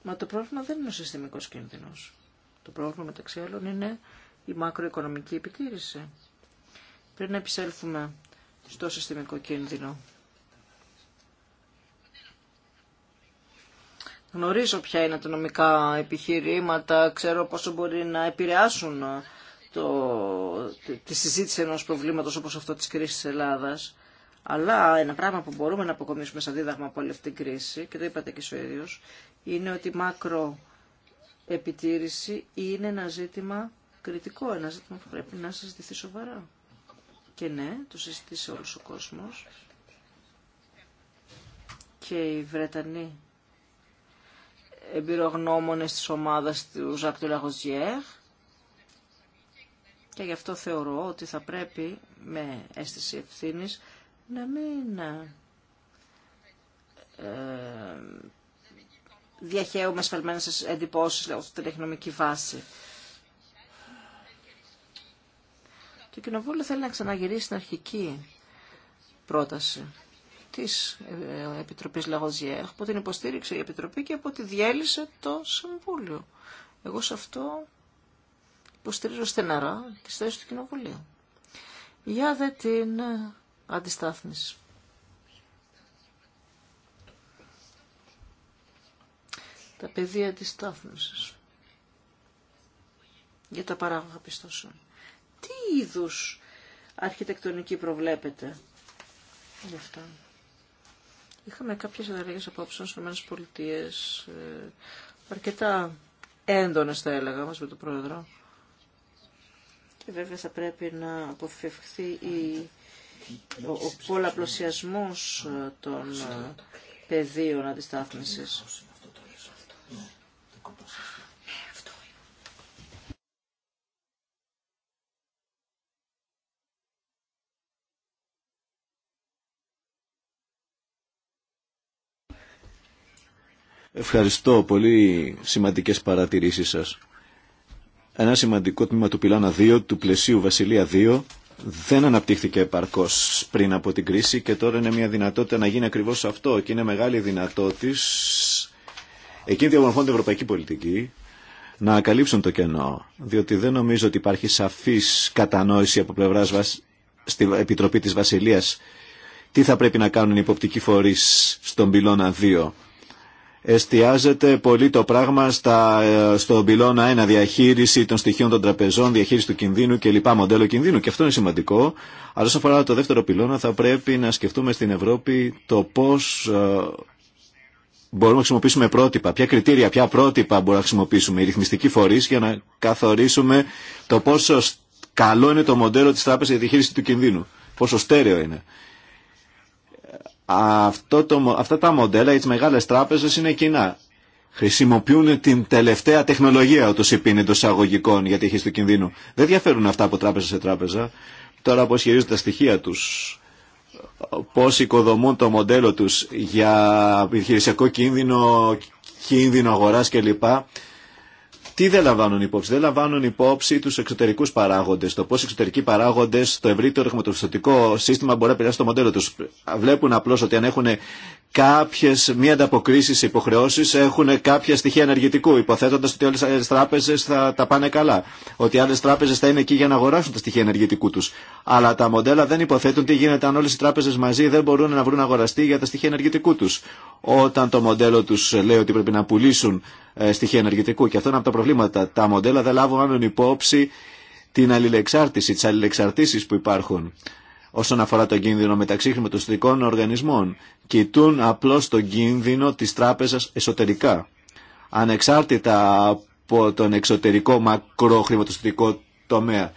Μα το πρόβλημα δεν είναι ο συστημικός κίνδυνος. Το πρόβλημα μεταξύ άλλων είναι η μακροοικονομική επιτήρηση. Πριν να επισέλθουμε στο συστημικό κίνδυνο. Γνωρίζω ποια είναι τα νομικά επιχειρήματα, ξέρω πόσο μπορεί να επηρεάσουν ε, το, τη συζήτηση ενός προβλήματος όπως αυτό της κρίσης της Ελλάδας. Αλλά ένα πράγμα που μπορούμε να αποκομίσουμε σαν δίδαγμα από όλη αυτή την κρίση, και το είπατε και ο ίδιος, είναι ότι η μακροεπιτήρηση είναι ένα ζήτημα κριτικό, ένα ζήτημα που πρέπει να συζητηθεί σοβαρά. Και ναι, το συζητήσε σε όλος ο κόσμος. Και οι Βρετανοί εμπειρογνώμονες της ομάδας του Ζακ Και γι' αυτό θεωρώ ότι θα πρέπει με αίσθηση ευθύνης να μην ε, διαχέουμε σφαλμένες εντυπώσεις λόγω στην τεχνομική βάση. Το Κοινοβούλιο θέλει να ξαναγυρίσει την αρχική πρόταση της ε, Επιτροπής Λαγοζιέχ, που την υποστήριξε η Επιτροπή και από τη διέλυσε το Συμβούλιο. Εγώ σε αυτό υποστηρίζω στεναρά τη θέση του Κοινοβουλίου. Για δε την ε, αντιστάθμιση. Τα πεδία αντιστάθμισης για τα παράγωγα πιστώσεων τι είδους αρχιτεκτονική προβλέπετε γι' αυτά. Είχαμε κάποιες εταιρείε απόψεων στις ΗΠΑ, ε, αρκετά έντονες θα έλεγα μας με τον Πρόεδρο. Και βέβαια θα πρέπει να αποφευχθεί η, ο, ο πολλαπλωσιασμός ε, των ε, πεδίων αντιστάθμισης. Ευχαριστώ πολύ σημαντικές παρατηρήσεις σας. Ένα σημαντικό τμήμα του Πιλάνα 2, του πλαισίου Βασιλεία 2, δεν αναπτύχθηκε επαρκώ πριν από την κρίση και τώρα είναι μια δυνατότητα να γίνει ακριβώς αυτό και είναι μεγάλη δυνατότητα εκείνη διαμορφώνουν ευρωπαϊκή πολιτική να καλύψουν το κενό, διότι δεν νομίζω ότι υπάρχει σαφής κατανόηση από πλευράς στη Επιτροπή της Βασιλείας τι θα πρέπει να κάνουν οι υποπτικοί φορείς στον πυλώνα 2 εστιάζεται πολύ το πράγμα στα, ε, στον πυλώνα 1, διαχείριση των στοιχείων των τραπεζών, διαχείριση του κινδύνου κλπ. Μοντέλο κινδύνου. Και αυτό είναι σημαντικό. Αλλά όσον αφορά το δεύτερο πυλώνα, θα πρέπει να σκεφτούμε στην Ευρώπη το πώ ε, μπορούμε να χρησιμοποιήσουμε πρότυπα, ποια κριτήρια, ποια πρότυπα μπορούμε να χρησιμοποιήσουμε, οι ρυθμιστικοί φορεί για να καθορίσουμε το πόσο καλό είναι το μοντέλο τη τράπεζα για τη διαχείριση του κινδύνου. Πόσο στέρεο είναι. Αυτό το, αυτά τα μοντέλα για τι μεγάλες τράπεζες είναι κοινά. Χρησιμοποιούν την τελευταία τεχνολογία όπω είπε, εντό εισαγωγικών για τη του Δεν διαφέρουν αυτά από τράπεζα σε τράπεζα. Τώρα πώς χειρίζονται τα στοιχεία τους, πώ οικοδομούν το μοντέλο τους για επιχειρησιακό κίνδυνο, κίνδυνο αγορά κλπ. Τι δεν λαμβάνουν υπόψη. Δεν λαμβάνουν υπόψη του εξωτερικού παράγοντε. Το πώ εξωτερικοί παράγοντε, το ευρύτερο χρηματοπιστωτικό σύστημα μπορεί να επηρεάσει το μοντέλο του. Βλέπουν απλώ ότι αν έχουν κάποιες μη ανταποκρίσεις υποχρεώσεις έχουν κάποια στοιχεία ενεργητικού, υποθέτοντας ότι όλες οι τράπεζες θα τα πάνε καλά, ότι άλλες τράπεζες θα είναι εκεί για να αγοράσουν τα στοιχεία ενεργητικού τους. Αλλά τα μοντέλα δεν υποθέτουν τι γίνεται αν όλες οι τράπεζες μαζί δεν μπορούν να βρουν αγοραστή για τα στοιχεία ενεργητικού τους. Όταν το μοντέλο τους λέει ότι πρέπει να πουλήσουν ε, στοιχεία ενεργητικού και αυτό είναι από τα προβλήματα. Τα μοντέλα δεν λάβουν υπόψη την αλληλεξάρτηση, τι αλληλεξαρτήσεις που υπάρχουν όσον αφορά τον κίνδυνο μεταξύ χρηματοσυντικών οργανισμών. Κοιτούν απλώς τον κίνδυνο της τράπεζας εσωτερικά. Ανεξάρτητα από τον εξωτερικό μακρό χρηματοσυντικό τομέα.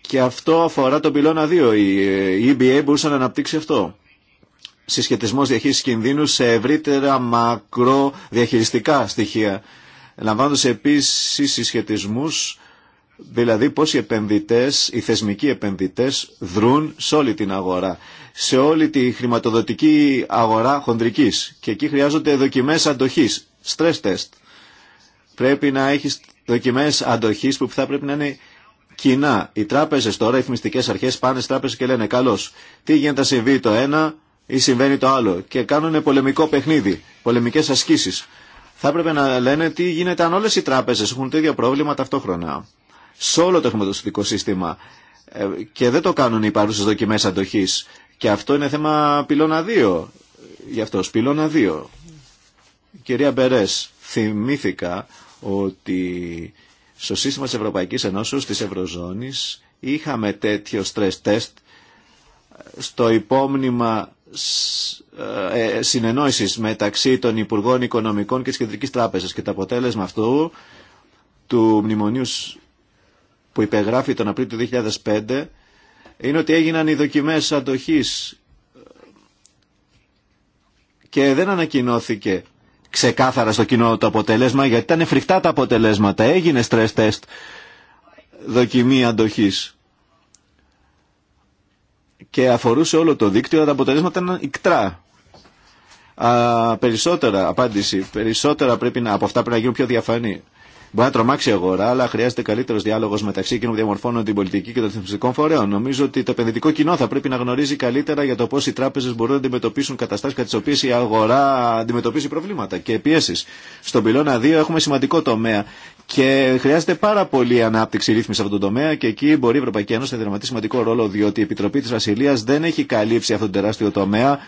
Και αυτό αφορά τον πυλώνα 2. Η EBA μπορούσε να αναπτύξει αυτό. Συσχετισμό διαχείριση κινδύνου σε ευρύτερα μακροδιαχειριστικά στοιχεία. Λαμβάνοντα επίση συσχετισμού Δηλαδή πώς οι επενδυτές, οι θεσμικοί επενδυτές δρούν σε όλη την αγορά, σε όλη τη χρηματοδοτική αγορά χοντρικής. και εκεί χρειάζονται δοκιμές αντοχής, stress test. Πρέπει να έχεις δοκιμές αντοχής που θα πρέπει να είναι κοινά. Οι τράπεζες τώρα, οι θυμιστικές αρχές πάνε στις τράπεζες και λένε καλώς, τι γίνεται να συμβεί το ένα ή συμβαίνει το άλλο και κάνουν πολεμικό παιχνίδι, πολεμικές ασκήσεις. Θα έπρεπε να λένε τι γίνεται αν όλες οι τράπεζες έχουν το ίδιο πρόβλημα ταυτόχρονα σε όλο το χρηματοδοτικό σύστημα ε, και δεν το κάνουν οι παρούσε δοκιμέ αντοχή. Και αυτό είναι θέμα πυλώνα 2. Γι' αυτό, πυλώνα 2. Κυρία Μπερέ, θυμήθηκα ότι στο σύστημα τη Ευρωπαϊκή Ενώσεω τη Ευρωζώνης είχαμε τέτοιο stress test στο υπόμνημα ε, συνεννόησης μεταξύ των Υπουργών Οικονομικών και της Κεντρικής Τράπεζας και το αποτέλεσμα αυτού του μνημονίου που υπεγράφει τον Απρίλιο του 2005 είναι ότι έγιναν οι δοκιμές αντοχής και δεν ανακοινώθηκε ξεκάθαρα στο κοινό το αποτέλεσμα γιατί ήταν φρικτά τα αποτελέσματα. Έγινε stress test δοκιμή αντοχής και αφορούσε όλο το δίκτυο, αλλά τα αποτελέσματα ήταν ικτρά. Α, περισσότερα, απάντηση, περισσότερα πρέπει να, από αυτά πρέπει να γίνουν πιο διαφανή. Μπορεί να τρομάξει η αγορά, αλλά χρειάζεται καλύτερο διάλογο μεταξύ εκείνων που διαμορφώνουν την πολιτική και των θεσμιστικών φορέων. Νομίζω ότι το επενδυτικό κοινό θα πρέπει να γνωρίζει καλύτερα για το πώ οι τράπεζε μπορούν να αντιμετωπίσουν καταστάσει κατά τι οποίε η αγορά αντιμετωπίζει προβλήματα και πιέσει. Στον πυλώνα 2 έχουμε σημαντικό τομέα και χρειάζεται πάρα πολύ ανάπτυξη ρύθμιση σε αυτόν τον τομέα και εκεί μπορεί η Ευρωπαϊκή Ένωση να δραματίσει σημαντικό ρόλο, διότι η Επιτροπή τη Βασιλεία δεν έχει καλύψει αυτόν τον τεράστιο τομέα.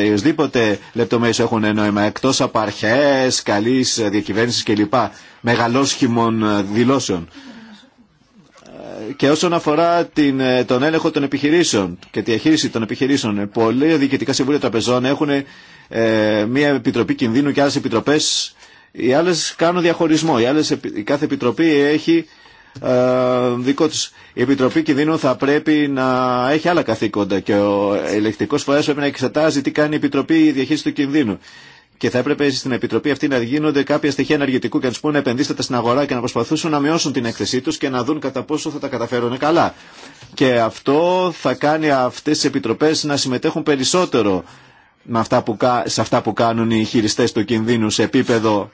οσδήποτε λεπτομέρειε έχουν νόημα, εκτό από αρχέ, καλή διακυβέρνηση κλπ. Μεγαλόσχημων δηλώσεων. Και όσον αφορά την, τον έλεγχο των επιχειρήσεων και τη διαχείριση των επιχειρήσεων, πολλοί διοικητικά συμβούλια τραπεζών έχουν ε, μια επιτροπή κινδύνου και άλλε επιτροπέ οι άλλες κάνουν διαχωρισμό. Οι άλλες, η κάθε επιτροπή έχει ε, δικό τους. Η Επιτροπή Κινδύνου θα πρέπει να έχει άλλα καθήκοντα και ο ελεκτικός φορέας πρέπει να εξετάζει τι κάνει η Επιτροπή Διαχείρισης του Κινδύνου. Και θα έπρεπε στην Επιτροπή αυτή να γίνονται κάποια στοιχεία ενεργητικού και να του πούνε επενδύστε στην αγορά και να προσπαθούσαν να μειώσουν την έκθεσή του και να δουν κατά πόσο θα τα καταφέρουν καλά. Και αυτό θα κάνει αυτέ τι επιτροπέ να συμμετέχουν περισσότερο με αυτά που, σε αυτά που κάνουν οι χειριστές του κινδύνου σε επίπεδο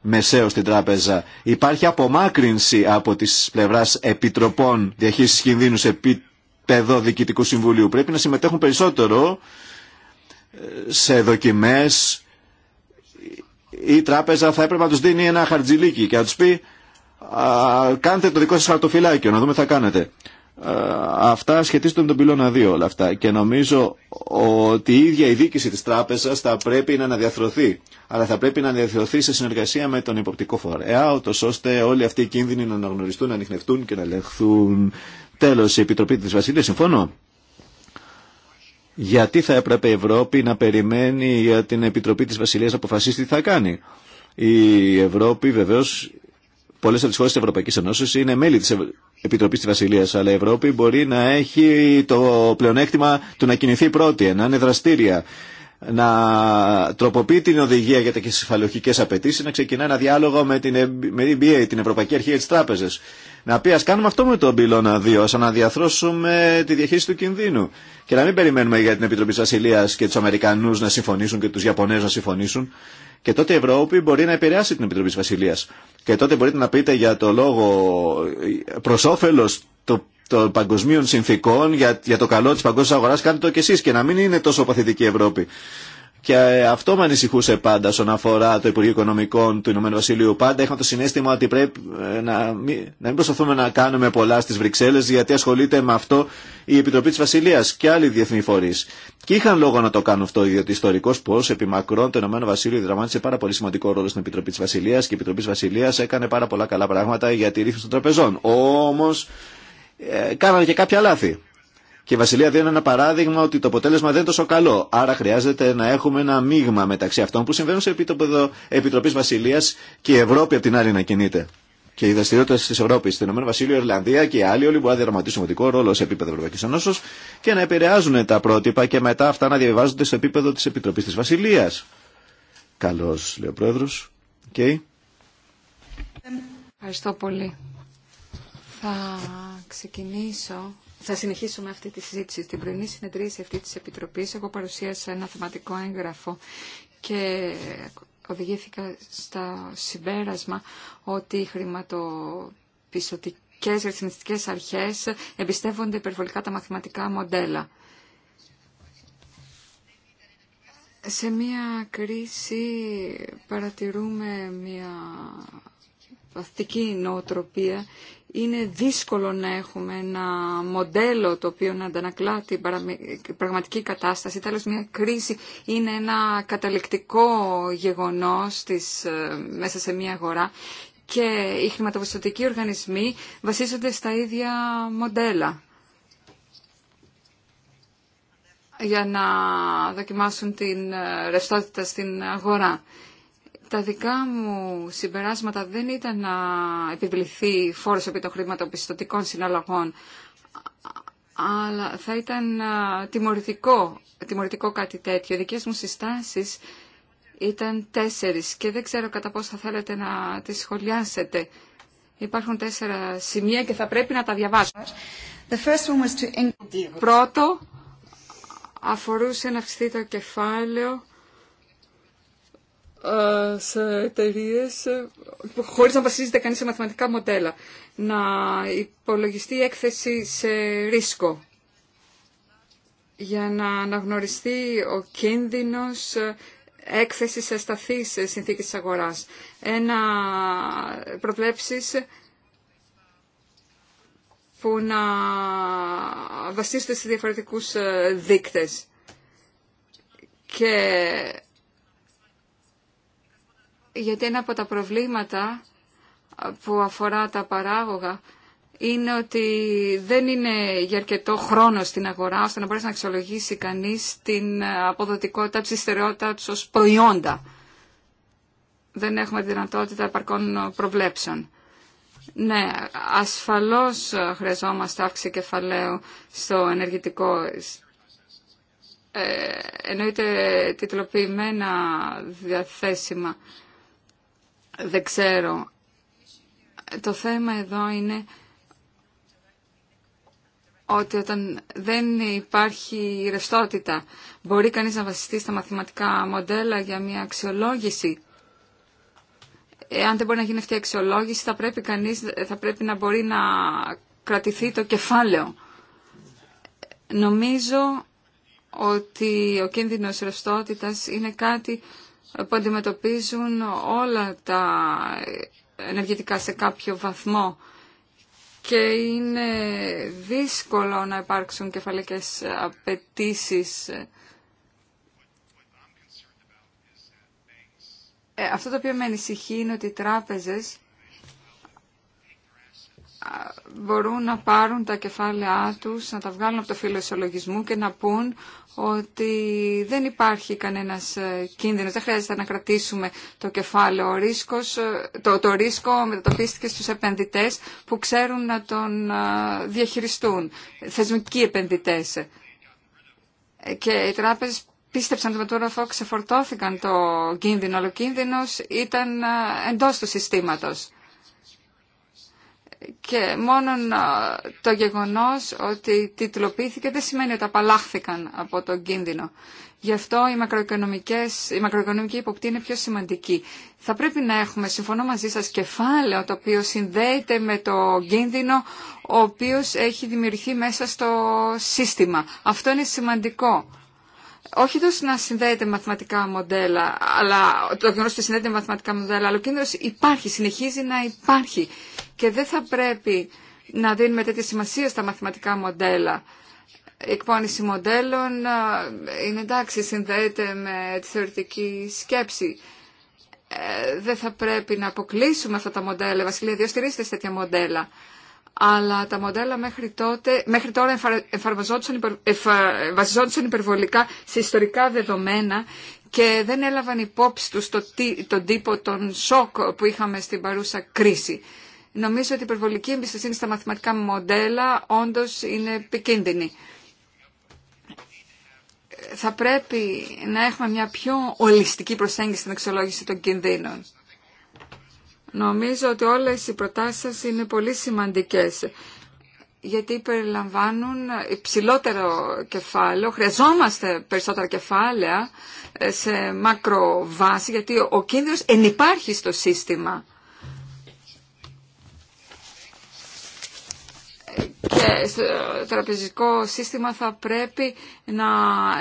μεσαίο στην τράπεζα. Υπάρχει απομάκρυνση από τις πλευράς επιτροπών διαχείρισης κινδύνου σε επίπεδο διοικητικού συμβουλίου. Πρέπει να συμμετέχουν περισσότερο ε, σε δοκιμές. Η τράπεζα θα έπρεπε να τους δίνει ένα χαρτζιλίκι και να τους πει «Κάντε το δικό σας χαρτοφυλάκιο, να δούμε τι θα κάνετε». Ε, αυτά σχετίζονται με τον πυλώνα 2 όλα αυτά και νομίζω ότι η ίδια η δίκηση της τράπεζας θα πρέπει να αναδιαθρωθεί αλλά θα πρέπει να αναδιαθρωθεί σε συνεργασία με τον υποπτικό φορέα ε, ούτως ώστε όλοι αυτοί οι κίνδυνοι να αναγνωριστούν, να ανοιχνευτούν και να ελεγχθούν τέλος η Επιτροπή της Βασίλειας, συμφωνώ γιατί θα έπρεπε η Ευρώπη να περιμένει για την Επιτροπή της Βασιλείας να αποφασίσει τι θα κάνει. Η Ευρώπη βεβαίως πολλές από τι χώρες της Ευρωπαϊκής Ενώσης είναι μέλη της, Επιτροπή τη Βασιλεία, αλλά η Ευρώπη μπορεί να έχει το πλεονέκτημα του να κινηθεί πρώτη, να είναι δραστήρια, να τροποποιεί την οδηγία για τα κεφαλαιοχικέ απαιτήσει, να ξεκινά ένα διάλογο με την EBA, την Ευρωπαϊκή Αρχή για τι Να πει α κάνουμε αυτό με τον πυλώνα 2, α αναδιαθρώσουμε τη διαχείριση του κινδύνου. Και να μην περιμένουμε για την Επιτροπή τη Βασιλεία και του Αμερικανού να συμφωνήσουν και του Ιαπωνέζου να συμφωνήσουν. Και τότε η Ευρώπη μπορεί να επηρεάσει την Επιτροπή της Βασιλείας. Και τότε μπορείτε να πείτε για το λόγο προς όφελος των παγκοσμίων συνθήκων για, για το καλό της παγκόσμιας αγοράς κάντε το κι εσείς και να μην είναι τόσο παθητική η Ευρώπη. Και ε, αυτό με ανησυχούσε πάντα όσον αφορά το Υπουργείο Οικονομικών του Ηνωμένου Βασιλείου. Πάντα είχαμε το συνέστημα ότι πρέπει ε, να μην, να μην προσπαθούμε να κάνουμε πολλά στι Βρυξέλλε, γιατί ασχολείται με αυτό η Επιτροπή τη Βασιλεία και άλλοι διεθνεί φορεί. Και είχαν λόγο να το κάνουν αυτό, διότι ιστορικό πώ επί μακρόν το Ηνωμένο Βασίλειο δραμάτισε πάρα πολύ σημαντικό ρόλο στην Επιτροπή τη Βασιλεία και η Επιτροπή τη Βασιλεία έκανε πάρα πολλά καλά πράγματα για τη ρύθμιση των τραπεζών. Όμω ε, κάνανε και κάποια λάθη. Και η Βασιλεία δίνει ένα παράδειγμα ότι το αποτέλεσμα δεν είναι τόσο καλό. Άρα χρειάζεται να έχουμε ένα μείγμα μεταξύ αυτών που συμβαίνουν σε επίπεδο Επιτροπή Βασιλεία και η Ευρώπη από την άλλη να κινείται. Και οι δραστηριότητε τη Ευρώπη, το Ηνωμένο Βασίλειο, Ιρλανδία και οι άλλοι, όλοι μπορούν να σημαντικό ρόλο σε επίπεδο Ευρωπαϊκή Ενώσεω και να επηρεάζουν τα πρότυπα και μετά αυτά να διαβιβάζονται σε επίπεδο τη Επιτροπή τη Βασιλεία. Καλώ, λέει ο Πρόεδρο. Okay. Ευχαριστώ πολύ. Θα ξεκινήσω θα συνεχίσουμε αυτή τη συζήτηση. Στην πρωινή συνεδρίαση αυτή τη Επιτροπής εγώ παρουσίασα ένα θεματικό έγγραφο και οδηγήθηκα στα συμπέρασμα ότι οι χρηματοπιστωτικέ και αρχέ αρχές εμπιστεύονται υπερβολικά τα μαθηματικά μοντέλα. Σε μια κρίση παρατηρούμε μια νοοτροπία είναι δύσκολο να έχουμε ένα μοντέλο το οποίο να αντανακλά την πραγματική κατάσταση. Τέλος, μια κρίση είναι ένα καταληκτικό γεγονός της, ε, μέσα σε μια αγορά και οι χρηματοπιστωτικοί οργανισμοί βασίζονται στα ίδια μοντέλα για να δοκιμάσουν την ε, ρευστότητα στην αγορά. Τα δικά μου συμπεράσματα δεν ήταν να επιβληθεί φόρος επί των χρηματοπιστωτικών συναλλαγών, αλλά θα ήταν τιμωρητικό, τιμωρητικό κάτι τέτοιο. Οι δικές μου συστάσεις ήταν τέσσερις και δεν ξέρω κατά πώς θα θέλετε να τις σχολιάσετε. Υπάρχουν τέσσερα σημεία και θα πρέπει να τα διαβάσω. The first one was to... Πρώτο αφορούσε να αυξηθεί το κεφάλαιο ε, σε εταιρείε ε, χωρίς να βασίζεται κανείς σε μαθηματικά μοντέλα. Να υπολογιστεί έκθεση σε ρίσκο για να αναγνωριστεί ο κίνδυνος ε, έκθεση σε σταθείς συνθήκες της αγοράς. Ένα προβλέψεις που να βασίζεται σε διαφορετικούς δείκτες. Και γιατί ένα από τα προβλήματα που αφορά τα παράγωγα είναι ότι δεν είναι για αρκετό χρόνο στην αγορά ώστε να μπορέσει να αξιολογήσει κανείς την αποδοτικότητα, της του ως προϊόντα. Δεν έχουμε δυνατότητα επαρκών προβλέψεων. Ναι, ασφαλώς χρειαζόμαστε αύξηση κεφαλαίου στο ενεργητικό. Ε, εννοείται τιτλοποιημένα διαθέσιμα. Δεν ξέρω. Το θέμα εδώ είναι ότι όταν δεν υπάρχει ρευστότητα, μπορεί κανείς να βασιστεί στα μαθηματικά μοντέλα για μια αξιολόγηση. Εάν δεν μπορεί να γίνει αυτή η αξιολόγηση, θα πρέπει, κανείς, θα πρέπει να μπορεί να κρατηθεί το κεφάλαιο. Νομίζω ότι ο κίνδυνος ρευστότητας είναι κάτι που αντιμετωπίζουν όλα τα ενεργητικά σε κάποιο βαθμό και είναι δύσκολο να υπάρξουν κεφαλικές απαιτήσει. Ε, αυτό το οποίο με ανησυχεί είναι ότι οι τράπεζες μπορούν να πάρουν τα κεφάλαιά τους, να τα βγάλουν από το φύλλο και να πούν ότι δεν υπάρχει κανένας ε, κίνδυνος, δεν χρειάζεται να κρατήσουμε το κεφάλαιο. Ο ε, το, το ρίσκο μετατοπίστηκε στους επενδυτές που ξέρουν να τον ε, διαχειριστούν, θεσμικοί επενδυτές. Και οι τράπεζες πίστεψαν ότι με το ροφό ξεφορτώθηκαν το κίνδυνο, αλλά ο κίνδυνος ήταν εντός του συστήματος και μόνο το γεγονός ότι τιτλοποιήθηκε δεν σημαίνει ότι απαλλάχθηκαν από τον κίνδυνο. Γι' αυτό οι μακροοικονομικές, η μακροοικονομική υποπτή είναι πιο σημαντική. Θα πρέπει να έχουμε, συμφωνώ μαζί σας, κεφάλαιο το οποίο συνδέεται με το κίνδυνο ο οποίος έχει δημιουργηθεί μέσα στο σύστημα. Αυτό είναι σημαντικό. Όχι τόσο να συνδέεται μαθηματικά μοντέλα, αλλά το γεγονό ότι συνδέεται με μαθηματικά μοντέλα, αλλά ο κίνδυνο υπάρχει, συνεχίζει να υπάρχει και δεν θα πρέπει να δίνουμε τέτοια σημασία στα μαθηματικά μοντέλα. Η εκπόνηση μοντέλων είναι εντάξει, συνδέεται με τη θεωρητική σκέψη. Ε, δεν θα πρέπει να αποκλείσουμε αυτά τα μοντέλα. Βασιλεία, διαστηρίζετε σε τέτοια μοντέλα. Αλλά τα μοντέλα μέχρι, τότε, μέχρι τώρα υπερβολικά σε ιστορικά δεδομένα και δεν έλαβαν υπόψη τους το, τον τύπο των σοκ που είχαμε στην παρούσα κρίση. Νομίζω ότι η υπερβολική εμπιστοσύνη στα μαθηματικά μοντέλα όντως είναι επικίνδυνη. Θα πρέπει να έχουμε μια πιο ολιστική προσέγγιση στην εξολόγηση των κινδύνων. Νομίζω ότι όλες οι προτάσεις σας είναι πολύ σημαντικές γιατί περιλαμβάνουν υψηλότερο κεφάλαιο. Χρειαζόμαστε περισσότερα κεφάλαια ε, σε μακροβάση, γιατί ο κίνδυνος ενυπάρχει στο σύστημα. και στο τραπεζικό σύστημα θα πρέπει να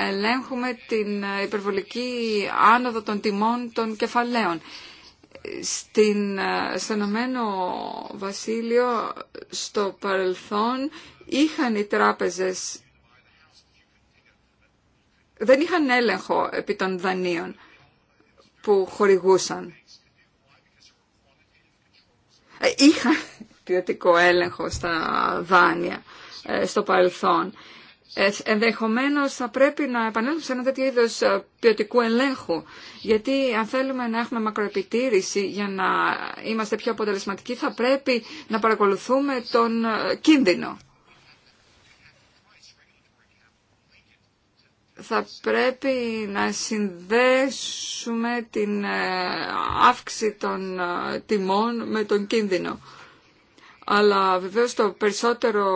ελέγχουμε την υπερβολική άνοδο των τιμών των κεφαλαίων. Στην, στο Βασίλιο Βασίλειο στο παρελθόν είχαν οι τράπεζες δεν είχαν έλεγχο επί των δανείων που χορηγούσαν. Ε, είχαν, ποιοτικό έλεγχο στα δάνεια ε, στο παρελθόν. Ε, ενδεχομένως θα πρέπει να επανέλθουμε σε ένα τέτοιο είδο ε, ποιοτικού ελέγχου. Γιατί αν θέλουμε να έχουμε μακροεπιτήρηση για να είμαστε πιο αποτελεσματικοί θα πρέπει να παρακολουθούμε τον κίνδυνο. θα πρέπει να συνδέσουμε την αύξηση των τιμών με τον κίνδυνο. Αλλά βεβαίως το περισσότερο,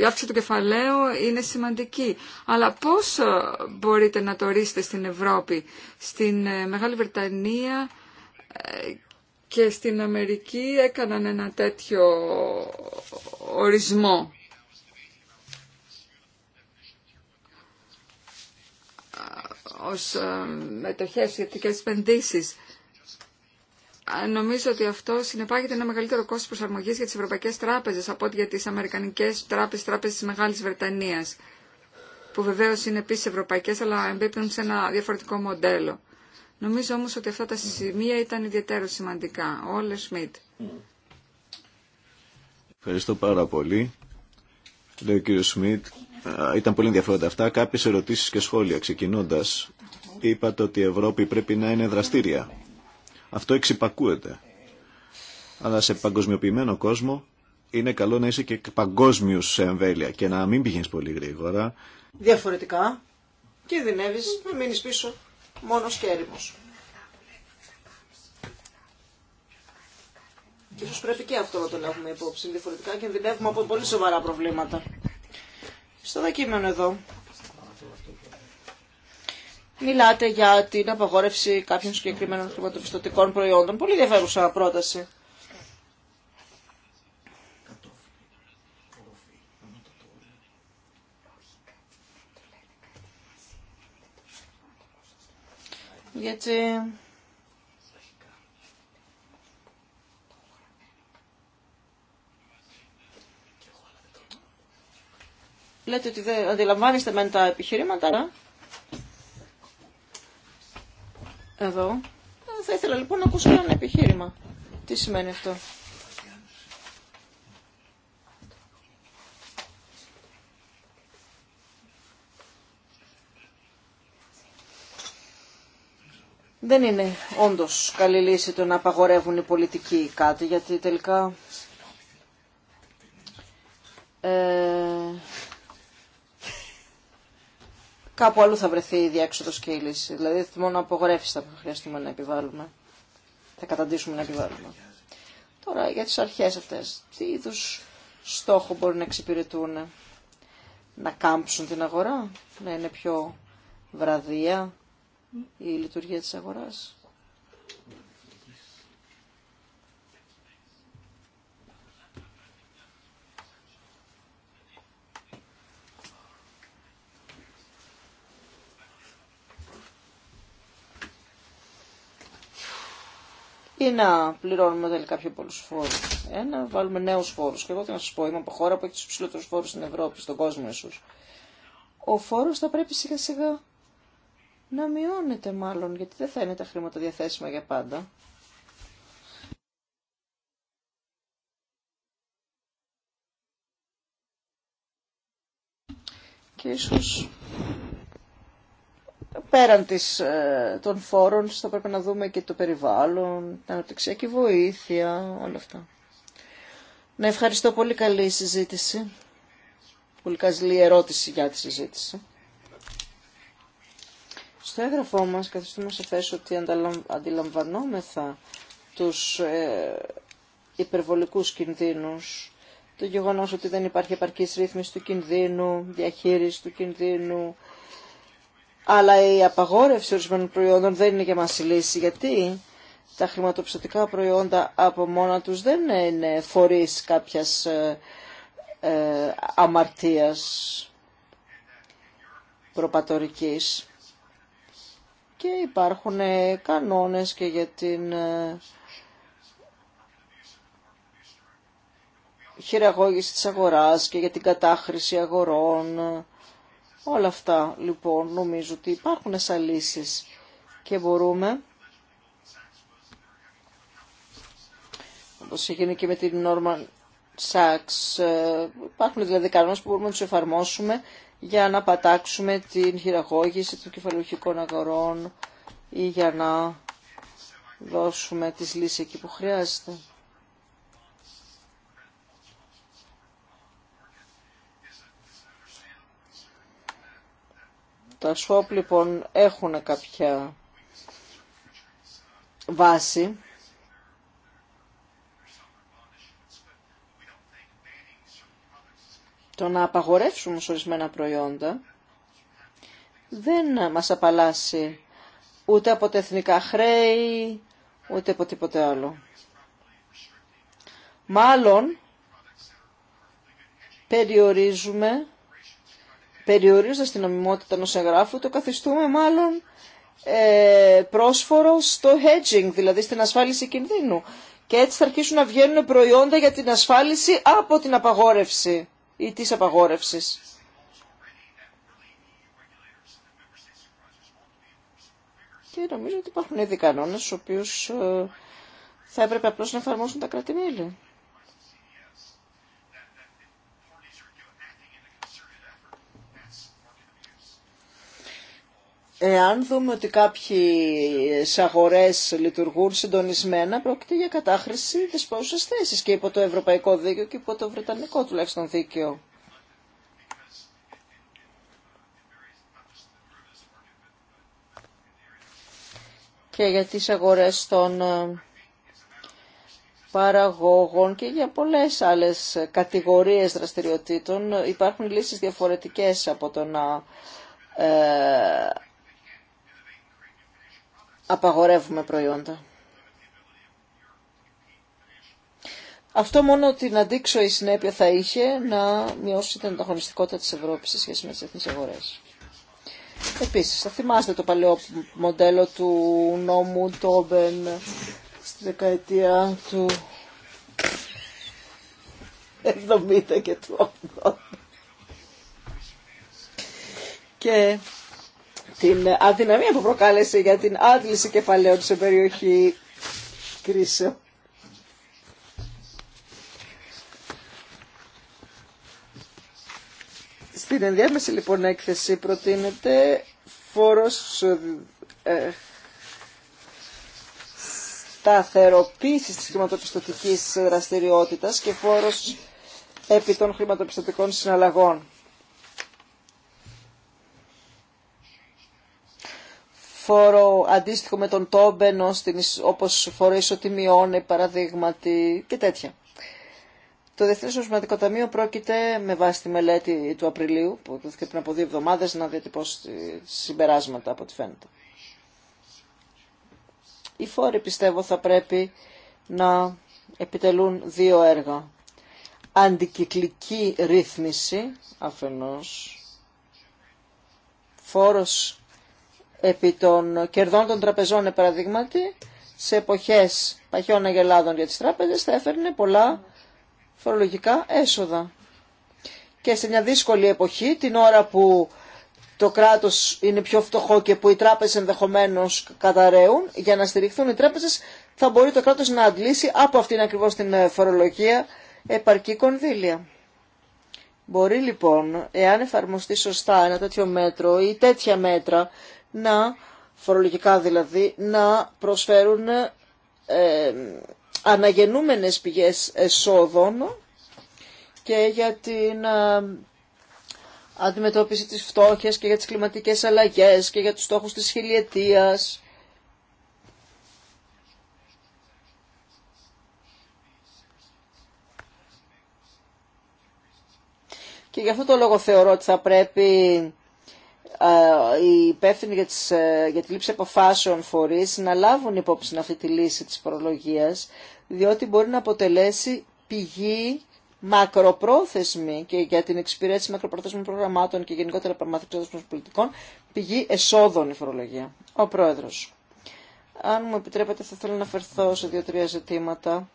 η αύξηση του κεφαλαίου είναι σημαντική. Αλλά πώς ε, μπορείτε να το ορίσετε στην Ευρώπη, στην ε, Μεγάλη Βρετανία ε, και στην Αμερική έκαναν ένα τέτοιο ορισμό. ως μετοχές σχετικές επενδύσεις. Νομίζω ότι αυτό συνεπάγεται ένα μεγαλύτερο κόστος προσαρμογής για τις ευρωπαϊκές τράπεζες από ό,τι για τις αμερικανικές τράπεζες, τράπεζες της Μεγάλης Βρετανίας, που βεβαίως είναι επίσης ευρωπαϊκές, αλλά εμπίπτουν σε ένα διαφορετικό μοντέλο. Νομίζω όμως ότι αυτά τα σημεία ήταν ιδιαίτερα σημαντικά. Όλε Σμιτ. Ευχαριστώ πάρα πολύ. Λέω κύριο Σμιτ. Ήταν πολύ ενδιαφέροντα αυτά. Κάποιε ερωτήσει και σχόλια. Ξεκινώντα, είπατε ότι η Ευρώπη πρέπει να είναι δραστήρια αυτό εξυπακούεται. Αλλά σε παγκοσμιοποιημένο κόσμο είναι καλό να είσαι και παγκόσμιο σε εμβέλεια και να μην πηγαίνει πολύ γρήγορα. Διαφορετικά κινδυνεύει να μείνει πίσω μόνο και έρημο. Και πρέπει και αυτό να το λάβουμε υπόψη. Διαφορετικά κινδυνεύουμε από πολύ σοβαρά προβλήματα. Στο δεκείμενο εδώ μιλάτε για την απαγόρευση κάποιων συγκεκριμένων χρηματοπιστωτικών προϊόντων. Πολύ ενδιαφέρουσα πρόταση. Γιατί... Λέτε ότι δεν αντιλαμβάνεστε μεν τα επιχειρήματα, αλλά εδώ. Θα ήθελα λοιπόν να ακούσω ένα επιχείρημα. Τι σημαίνει αυτό. Δεν είναι όντως καλή λύση το να απαγορεύουν οι πολιτικοί κάτι, γιατί τελικά ε, κάπου αλλού θα βρεθεί η διέξοδο και η λύση. Δηλαδή μόνο απογορεύσει θα χρειαστούμε να επιβάλλουμε. Θα καταντήσουμε να επιβάλλουμε. Τώρα για τι αρχέ αυτέ. Τι είδου στόχο μπορεί να εξυπηρετούν. Να κάμψουν την αγορά. Να είναι πιο βραδία η λειτουργία της αγοράς. Γιατί να πληρώνουμε τελικά πιο πολλού φόρου. Ε, να βάλουμε νέου φόρου. Και εγώ τι να σα πω, είμαι από χώρα που έχει του ψηλότερου φόρου στην Ευρώπη, στον κόσμο ίσω. Ο φόρο θα πρέπει σιγά σιγά να μειώνεται μάλλον, γιατί δεν θα είναι τα χρήματα διαθέσιμα για πάντα. Και ίσως πέραν της, ε, των φόρων θα πρέπει να δούμε και το περιβάλλον, την αναπτυξιακή βοήθεια, όλα αυτά. Να ευχαριστώ πολύ καλή συζήτηση. Πολύ καλή ερώτηση για τη συζήτηση. Στο έγγραφό μας καθιστούμε σε θέση ότι αντιλαμβανόμεθα τους ε, υπερβολικούς κινδύνους, το γεγονός ότι δεν υπάρχει επαρκής ρύθμιση του κινδύνου, διαχείριση του κινδύνου, αλλά η απαγόρευση ορισμένων προϊόντων δεν είναι για μας η λύση. Γιατί τα χρηματοπιστωτικά προϊόντα από μόνα τους δεν είναι φορείς κάποιας ε, ε, αμαρτίας προπατορικής. Και υπάρχουν ε, κανόνες και για την χειραγώγηση της αγοράς και για την κατάχρηση αγορών Όλα αυτά λοιπόν νομίζω ότι υπάρχουν σαν και μπορούμε όπως έγινε και με την Norman Sachs ε, υπάρχουν δηλαδή κανόνες που μπορούμε να τους εφαρμόσουμε για να πατάξουμε την χειραγώγηση των κεφαλαιοχικών αγορών ή για να δώσουμε τις λύσεις εκεί που χρειάζεται. Τα ΣΧΟΠ λοιπόν έχουν κάποια βάση. Το να απαγορεύσουμε ορισμένα προϊόντα δεν μας απαλλάσσει ούτε από τα χρέη, ούτε από τίποτε άλλο. Μάλλον περιορίζουμε περιορίζοντας την νομιμότητα ενός εγγράφου, το καθιστούμε μάλλον ε, πρόσφορο στο hedging, δηλαδή στην ασφάλιση κινδύνου. Και έτσι θα αρχίσουν να βγαίνουν προϊόντα για την ασφάλιση από την απαγόρευση ή της απαγόρευσης. Και νομίζω ότι υπάρχουν ήδη κανόνες, στους οποίους ε, θα έπρεπε απλώς να εφαρμόσουν τα κρατη Εάν δούμε ότι κάποιοι αγορέ λειτουργούν συντονισμένα, πρόκειται για κατάχρηση της πόσες θέση και υπό το ευρωπαϊκό δίκαιο και υπό το βρετανικό τουλάχιστον δίκαιο. Και για τις αγορές των ε, παραγόγων και για πολλές άλλες κατηγορίες δραστηριοτήτων υπάρχουν λύσεις διαφορετικές από το να ε, απαγορεύουμε προϊόντα. Αυτό μόνο την η συνέπεια θα είχε να μειώσει την ανταγωνιστικότητα της Ευρώπης σε σχέση με τις εθνείς αγορές. Επίσης, θα θυμάστε το παλαιό μοντέλο του νόμου Τόμπεν στη δεκαετία του 70 και του 80. Και την αδυναμία που προκάλεσε για την άντληση κεφαλαίων σε περιοχή κρίσεων. Στην ενδιάμεση λοιπόν έκθεση προτείνεται φόρος ε, σταθεροποίησης της χρηματοπιστωτικής δραστηριότητας και φόρος επί των χρηματοπιστωτικών συναλλαγών. φόρο αντίστοιχο με τον τόμπενο, όπω όπως φόρο μειώνει παραδείγματι και τέτοια. Το Διεθνέ Νοσηματικό Ταμείο πρόκειται με βάση τη μελέτη του Απριλίου, που δόθηκε πριν από δύο εβδομάδε, να διατυπώσει συμπεράσματα από ό,τι φαίνεται. Οι φόροι πιστεύω θα πρέπει να επιτελούν δύο έργα. Αντικυκλική ρύθμιση, αφενός, φόρος επί των κερδών των τραπεζών, παραδείγματι, σε εποχές παχιών αγελάδων για τις τράπεζες, θα έφερνε πολλά φορολογικά έσοδα. Και σε μια δύσκολη εποχή, την ώρα που το κράτος είναι πιο φτωχό και που οι τράπεζες ενδεχομένως καταραίουν, για να στηριχθούν οι τράπεζες θα μπορεί το κράτος να αντλήσει από αυτήν ακριβώς την ε, φορολογία επαρκή κονδύλια. Μπορεί λοιπόν, εάν εφαρμοστεί σωστά ένα τέτοιο μέτρο ή τέτοια μέτρα, να, φορολογικά δηλαδή, να προσφέρουν ε, αναγεννούμενες πηγές εσόδων και για την ε, αντιμετώπιση της φτώχειας και για τις κλιματικές αλλαγές και για τους στόχους της χιλιετίας. Και γι' αυτό το λόγο θεωρώ ότι θα πρέπει οι υπεύθυνοι για, ε, για τη λήψη αποφάσεων φορείς να λάβουν υπόψη αυτή τη λύση της προλογίας, διότι μπορεί να αποτελέσει πηγή μακροπρόθεσμη και για την εξυπηρέτηση μακροπρόθεσμων προγραμμάτων και γενικότερα πραγματικών πολιτικών, πηγή εσόδων η φορολογία. Ο Πρόεδρος. Αν μου επιτρέπετε θα θέλω να φερθώ σε δύο-τρία ζητήματα.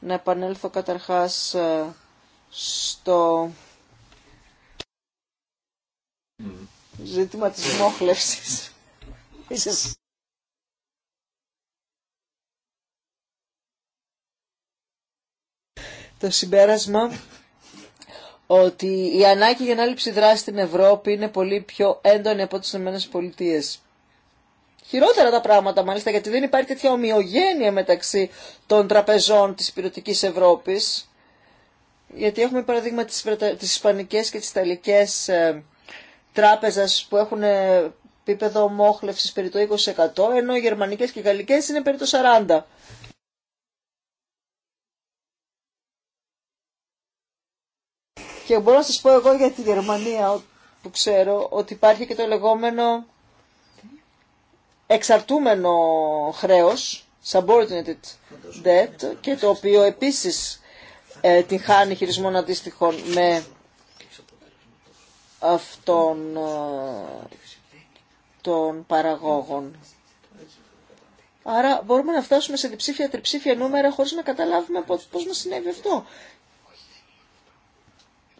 Να επανέλθω καταρχάς ε, στο ζήτημα της μόχλευσης. Το συμπέρασμα ότι η ανάγκη για ανάληψη δράση στην Ευρώπη είναι πολύ πιο έντονη από τις ΗΠΑ. Χειρότερα τα πράγματα μάλιστα γιατί δεν υπάρχει τέτοια ομοιογένεια μεταξύ των τραπεζών της πυρωτικής Ευρώπης. Γιατί έχουμε παραδείγμα τις, Ισπανικές και τις Ιταλικές ε, τράπεζας που έχουν ε, επίπεδο μόχλευσης περί το 20% ενώ οι γερμανικές και οι γαλλικές είναι περί το 40%. Και μπορώ να σας πω εγώ για τη Γερμανία που ξέρω ότι υπάρχει και το λεγόμενο εξαρτούμενο χρέος, subordinated debt, και το οποίο επίσης ε, την χάνει χειρισμών αντίστοιχων με αυτών ε, των παραγόγων. Άρα μπορούμε να φτάσουμε σε διψήφια, τριψήφια νούμερα χωρίς να καταλάβουμε πώς μας συνέβη αυτό.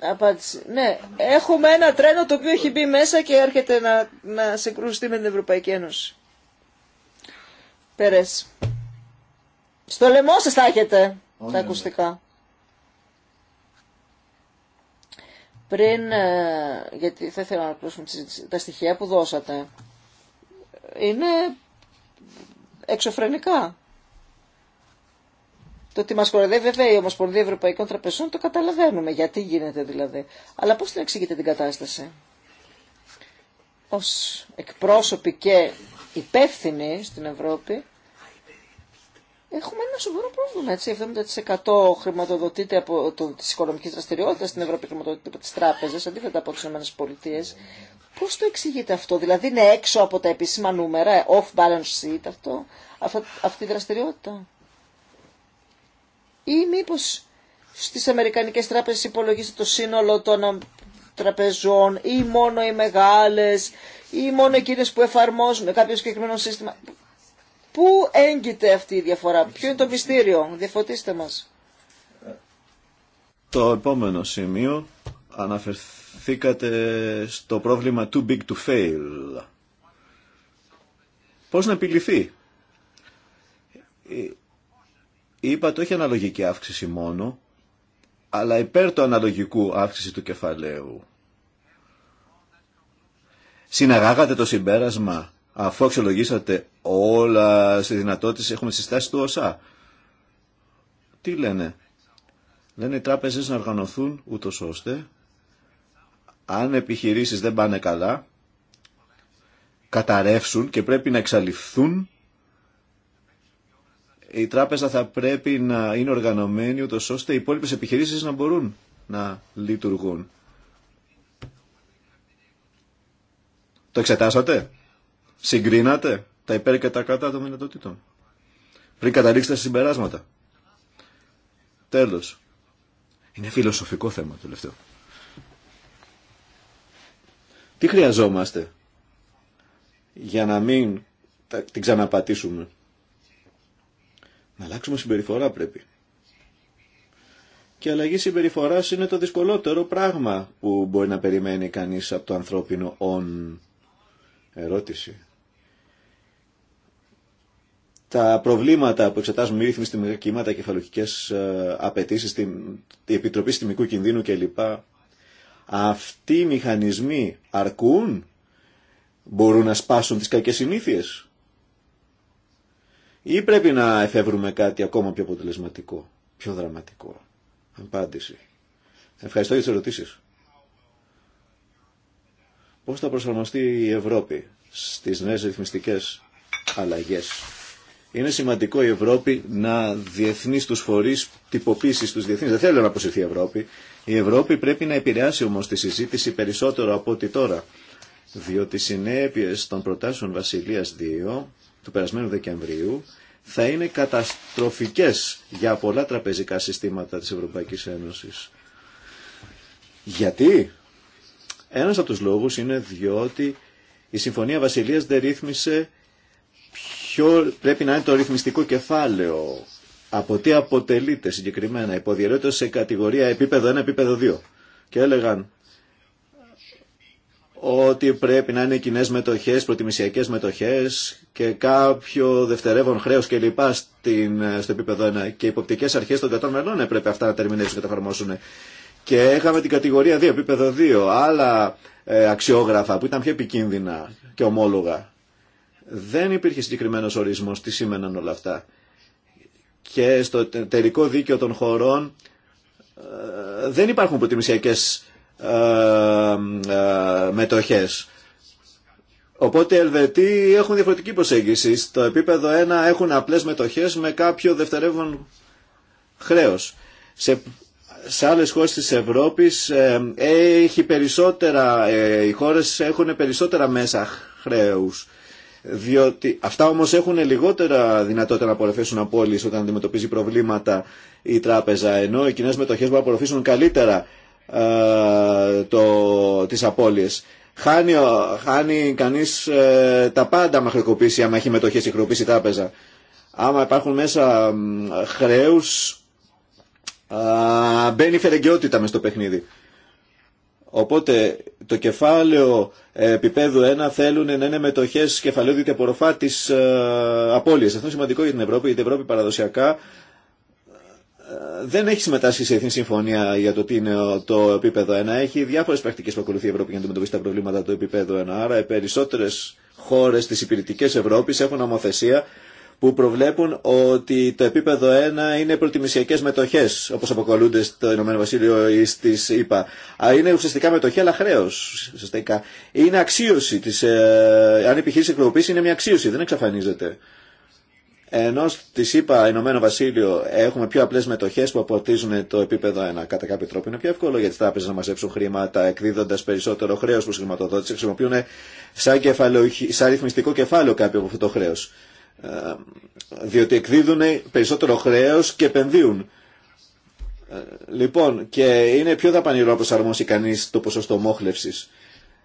Απάντηση. Ναι, έχουμε ένα τρένο το οποίο έχει μπει μέσα και έρχεται να, να συγκρουστεί με την Ευρωπαϊκή Ένωση. Περές. Στο λαιμό σας τα έχετε, τα ναι. ακουστικά. Πριν, ε, γιατί θα ήθελα να ακούσουμε τα στοιχεία που δώσατε, είναι εξωφρενικά. Το ότι μα κοροϊδεύει βέβαια η Ομοσπονδία Ευρωπαϊκών Τραπεζών το καταλαβαίνουμε γιατί γίνεται δηλαδή. Αλλά πώ την εξηγείτε την κατάσταση. Ω εκπρόσωποι και υπεύθυνοι στην Ευρώπη Έχουμε ένα σοβαρό πρόβλημα, έτσι. 70% χρηματοδοτείται από τι οικονομικέ δραστηριότητε στην Ευρώπη χρηματοδοτείται από τις τράπεζες, αντίθετα από τι ΗΠΑ. Πώ το εξηγείτε αυτό, δηλαδή είναι έξω από τα επίσημα νούμερα, ε, off balance sheet αυτό, αυτή η δραστηριότητα. Ή μήπω στι Αμερικανικέ τράπεζε υπολογίζεται το σύνολο των ε, τραπεζών ή μόνο οι μεγάλε ή μόνο εκείνες που εφαρμόζουν κάποιο συγκεκριμένο σύστημα. Πού έγκυται αυτή η διαφορά, ποιο είναι το μυστήριο, διαφωτίστε μας. Το επόμενο σημείο αναφερθήκατε στο πρόβλημα too big to fail. Πώς να επιληθεί. Ε, είπα το έχει αναλογική αύξηση μόνο, αλλά υπέρ του αναλογικού αύξηση του κεφαλαίου. Συναγάγατε το συμπέρασμα αφού αξιολογήσατε όλα στη δυνατότητε έχουμε συστάσει του ΩΣΑ. Τι λένε. Λένε οι τράπεζε να οργανωθούν ούτω ώστε αν επιχειρήσεις δεν πάνε καλά καταρρεύσουν και πρέπει να εξαλειφθούν η τράπεζα θα πρέπει να είναι οργανωμένη ούτω ώστε οι υπόλοιπε επιχειρήσεις να μπορούν να λειτουργούν. Το εξετάσατε? Συγκρίνατε τα υπέρ και τα κατά των δυνατοτήτων. Πριν καταλήξετε στα συμπεράσματα. Τέλος. Είναι φιλοσοφικό θέμα το τελευταίο. Τι χρειαζόμαστε για να μην την ξαναπατήσουμε. Να αλλάξουμε συμπεριφορά πρέπει. Και η αλλαγή συμπεριφορά είναι το δυσκολότερο πράγμα που μπορεί να περιμένει κανείς από το ανθρώπινο «ον». Ερώτηση τα προβλήματα που εξετάζουμε οι ρύθμιση στη κύματα, κεφαλογικές ε, απαιτήσει, η επιτροπή στιμικού κινδύνου κλπ. Αυτοί οι μηχανισμοί αρκούν, μπορούν να σπάσουν τις κακές συνήθειες ή πρέπει να εφεύρουμε κάτι ακόμα πιο αποτελεσματικό, πιο δραματικό. Απάντηση. Ευχαριστώ για τις ερωτήσεις. Πώς θα προσαρμοστεί η Ευρώπη στις νέες ρυθμιστικές αλλαγές. Είναι σημαντικό η Ευρώπη να διεθνεί στους φορείς τυποποίηση στους διεθνείς. Δεν θέλω να αποσυρθεί η Ευρώπη. Η Ευρώπη πρέπει να επηρεάσει όμως τη συζήτηση περισσότερο από ό,τι τώρα. Διότι οι συνέπειες των προτάσεων Βασιλείας 2 του περασμένου Δεκεμβρίου θα είναι καταστροφικές για πολλά τραπεζικά συστήματα της Ευρωπαϊκής Ένωσης. Γιατί? Ένας από τους λόγους είναι διότι η Συμφωνία Βασιλείας δεν ρύθμισε ποιο πρέπει να είναι το ρυθμιστικό κεφάλαιο, από τι αποτελείται συγκεκριμένα, υποδιαιρέτω σε κατηγορία επίπεδο 1, επίπεδο 2. Και έλεγαν ότι πρέπει να είναι κοινέ μετοχέ, προτιμησιακέ μετοχέ και κάποιο δευτερεύον χρέο κλπ. στο επίπεδο 1. Και οι υποπτικέ αρχέ των 100 μελών έπρεπε αυτά να τερμινεύσουν και τα εφαρμόσουν. Και είχαμε την κατηγορία 2, επίπεδο 2, άλλα ε, αξιόγραφα που ήταν πιο επικίνδυνα και ομόλογα δεν υπήρχε συγκεκριμένο ορισμός τι σήμαιναν όλα αυτά. Και στο τελικό δίκαιο των χωρών ε, δεν υπάρχουν προτιμησιακές ε, ε, μετοχές. Οπότε οι Ελβετοί έχουν διαφορετική προσέγγιση. Στο επίπεδο 1 έχουν απλές μετοχές με κάποιο δευτερεύον χρέος. Σε, σε άλλες χώρες της Ευρώπης έχει περισσότερα, οι χώρες έχουν περισσότερα μέσα χρέους. Διότι αυτά όμως έχουν λιγότερα δυνατότητα να απορροφήσουν απόλυση όταν αντιμετωπίζει προβλήματα η τράπεζα, ενώ οι κοινέ μετοχές μπορούν να απορροφήσουν καλύτερα ε, το, τις απώλειες. Χάνει, χάνει κανείς ε, τα πάντα χρεοκοπήσει, άμα έχει μετοχές η τράπεζα. Άμα υπάρχουν μέσα χρέους, ε, μπαίνει φερεγκαιότητα μες στο παιχνίδι. Οπότε το κεφάλαιο ε, επίπεδου 1 θέλουν να είναι μετοχέ κεφαλαίου και απορροφά τη ε, απώλεια. Αυτό είναι σημαντικό για την Ευρώπη, γιατί η Ευρώπη παραδοσιακά ε, δεν έχει συμμετάσχει σε Εθνική Συμφωνία για το τι είναι το επίπεδο 1. Έχει διάφορε πρακτικέ που ακολουθεί η Ευρώπη για να αντιμετωπίσει τα προβλήματα του επίπεδου 1. Άρα οι περισσότερε χώρε τη υπηρετική Ευρώπη έχουν νομοθεσία που προβλέπουν ότι το επίπεδο 1 είναι προτιμησιακές μετοχές, όπως αποκαλούνται στο Ηνωμένο Βασίλειο ή στις ΗΠΑ. Είναι ουσιαστικά μετοχή, αλλά χρέο. Είναι αξίωση. Της, ε, αν η επιχείρηση εκπροποποίηση είναι μια αξίωση, δεν εξαφανίζεται. Ενώ στι ΗΠΑ, Ηνωμένο Βασίλειο, έχουμε πιο απλέ μετοχέ που αποτίζουν το επίπεδο 1. Κατά κάποιο τρόπο είναι πιο εύκολο για τι τράπεζε να μαζέψουν χρήματα εκδίδοντα περισσότερο χρέο που χρηματοδότησε. Χρησιμοποιούν σαν, σαν ρυθμιστικό κεφάλαιο κάποιο αυτό το χρέο. Ε, διότι εκδίδουν περισσότερο χρέος και επενδύουν. Ε, λοιπόν, και είναι πιο δαπανηρό να προσαρμόσει κανεί το ποσοστό μόχλευση.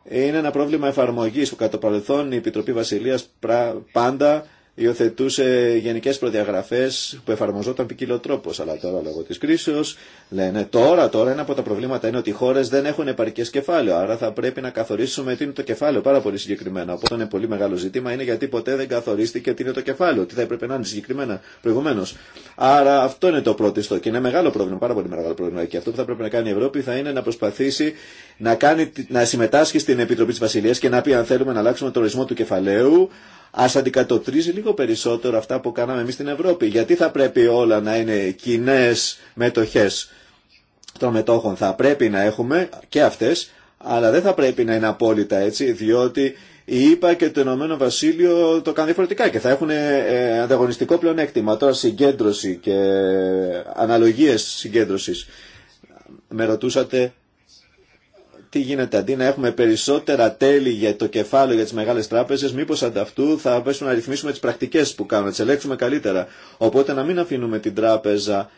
Είναι ένα πρόβλημα εφαρμογή που κατά παρελθόν η Επιτροπή Βασιλεία πάντα υιοθετούσε γενικέ προδιαγραφέ που εφαρμοζόταν ποικίλο τρόπο. Αλλά τώρα λόγω τη κρίσεω λένε τώρα, τώρα ένα από τα προβλήματα είναι ότι οι χώρε δεν έχουν επαρκέ κεφάλαιο. Άρα θα πρέπει να καθορίσουμε τι είναι το κεφάλαιο πάρα πολύ συγκεκριμένα. Οπότε είναι πολύ μεγάλο ζήτημα είναι γιατί ποτέ δεν καθορίστηκε τι είναι το κεφάλαιο, τι θα έπρεπε να είναι συγκεκριμένα προηγουμένω. Άρα αυτό είναι το πρώτο και είναι μεγάλο πρόβλημα, πάρα πολύ μεγάλο πρόβλημα. Και αυτό που θα πρέπει να κάνει η Ευρώπη θα είναι να προσπαθήσει να, κάνει, να συμμετάσχει στην Επιτροπή τη Βασιλεία και να πει αν θέλουμε να αλλάξουμε τον ορισμό του κεφαλαίου, Α αντικατοπτρίζει λίγο περισσότερο αυτά που κάναμε εμείς στην Ευρώπη. Γιατί θα πρέπει όλα να είναι κοινέ μετοχές των μετόχων. Θα πρέπει να έχουμε και αυτές, αλλά δεν θα πρέπει να είναι απόλυτα έτσι, διότι η ΕΠΑ και το Ηνωμένο Βασίλειο το κάνουν διαφορετικά και θα έχουν ε, ανταγωνιστικό πλεονέκτημα. Τώρα συγκέντρωση και αναλογίε συγκέντρωση. Με ρωτούσατε τι γίνεται αντί να έχουμε περισσότερα τέλη για το κεφάλαιο για τις μεγάλες τράπεζες, μήπως ανταυτού θα πέσουμε να ρυθμίσουμε τις πρακτικές που κάνουμε, να τις ελέγξουμε καλύτερα. Οπότε να μην αφήνουμε την τράπεζα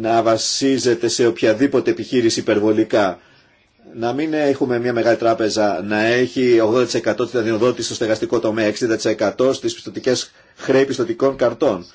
να βασίζεται σε οποιαδήποτε επιχείρηση υπερβολικά. Να μην έχουμε μια μεγάλη τράπεζα να έχει 80% τη αδειοδότηση στο στεγαστικό τομέα, 60% στις πιστοτικές χρέη πιστοτικών καρτών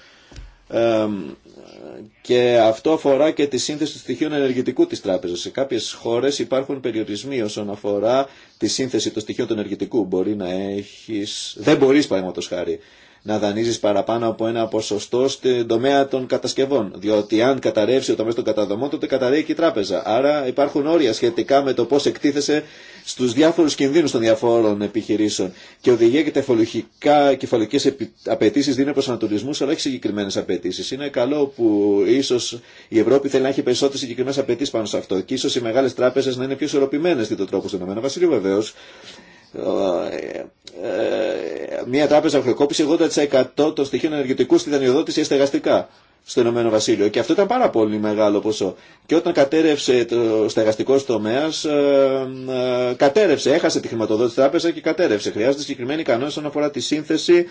και αυτό αφορά και τη σύνθεση του στοιχείων ενεργητικού της τράπεζας. Σε κάποιες χώρες υπάρχουν περιορισμοί όσον αφορά τη σύνθεση των στοιχείων του ενεργητικού. Μπορεί να έχεις... Δεν μπορείς, παραδείγματος χάρη, να δανείζεις παραπάνω από ένα ποσοστό στην τομέα των κατασκευών. Διότι αν καταρρεύσει ο τομέα των καταδομών, τότε καταραίει και η τράπεζα. Άρα υπάρχουν όρια σχετικά με το πώ εκτίθεσε στου διάφορου κινδύνους των διαφόρων επιχειρήσεων. Και οδηγία και τα κεφαλικές απαιτήσει δίνουν προσανατολισμούς, αλλά έχει συγκεκριμένε απαιτήσει. Είναι καλό που ίσω η Ευρώπη θέλει να έχει περισσότερε συγκεκριμένε απαιτήσει πάνω σε αυτό. Και ίσω οι μεγάλε τράπεζε να είναι πιο ισορροπημένε, το τρόπο στον ΕΒ. Βεβαίω ε, ε, μια τράπεζα χρεοκόπησε 80% των στοιχείων ενεργητικού στη δανειοδότηση στεγαστικά στο Ηνωμένο Βασίλειο. Και αυτό ήταν πάρα πολύ μεγάλο ποσό. Και όταν κατέρευσε το στεγαστικό τομέα, ε, κατέρευσε, έχασε τη χρηματοδότηση τη τράπεζα και κατέρευσε. Χρειάζεται συγκεκριμένοι κανόνε όσον αφορά τη σύνθεση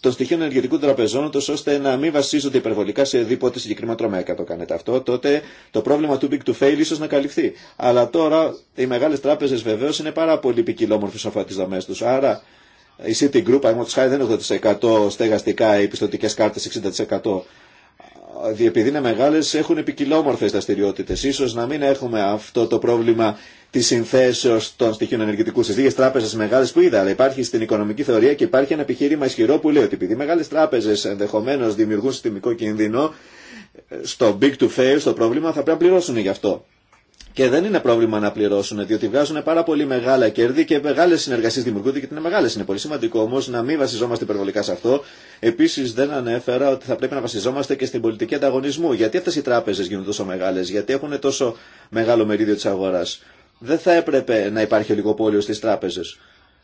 των στοιχείων ενεργητικού τραπεζών, ώστε να μην βασίζονται υπερβολικά σε οδήποτε συγκεκριμένο τρομέα. το κάνετε αυτό, τότε το πρόβλημα του big to fail ίσω να καλυφθεί. Αλλά τώρα οι μεγάλε τράπεζε βεβαίω είναι πάρα πολύ ποικιλόμορφε αφορά τι δομέ του. Άρα η Citigroup, παραδείγματο χάρη, δεν είναι 80% στεγαστικά, οι πιστοτικέ κάρτε 60% επειδή είναι μεγάλες έχουν τα δραστηριότητε, Ίσως να μην έχουμε αυτό το πρόβλημα τη συνθέσεω των στοιχείων ενεργητικού στι λίγε τράπεζε μεγάλε που είδα. Αλλά υπάρχει στην οικονομική θεωρία και υπάρχει ένα επιχείρημα ισχυρό που λέει ότι επειδή μεγάλε τράπεζε ενδεχομένω δημιουργούν συστημικό κίνδυνο ε, στο big to fail, στο πρόβλημα, θα πρέπει να πληρώσουν γι' αυτό. Και δεν είναι πρόβλημα να πληρώσουν, διότι βγάζουν πάρα πολύ μεγάλα κέρδη και μεγάλε συνεργασίε δημιουργούνται και είναι μεγάλε. Είναι πολύ σημαντικό όμω να μην βασιζόμαστε υπερβολικά σε αυτό. Επίση, δεν ανέφερα ότι θα πρέπει να βασιζόμαστε και στην πολιτική ανταγωνισμού. Γιατί αυτέ οι τράπεζε γίνονται τόσο μεγάλε, γιατί έχουν τόσο μεγάλο μερίδιο τη αγορά. Δεν θα έπρεπε να υπάρχει ολιγοπόλιο στι τράπεζε.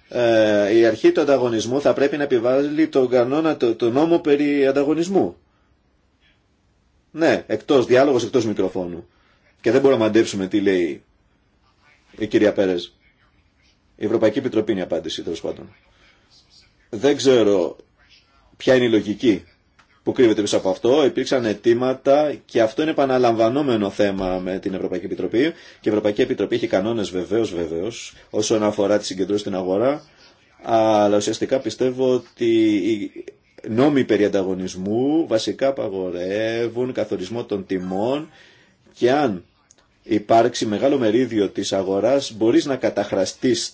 Ε, η αρχή του ανταγωνισμού θα πρέπει να επιβάλλει τον κανόνα, τον το νόμο περί ανταγωνισμού. Ναι, εκτός διάλογος, εκτός μικροφώνου. Και δεν μπορούμε να μαντέψουμε τι λέει η κυρία Πέρες. Η Ευρωπαϊκή Επιτροπή είναι η απάντηση, τέλο πάντων. Δεν ξέρω ποια είναι η λογική που κρύβεται πίσω από αυτό. Υπήρξαν αιτήματα και αυτό είναι επαναλαμβανόμενο θέμα με την Ευρωπαϊκή Επιτροπή. Και η Ευρωπαϊκή Επιτροπή έχει κανόνε βεβαίω, βεβαίω, όσον αφορά τη συγκεντρώση στην αγορά. Αλλά ουσιαστικά πιστεύω ότι οι νόμοι περί ανταγωνισμού βασικά απαγορεύουν καθορισμό των τιμών και αν υπάρξει μεγάλο μερίδιο της αγοράς, μπορείς να καταχραστείς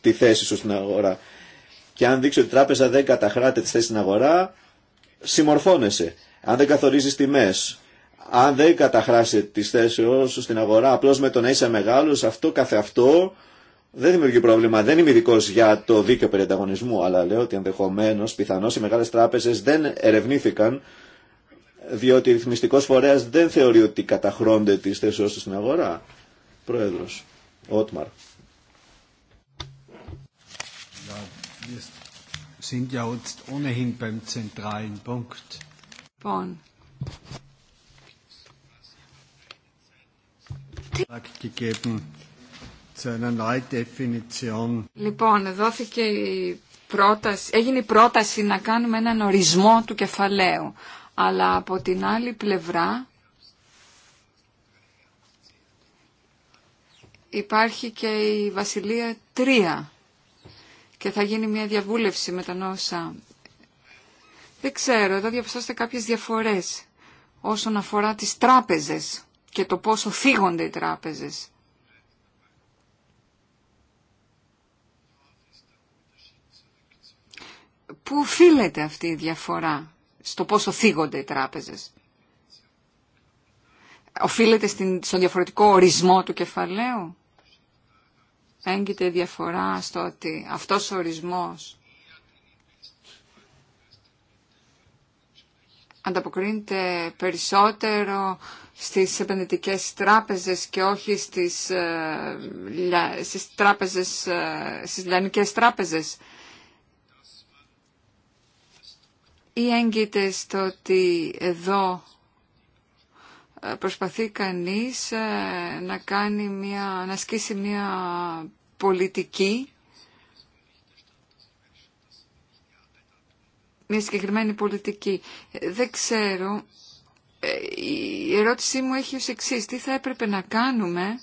τη θέση σου στην αγορά. Και αν δείξει ότι η τράπεζα δεν καταχράται τη θέση στην αγορά, συμμορφώνεσαι. Αν δεν καθορίζεις τιμές, αν δεν καταχράσει τη θέση σου στην αγορά, απλώς με το να είσαι μεγάλος, αυτό καθεαυτό δεν δημιουργεί πρόβλημα. Δεν είμαι ειδικό για το δίκαιο περί ανταγωνισμού, αλλά λέω ότι ενδεχομένω, πιθανώ οι μεγάλε τράπεζε δεν ερευνήθηκαν διότι ο ρυθμιστικός φορέας δεν θεωρεί ότι καταχρώνται τις θέσεις του στην αγορά. Πρόεδρος, Ότμαρ. Λοιπόν, Λοιπόν, δόθηκε η πρόταση, έγινε η πρόταση να κάνουμε έναν ορισμό του κεφαλαίου αλλά από την άλλη πλευρά υπάρχει και η Βασιλεία 3 και θα γίνει μια διαβούλευση με τον όσα. Δεν ξέρω, εδώ διαπιστώστε κάποιες διαφορές όσον αφορά τις τράπεζες και το πόσο φύγονται οι τράπεζες. Πού οφείλεται αυτή η διαφορά στο πόσο θίγονται οι τράπεζες. Οφείλεται στην, στον διαφορετικό ορισμό του κεφαλαίου. Έγκυται διαφορά στο ότι αυτός ο ορισμός ανταποκρίνεται περισσότερο στις επενδυτικές τράπεζες και όχι στις, ε, τράπεζες, ε, στις λιανικές τράπεζες. ή έγκυται στο ότι εδώ ε, προσπαθεί κανείς ε, να κάνει μια, να ασκήσει μια πολιτική, μια συγκεκριμένη πολιτική. Δεν ξέρω, ε, η ερώτησή μου έχει ως εξή. τι θα έπρεπε να κάνουμε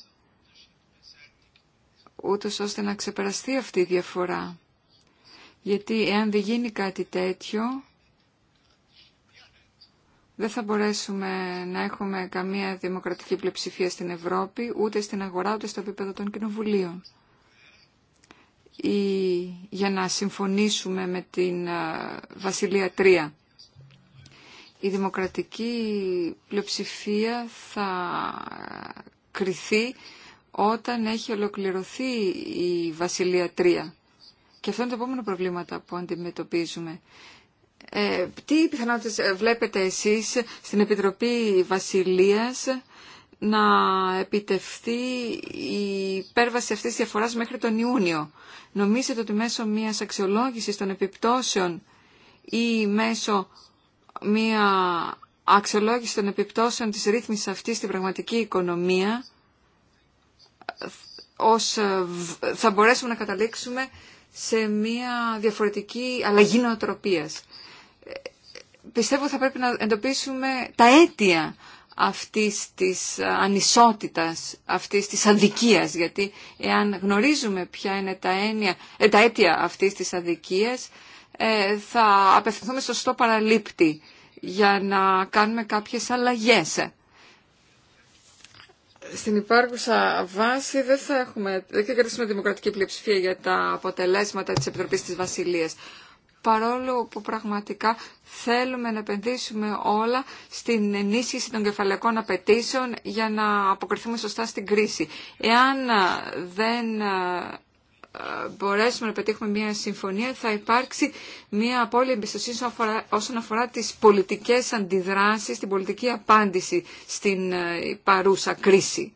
ούτως ώστε να ξεπεραστεί αυτή η διαφορά. Γιατί εάν δεν γίνει κάτι τέτοιο, δεν θα μπορέσουμε να έχουμε καμία δημοκρατική πλειοψηφία στην Ευρώπη, ούτε στην αγορά, ούτε στο επίπεδο των κοινοβουλίων. Ή για να συμφωνήσουμε με την Βασιλεία Τρία. Η δημοκρατική πλειοψηφία θα κριθεί όταν έχει ολοκληρωθεί η Βασιλεία Τρία. Και αυτό είναι το επόμενο προβλήματα που αντιμετωπίζουμε. Ε, τι πιθανότητες ε, βλέπετε εσείς στην Επιτροπή Βασιλείας να επιτευχθεί η υπέρβαση αυτής της διαφοράς μέχρι τον Ιούνιο. Νομίζετε ότι μέσω μιας αξιολόγησης των επιπτώσεων ή μέσω μια αξιολόγηση των επιπτώσεων της ρύθμισης αυτής στην πραγματική οικονομία ως, ε, θα μπορέσουμε να καταλήξουμε σε μια διαφορετική αλλαγή νοοτροπίας πιστεύω θα πρέπει να εντοπίσουμε τα αίτια αυτής της ε, ανισότητας, αυτής της αδικίας, γιατί εάν γνωρίζουμε ποια είναι τα, έννοια, ε, αίτια αυτής της αδικίας, ε, θα απευθυνθούμε στο σωστό παραλήπτη για να κάνουμε κάποιες αλλαγές. Στην υπάρχουσα βάση δεν θα έχουμε, δεν θα κρατήσουμε δημοκρατική πλειοψηφία για τα αποτελέσματα της Επιτροπής της Βασιλείας παρόλο που πραγματικά θέλουμε να επενδύσουμε όλα στην ενίσχυση των κεφαλαικών απαιτήσεων για να αποκριθούμε σωστά στην κρίση. Εάν ε, δεν ε, ε, μπορέσουμε να πετύχουμε μια συμφωνία, θα υπάρξει μια απόλυτη εμπιστοσύνη όσον αφορά τις πολιτικές αντιδράσεις, την πολιτική απάντηση στην παρούσα κρίση.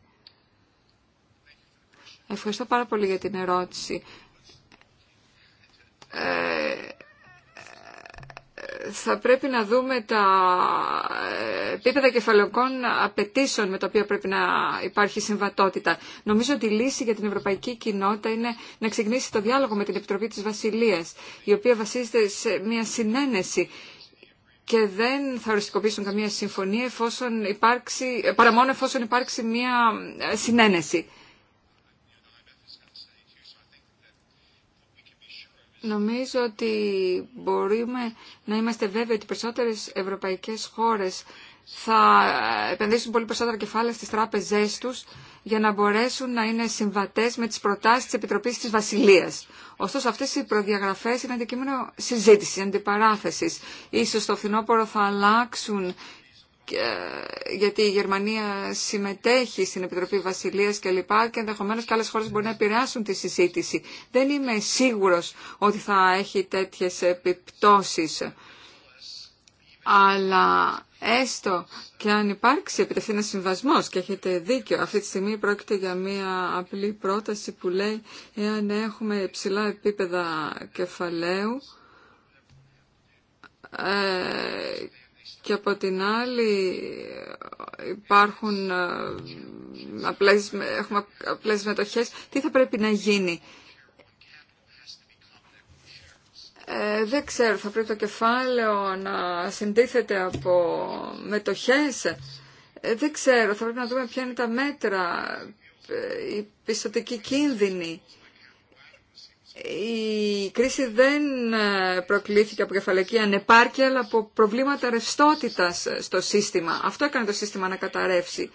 Ευχαριστώ πάρα πολύ για την ερώτηση θα πρέπει να δούμε τα επίπεδα κεφαλαιοκών απαιτήσεων με τα οποία πρέπει να υπάρχει συμβατότητα. Νομίζω ότι η λύση για την ευρωπαϊκή κοινότητα είναι να ξεκινήσει το διάλογο με την Επιτροπή της Βασιλείας, η οποία βασίζεται σε μια συνένεση και δεν θα οριστικοποιήσουν καμία συμφωνία εφόσον υπάρξει, παρά μόνο εφόσον υπάρξει μια συνένεση. Νομίζω ότι μπορούμε να είμαστε βέβαιοι ότι περισσότερες ευρωπαϊκές χώρες θα επενδύσουν πολύ περισσότερα κεφάλαια στις τράπεζές τους για να μπορέσουν να είναι συμβατές με τις προτάσεις της Επιτροπής της Βασιλείας. Ωστόσο αυτές οι προδιαγραφές είναι αντικείμενο συζήτηση, αντιπαράθεση. Ίσως το φθινόπωρο θα αλλάξουν ε, γιατί η Γερμανία συμμετέχει στην Επιτροπή Βασιλείας και λοιπά και ενδεχομένως και άλλες χώρες μπορεί να επηρεάσουν τη συζήτηση. Δεν είμαι σίγουρος ότι θα έχει τέτοιες επιπτώσεις. Αλλά έστω και αν υπάρξει επιτευχθεί ένα συμβασμό και έχετε δίκιο, αυτή τη στιγμή πρόκειται για μια απλή πρόταση που λέει εάν έχουμε υψηλά επίπεδα κεφαλαίου ε, και από την άλλη υπάρχουν ε, απλές, έχουμε απλές μετοχές. Τι θα πρέπει να γίνει. Ε, δεν ξέρω, θα πρέπει το κεφάλαιο να συντίθεται από μετοχές. Ε, δεν ξέρω, θα πρέπει να δούμε ποια είναι τα μέτρα, η πιστοτική κίνδυνη η κρίση δεν ε, προκλήθηκε από κεφαλαϊκή ανεπάρκεια, αλλά από προβλήματα ρευστότητας ε, στο σύστημα. Αυτό έκανε το σύστημα να καταρρεύσει.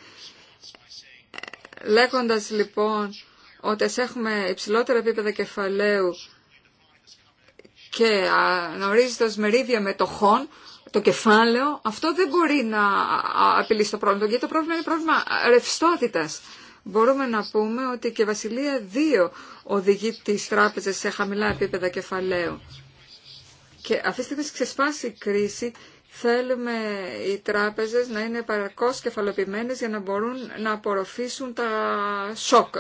Λέγοντας λοιπόν ότι ας έχουμε υψηλότερα επίπεδα κεφαλαίου και ως μερίδια μετοχών, το κεφάλαιο, αυτό δεν μπορεί να απειλήσει το πρόβλημα. Γιατί το πρόβλημα είναι πρόβλημα ρευστότητας μπορούμε να πούμε ότι και η Βασιλεία 2 οδηγεί τις τράπεζες σε χαμηλά επίπεδα κεφαλαίου. Και αυτή τη στιγμή ξεσπάσει η κρίση, θέλουμε οι τράπεζες να είναι παρακώς κεφαλοποιημένες για να μπορούν να απορροφήσουν τα σοκ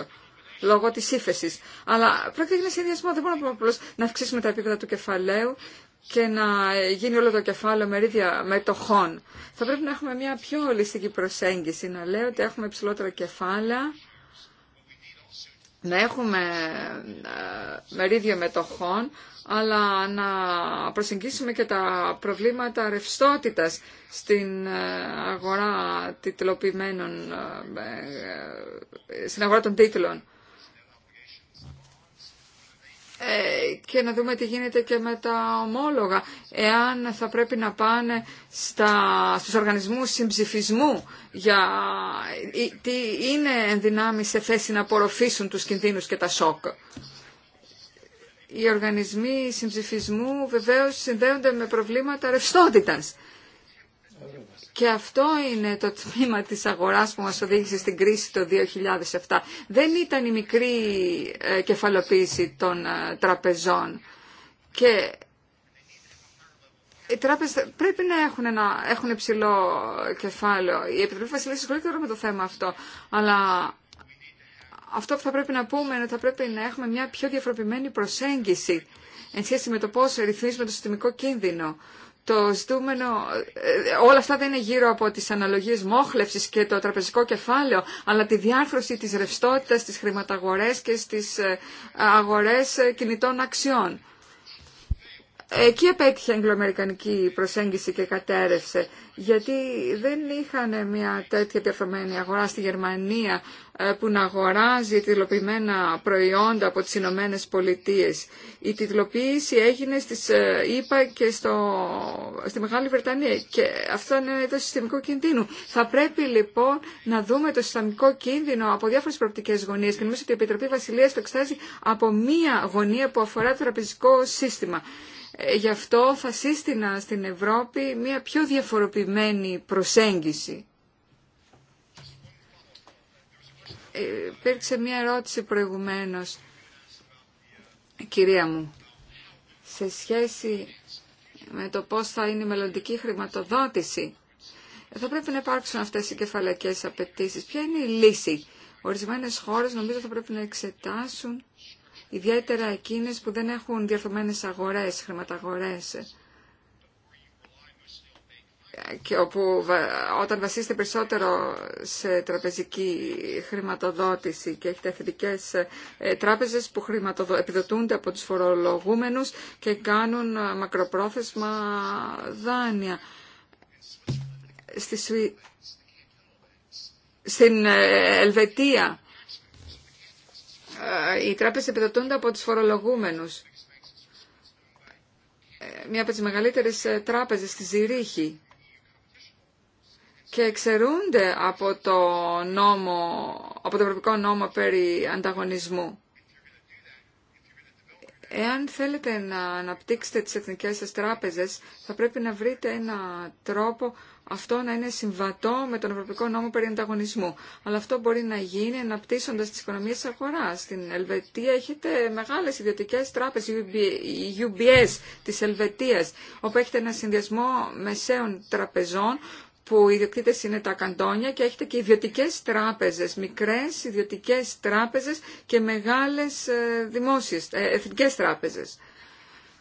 λόγω της ύφεση. Αλλά πρόκειται για ένα σχεδιασμό, δεν μπορούμε να να αυξήσουμε τα επίπεδα του κεφαλαίου και να γίνει όλο το κεφάλαιο μερίδια μετοχών. Θα πρέπει να έχουμε μια πιο ολιστική προσέγγιση, να λέω ότι έχουμε υψηλότερα κεφάλαια, να έχουμε ε, μερίδια μετοχών, αλλά να προσεγγίσουμε και τα προβλήματα ρευστότητας στην ε, αγορά τιτλοποιημένων, ε, στην αγορά των τίτλων. Ε, και να δούμε τι γίνεται και με τα ομόλογα. Εάν θα πρέπει να πάνε στα, στους οργανισμούς συμψηφισμού για τι είναι δυνάμει σε θέση να απορροφήσουν τους κινδύνους και τα σοκ. Οι οργανισμοί συμψηφισμού βεβαίως συνδέονται με προβλήματα ρευστότητας. Και αυτό είναι το τμήμα της αγοράς που μας οδήγησε στην κρίση το 2007. Δεν ήταν η μικρή ε, κεφαλοποίηση των ε, τραπεζών. Και οι τράπεζες πρέπει να έχουν, ένα, έχουν ψηλό κεφάλαιο. Η Επιτροπή Βασιλείας ασχολείται τώρα με το θέμα αυτό. Αλλά αυτό που θα πρέπει να πούμε είναι ότι θα πρέπει να έχουμε μια πιο διαφοροποιημένη προσέγγιση εν σχέση με το πώ ρυθμίζουμε το συστημικό κίνδυνο το ζητούμενο, ε, ε, όλα αυτά δεν είναι γύρω από τις αναλογίες μόχλευσης και το τραπεζικό κεφάλαιο, αλλά τη διάρθρωση της ρευστότητας στις χρηματαγορές και στις ε, αγορές κινητών αξιών. Εκεί επέτυχε η αγγλοαμερικανική προσέγγιση και κατέρευσε, γιατί δεν είχαν μια τέτοια διαφορεμένη αγορά στη Γερμανία ε, που να αγοράζει τυλοποιημένα προϊόντα από τις Ηνωμένε Πολιτείε. Η τυλοποίηση έγινε στις ΗΠΑ ε, και στο, στη Μεγάλη Βρετανία και αυτό είναι το συστημικό κινδύνου. Θα πρέπει λοιπόν να δούμε το συστημικό κίνδυνο από διάφορες προοπτικές γωνίες και νομίζω ότι η Επιτροπή Βασιλείας το εξετάζει από μία γωνία που αφορά το τραπεζικό σύστημα. Ε, γι' αυτό θα σύστηνα στην Ευρώπη μία πιο διαφοροποιημένη προσέγγιση. υπήρξε μια ερώτηση προηγουμένως, κυρία μου, σε σχέση με το πώς θα είναι η μελλοντική χρηματοδότηση. Θα πρέπει να υπάρξουν αυτές οι κεφαλαϊκές απαιτήσει. Ποια είναι η λύση. Ορισμένες χώρες νομίζω θα πρέπει να εξετάσουν ιδιαίτερα εκείνες που δεν έχουν διαρθωμένες αγορές, χρηματαγορές όπου όταν βασίστε περισσότερο σε τραπεζική χρηματοδότηση και έχετε εθνικές ε, τράπεζες που επιδοτούνται από τους φορολογούμενους και κάνουν ε, μακροπρόθεσμα δάνεια. Στην ε, Ελβετία οι τράπεζες επιδοτούνται από τους φορολογούμενους. Μία από τις μεγαλύτερες τράπεζες στη Ζηρίχη και εξαιρούνται από το, νόμο, από το Ευρωπαϊκό Νόμο περί ανταγωνισμού. Εάν θέλετε να αναπτύξετε τις εθνικές σας τράπεζες, θα πρέπει να βρείτε ένα τρόπο αυτό να είναι συμβατό με τον Ευρωπαϊκό Νόμο περί ανταγωνισμού. Αλλά αυτό μπορεί να γίνει αναπτύσσοντας τις οικονομίες της αγοράς. Στην Ελβετία έχετε μεγάλες ιδιωτικές τράπεζες, UBS της Ελβετίας, όπου έχετε ένα συνδυασμό μεσαίων τραπεζών που οι ιδιοκτήτες είναι τα καντόνια και έχετε και ιδιωτικέ τράπεζε, μικρέ, ιδιωτικέ τράπεζε και μεγάλε ε, δημόσιες, ε, εθνικές τράπεζες.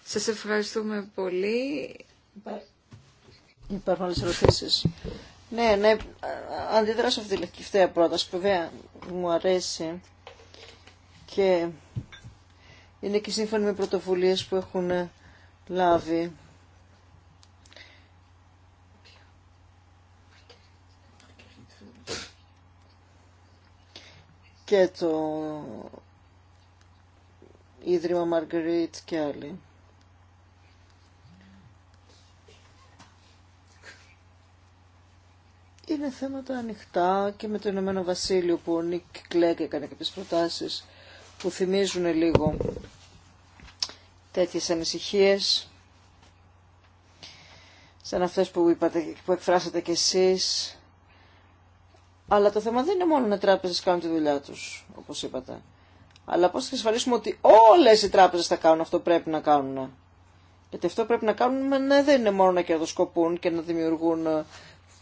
Σας ευχαριστούμε πολύ. Υπάρχουν άλλε ερωτήσει. Ναι, ναι, αντιδράσω αυτή τη τελευταία πρόταση, βέβαια μου αρέσει και είναι και σύμφωνα με πρωτοβουλίες που έχουν λάβει και το Ίδρυμα Μαργκριτ και άλλοι. Είναι θέματα ανοιχτά και με το Ηνωμένο Βασίλειο που ο Νίκ Κλέκ έκανε κάποιες προτάσεις που θυμίζουν λίγο τέτοιες ανησυχίες σαν αυτές που, είπατε, που εκφράσατε κι εσείς αλλά το θέμα δεν είναι μόνο οι τράπεζε κάνουν τη δουλειά του, όπως είπατε. Αλλά πώς θα εξασφαλίσουμε ότι όλες οι τράπεζες θα κάνουν αυτό που πρέπει να κάνουν. Γιατί αυτό πρέπει να κάνουν ναι, δεν είναι μόνο να κερδοσκοπούν και να δημιουργούν ε,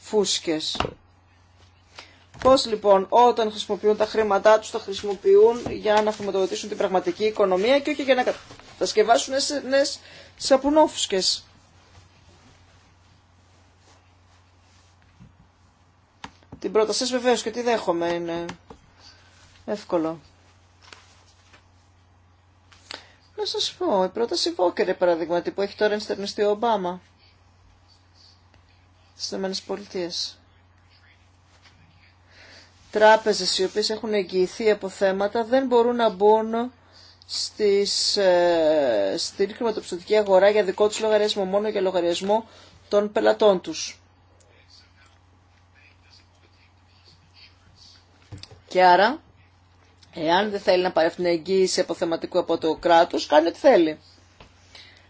φούσκε. Πώς λοιπόν όταν χρησιμοποιούν τα χρήματά τους τα χρησιμοποιούν για να χρηματοδοτήσουν την πραγματική οικονομία και όχι για να κατασκευάσουν νέε σαπουνόφουσκε. Την πρόταση βεβαίω και τη δέχομαι, είναι εύκολο. Να σας πω, η πρόταση Βόκερ, παραδείγματι, που έχει τώρα ενστερνιστεί ο Ομπάμα στις ΗΠΑ. Τράπεζες οι οποίες έχουν εγγυηθεί από θέματα δεν μπορούν να μπουν στις, ε, στην χρηματοπιστωτική αγορά για δικό τους λογαριασμό, μόνο για λογαριασμό των πελατών τους. Και άρα, εάν δεν θέλει να πάρει αυτήν την εγγύηση αποθεματικού από το κράτο, κάνει ό,τι θέλει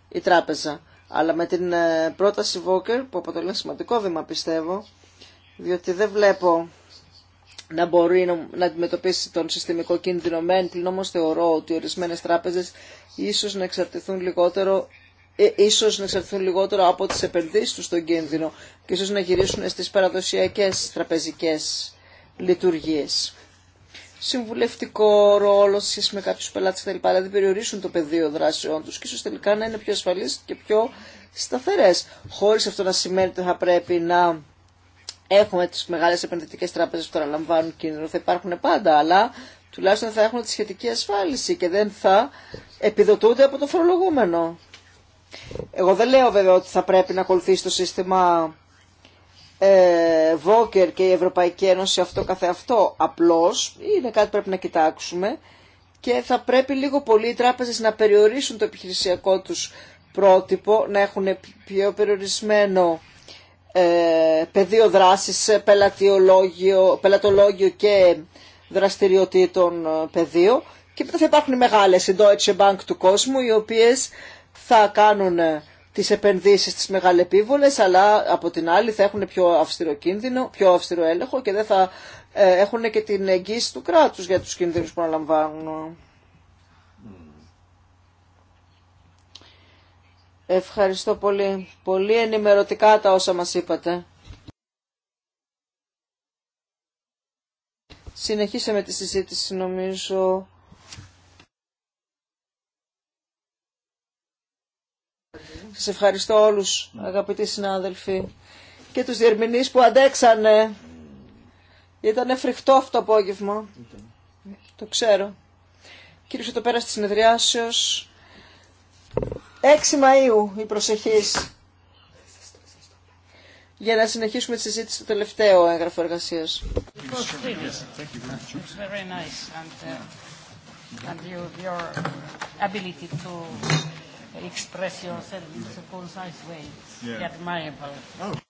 η τράπεζα. Αλλά με την ε, πρόταση Βόκερ, που αποτελεί ένα σημαντικό βήμα πιστεύω, διότι δεν βλέπω να μπορεί να αντιμετωπίσει τον συστημικό κίνδυνο μεν, πλην όμως θεωρώ ότι ορισμένες τράπεζες ίσως να εξαρτηθούν λιγότερο ε, ίσως να εξαρτηθούν λιγότερο από τις επενδύσεις τους στον κίνδυνο και ίσως να γυρίσουν στις παραδοσιακές τραπεζικές λειτουργίες συμβουλευτικό ρόλο σε σχέση με κάποιου πελάτε κτλ. Δηλαδή περιορίσουν το πεδίο δράσεών του και ίσω τελικά να είναι πιο ασφαλεί και πιο σταθερέ. Χωρί αυτό να σημαίνει ότι θα πρέπει να έχουμε τι μεγάλε επενδυτικέ τράπεζε που τώρα λαμβάνουν κίνδυνο. Θα υπάρχουν πάντα, αλλά τουλάχιστον θα έχουν τη σχετική ασφάλιση και δεν θα επιδοτούνται από το φορολογούμενο. Εγώ δεν λέω βέβαια ότι θα πρέπει να ακολουθήσει το σύστημα ε, Βόκερ και η Ευρωπαϊκή Ένωση αυτό καθεαυτό απλώς είναι κάτι που πρέπει να κοιτάξουμε και θα πρέπει λίγο πολύ οι τράπεζες να περιορίσουν το επιχειρησιακό τους πρότυπο, να έχουν πιο περιορισμένο ε, πεδίο δράσης, πελατολόγιο, και δραστηριοτήτων ε, πεδίο και μετά θα υπάρχουν μεγάλες, η Deutsche Bank του κόσμου, οι οποίες θα κάνουν τις επενδύσεις τις μεγαλεπίβολες, αλλά από την άλλη θα έχουν πιο αυστηρό κίνδυνο, πιο αυστηρό έλεγχο και δεν θα ε, έχουν και την εγγύηση του κράτους για τους κινδύνους που αναλαμβάνουν. Ευχαριστώ πολύ. Πολύ ενημερωτικά τα όσα μας είπατε. Συνεχίσαμε τη συζήτηση νομίζω Σας ευχαριστώ όλους αγαπητοί συνάδελφοι και τους διερμηνείς που αντέξανε. Ήταν φρικτό αυτό το απόγευμα. Το ξέρω. Κύριε το πέρα της συνεδριάσεως. 6 Μαΐου η προσεχής. Για να συνεχίσουμε τη συζήτηση στο τελευταίο έγγραφο εργασία express yourself in a concise way. Admirable.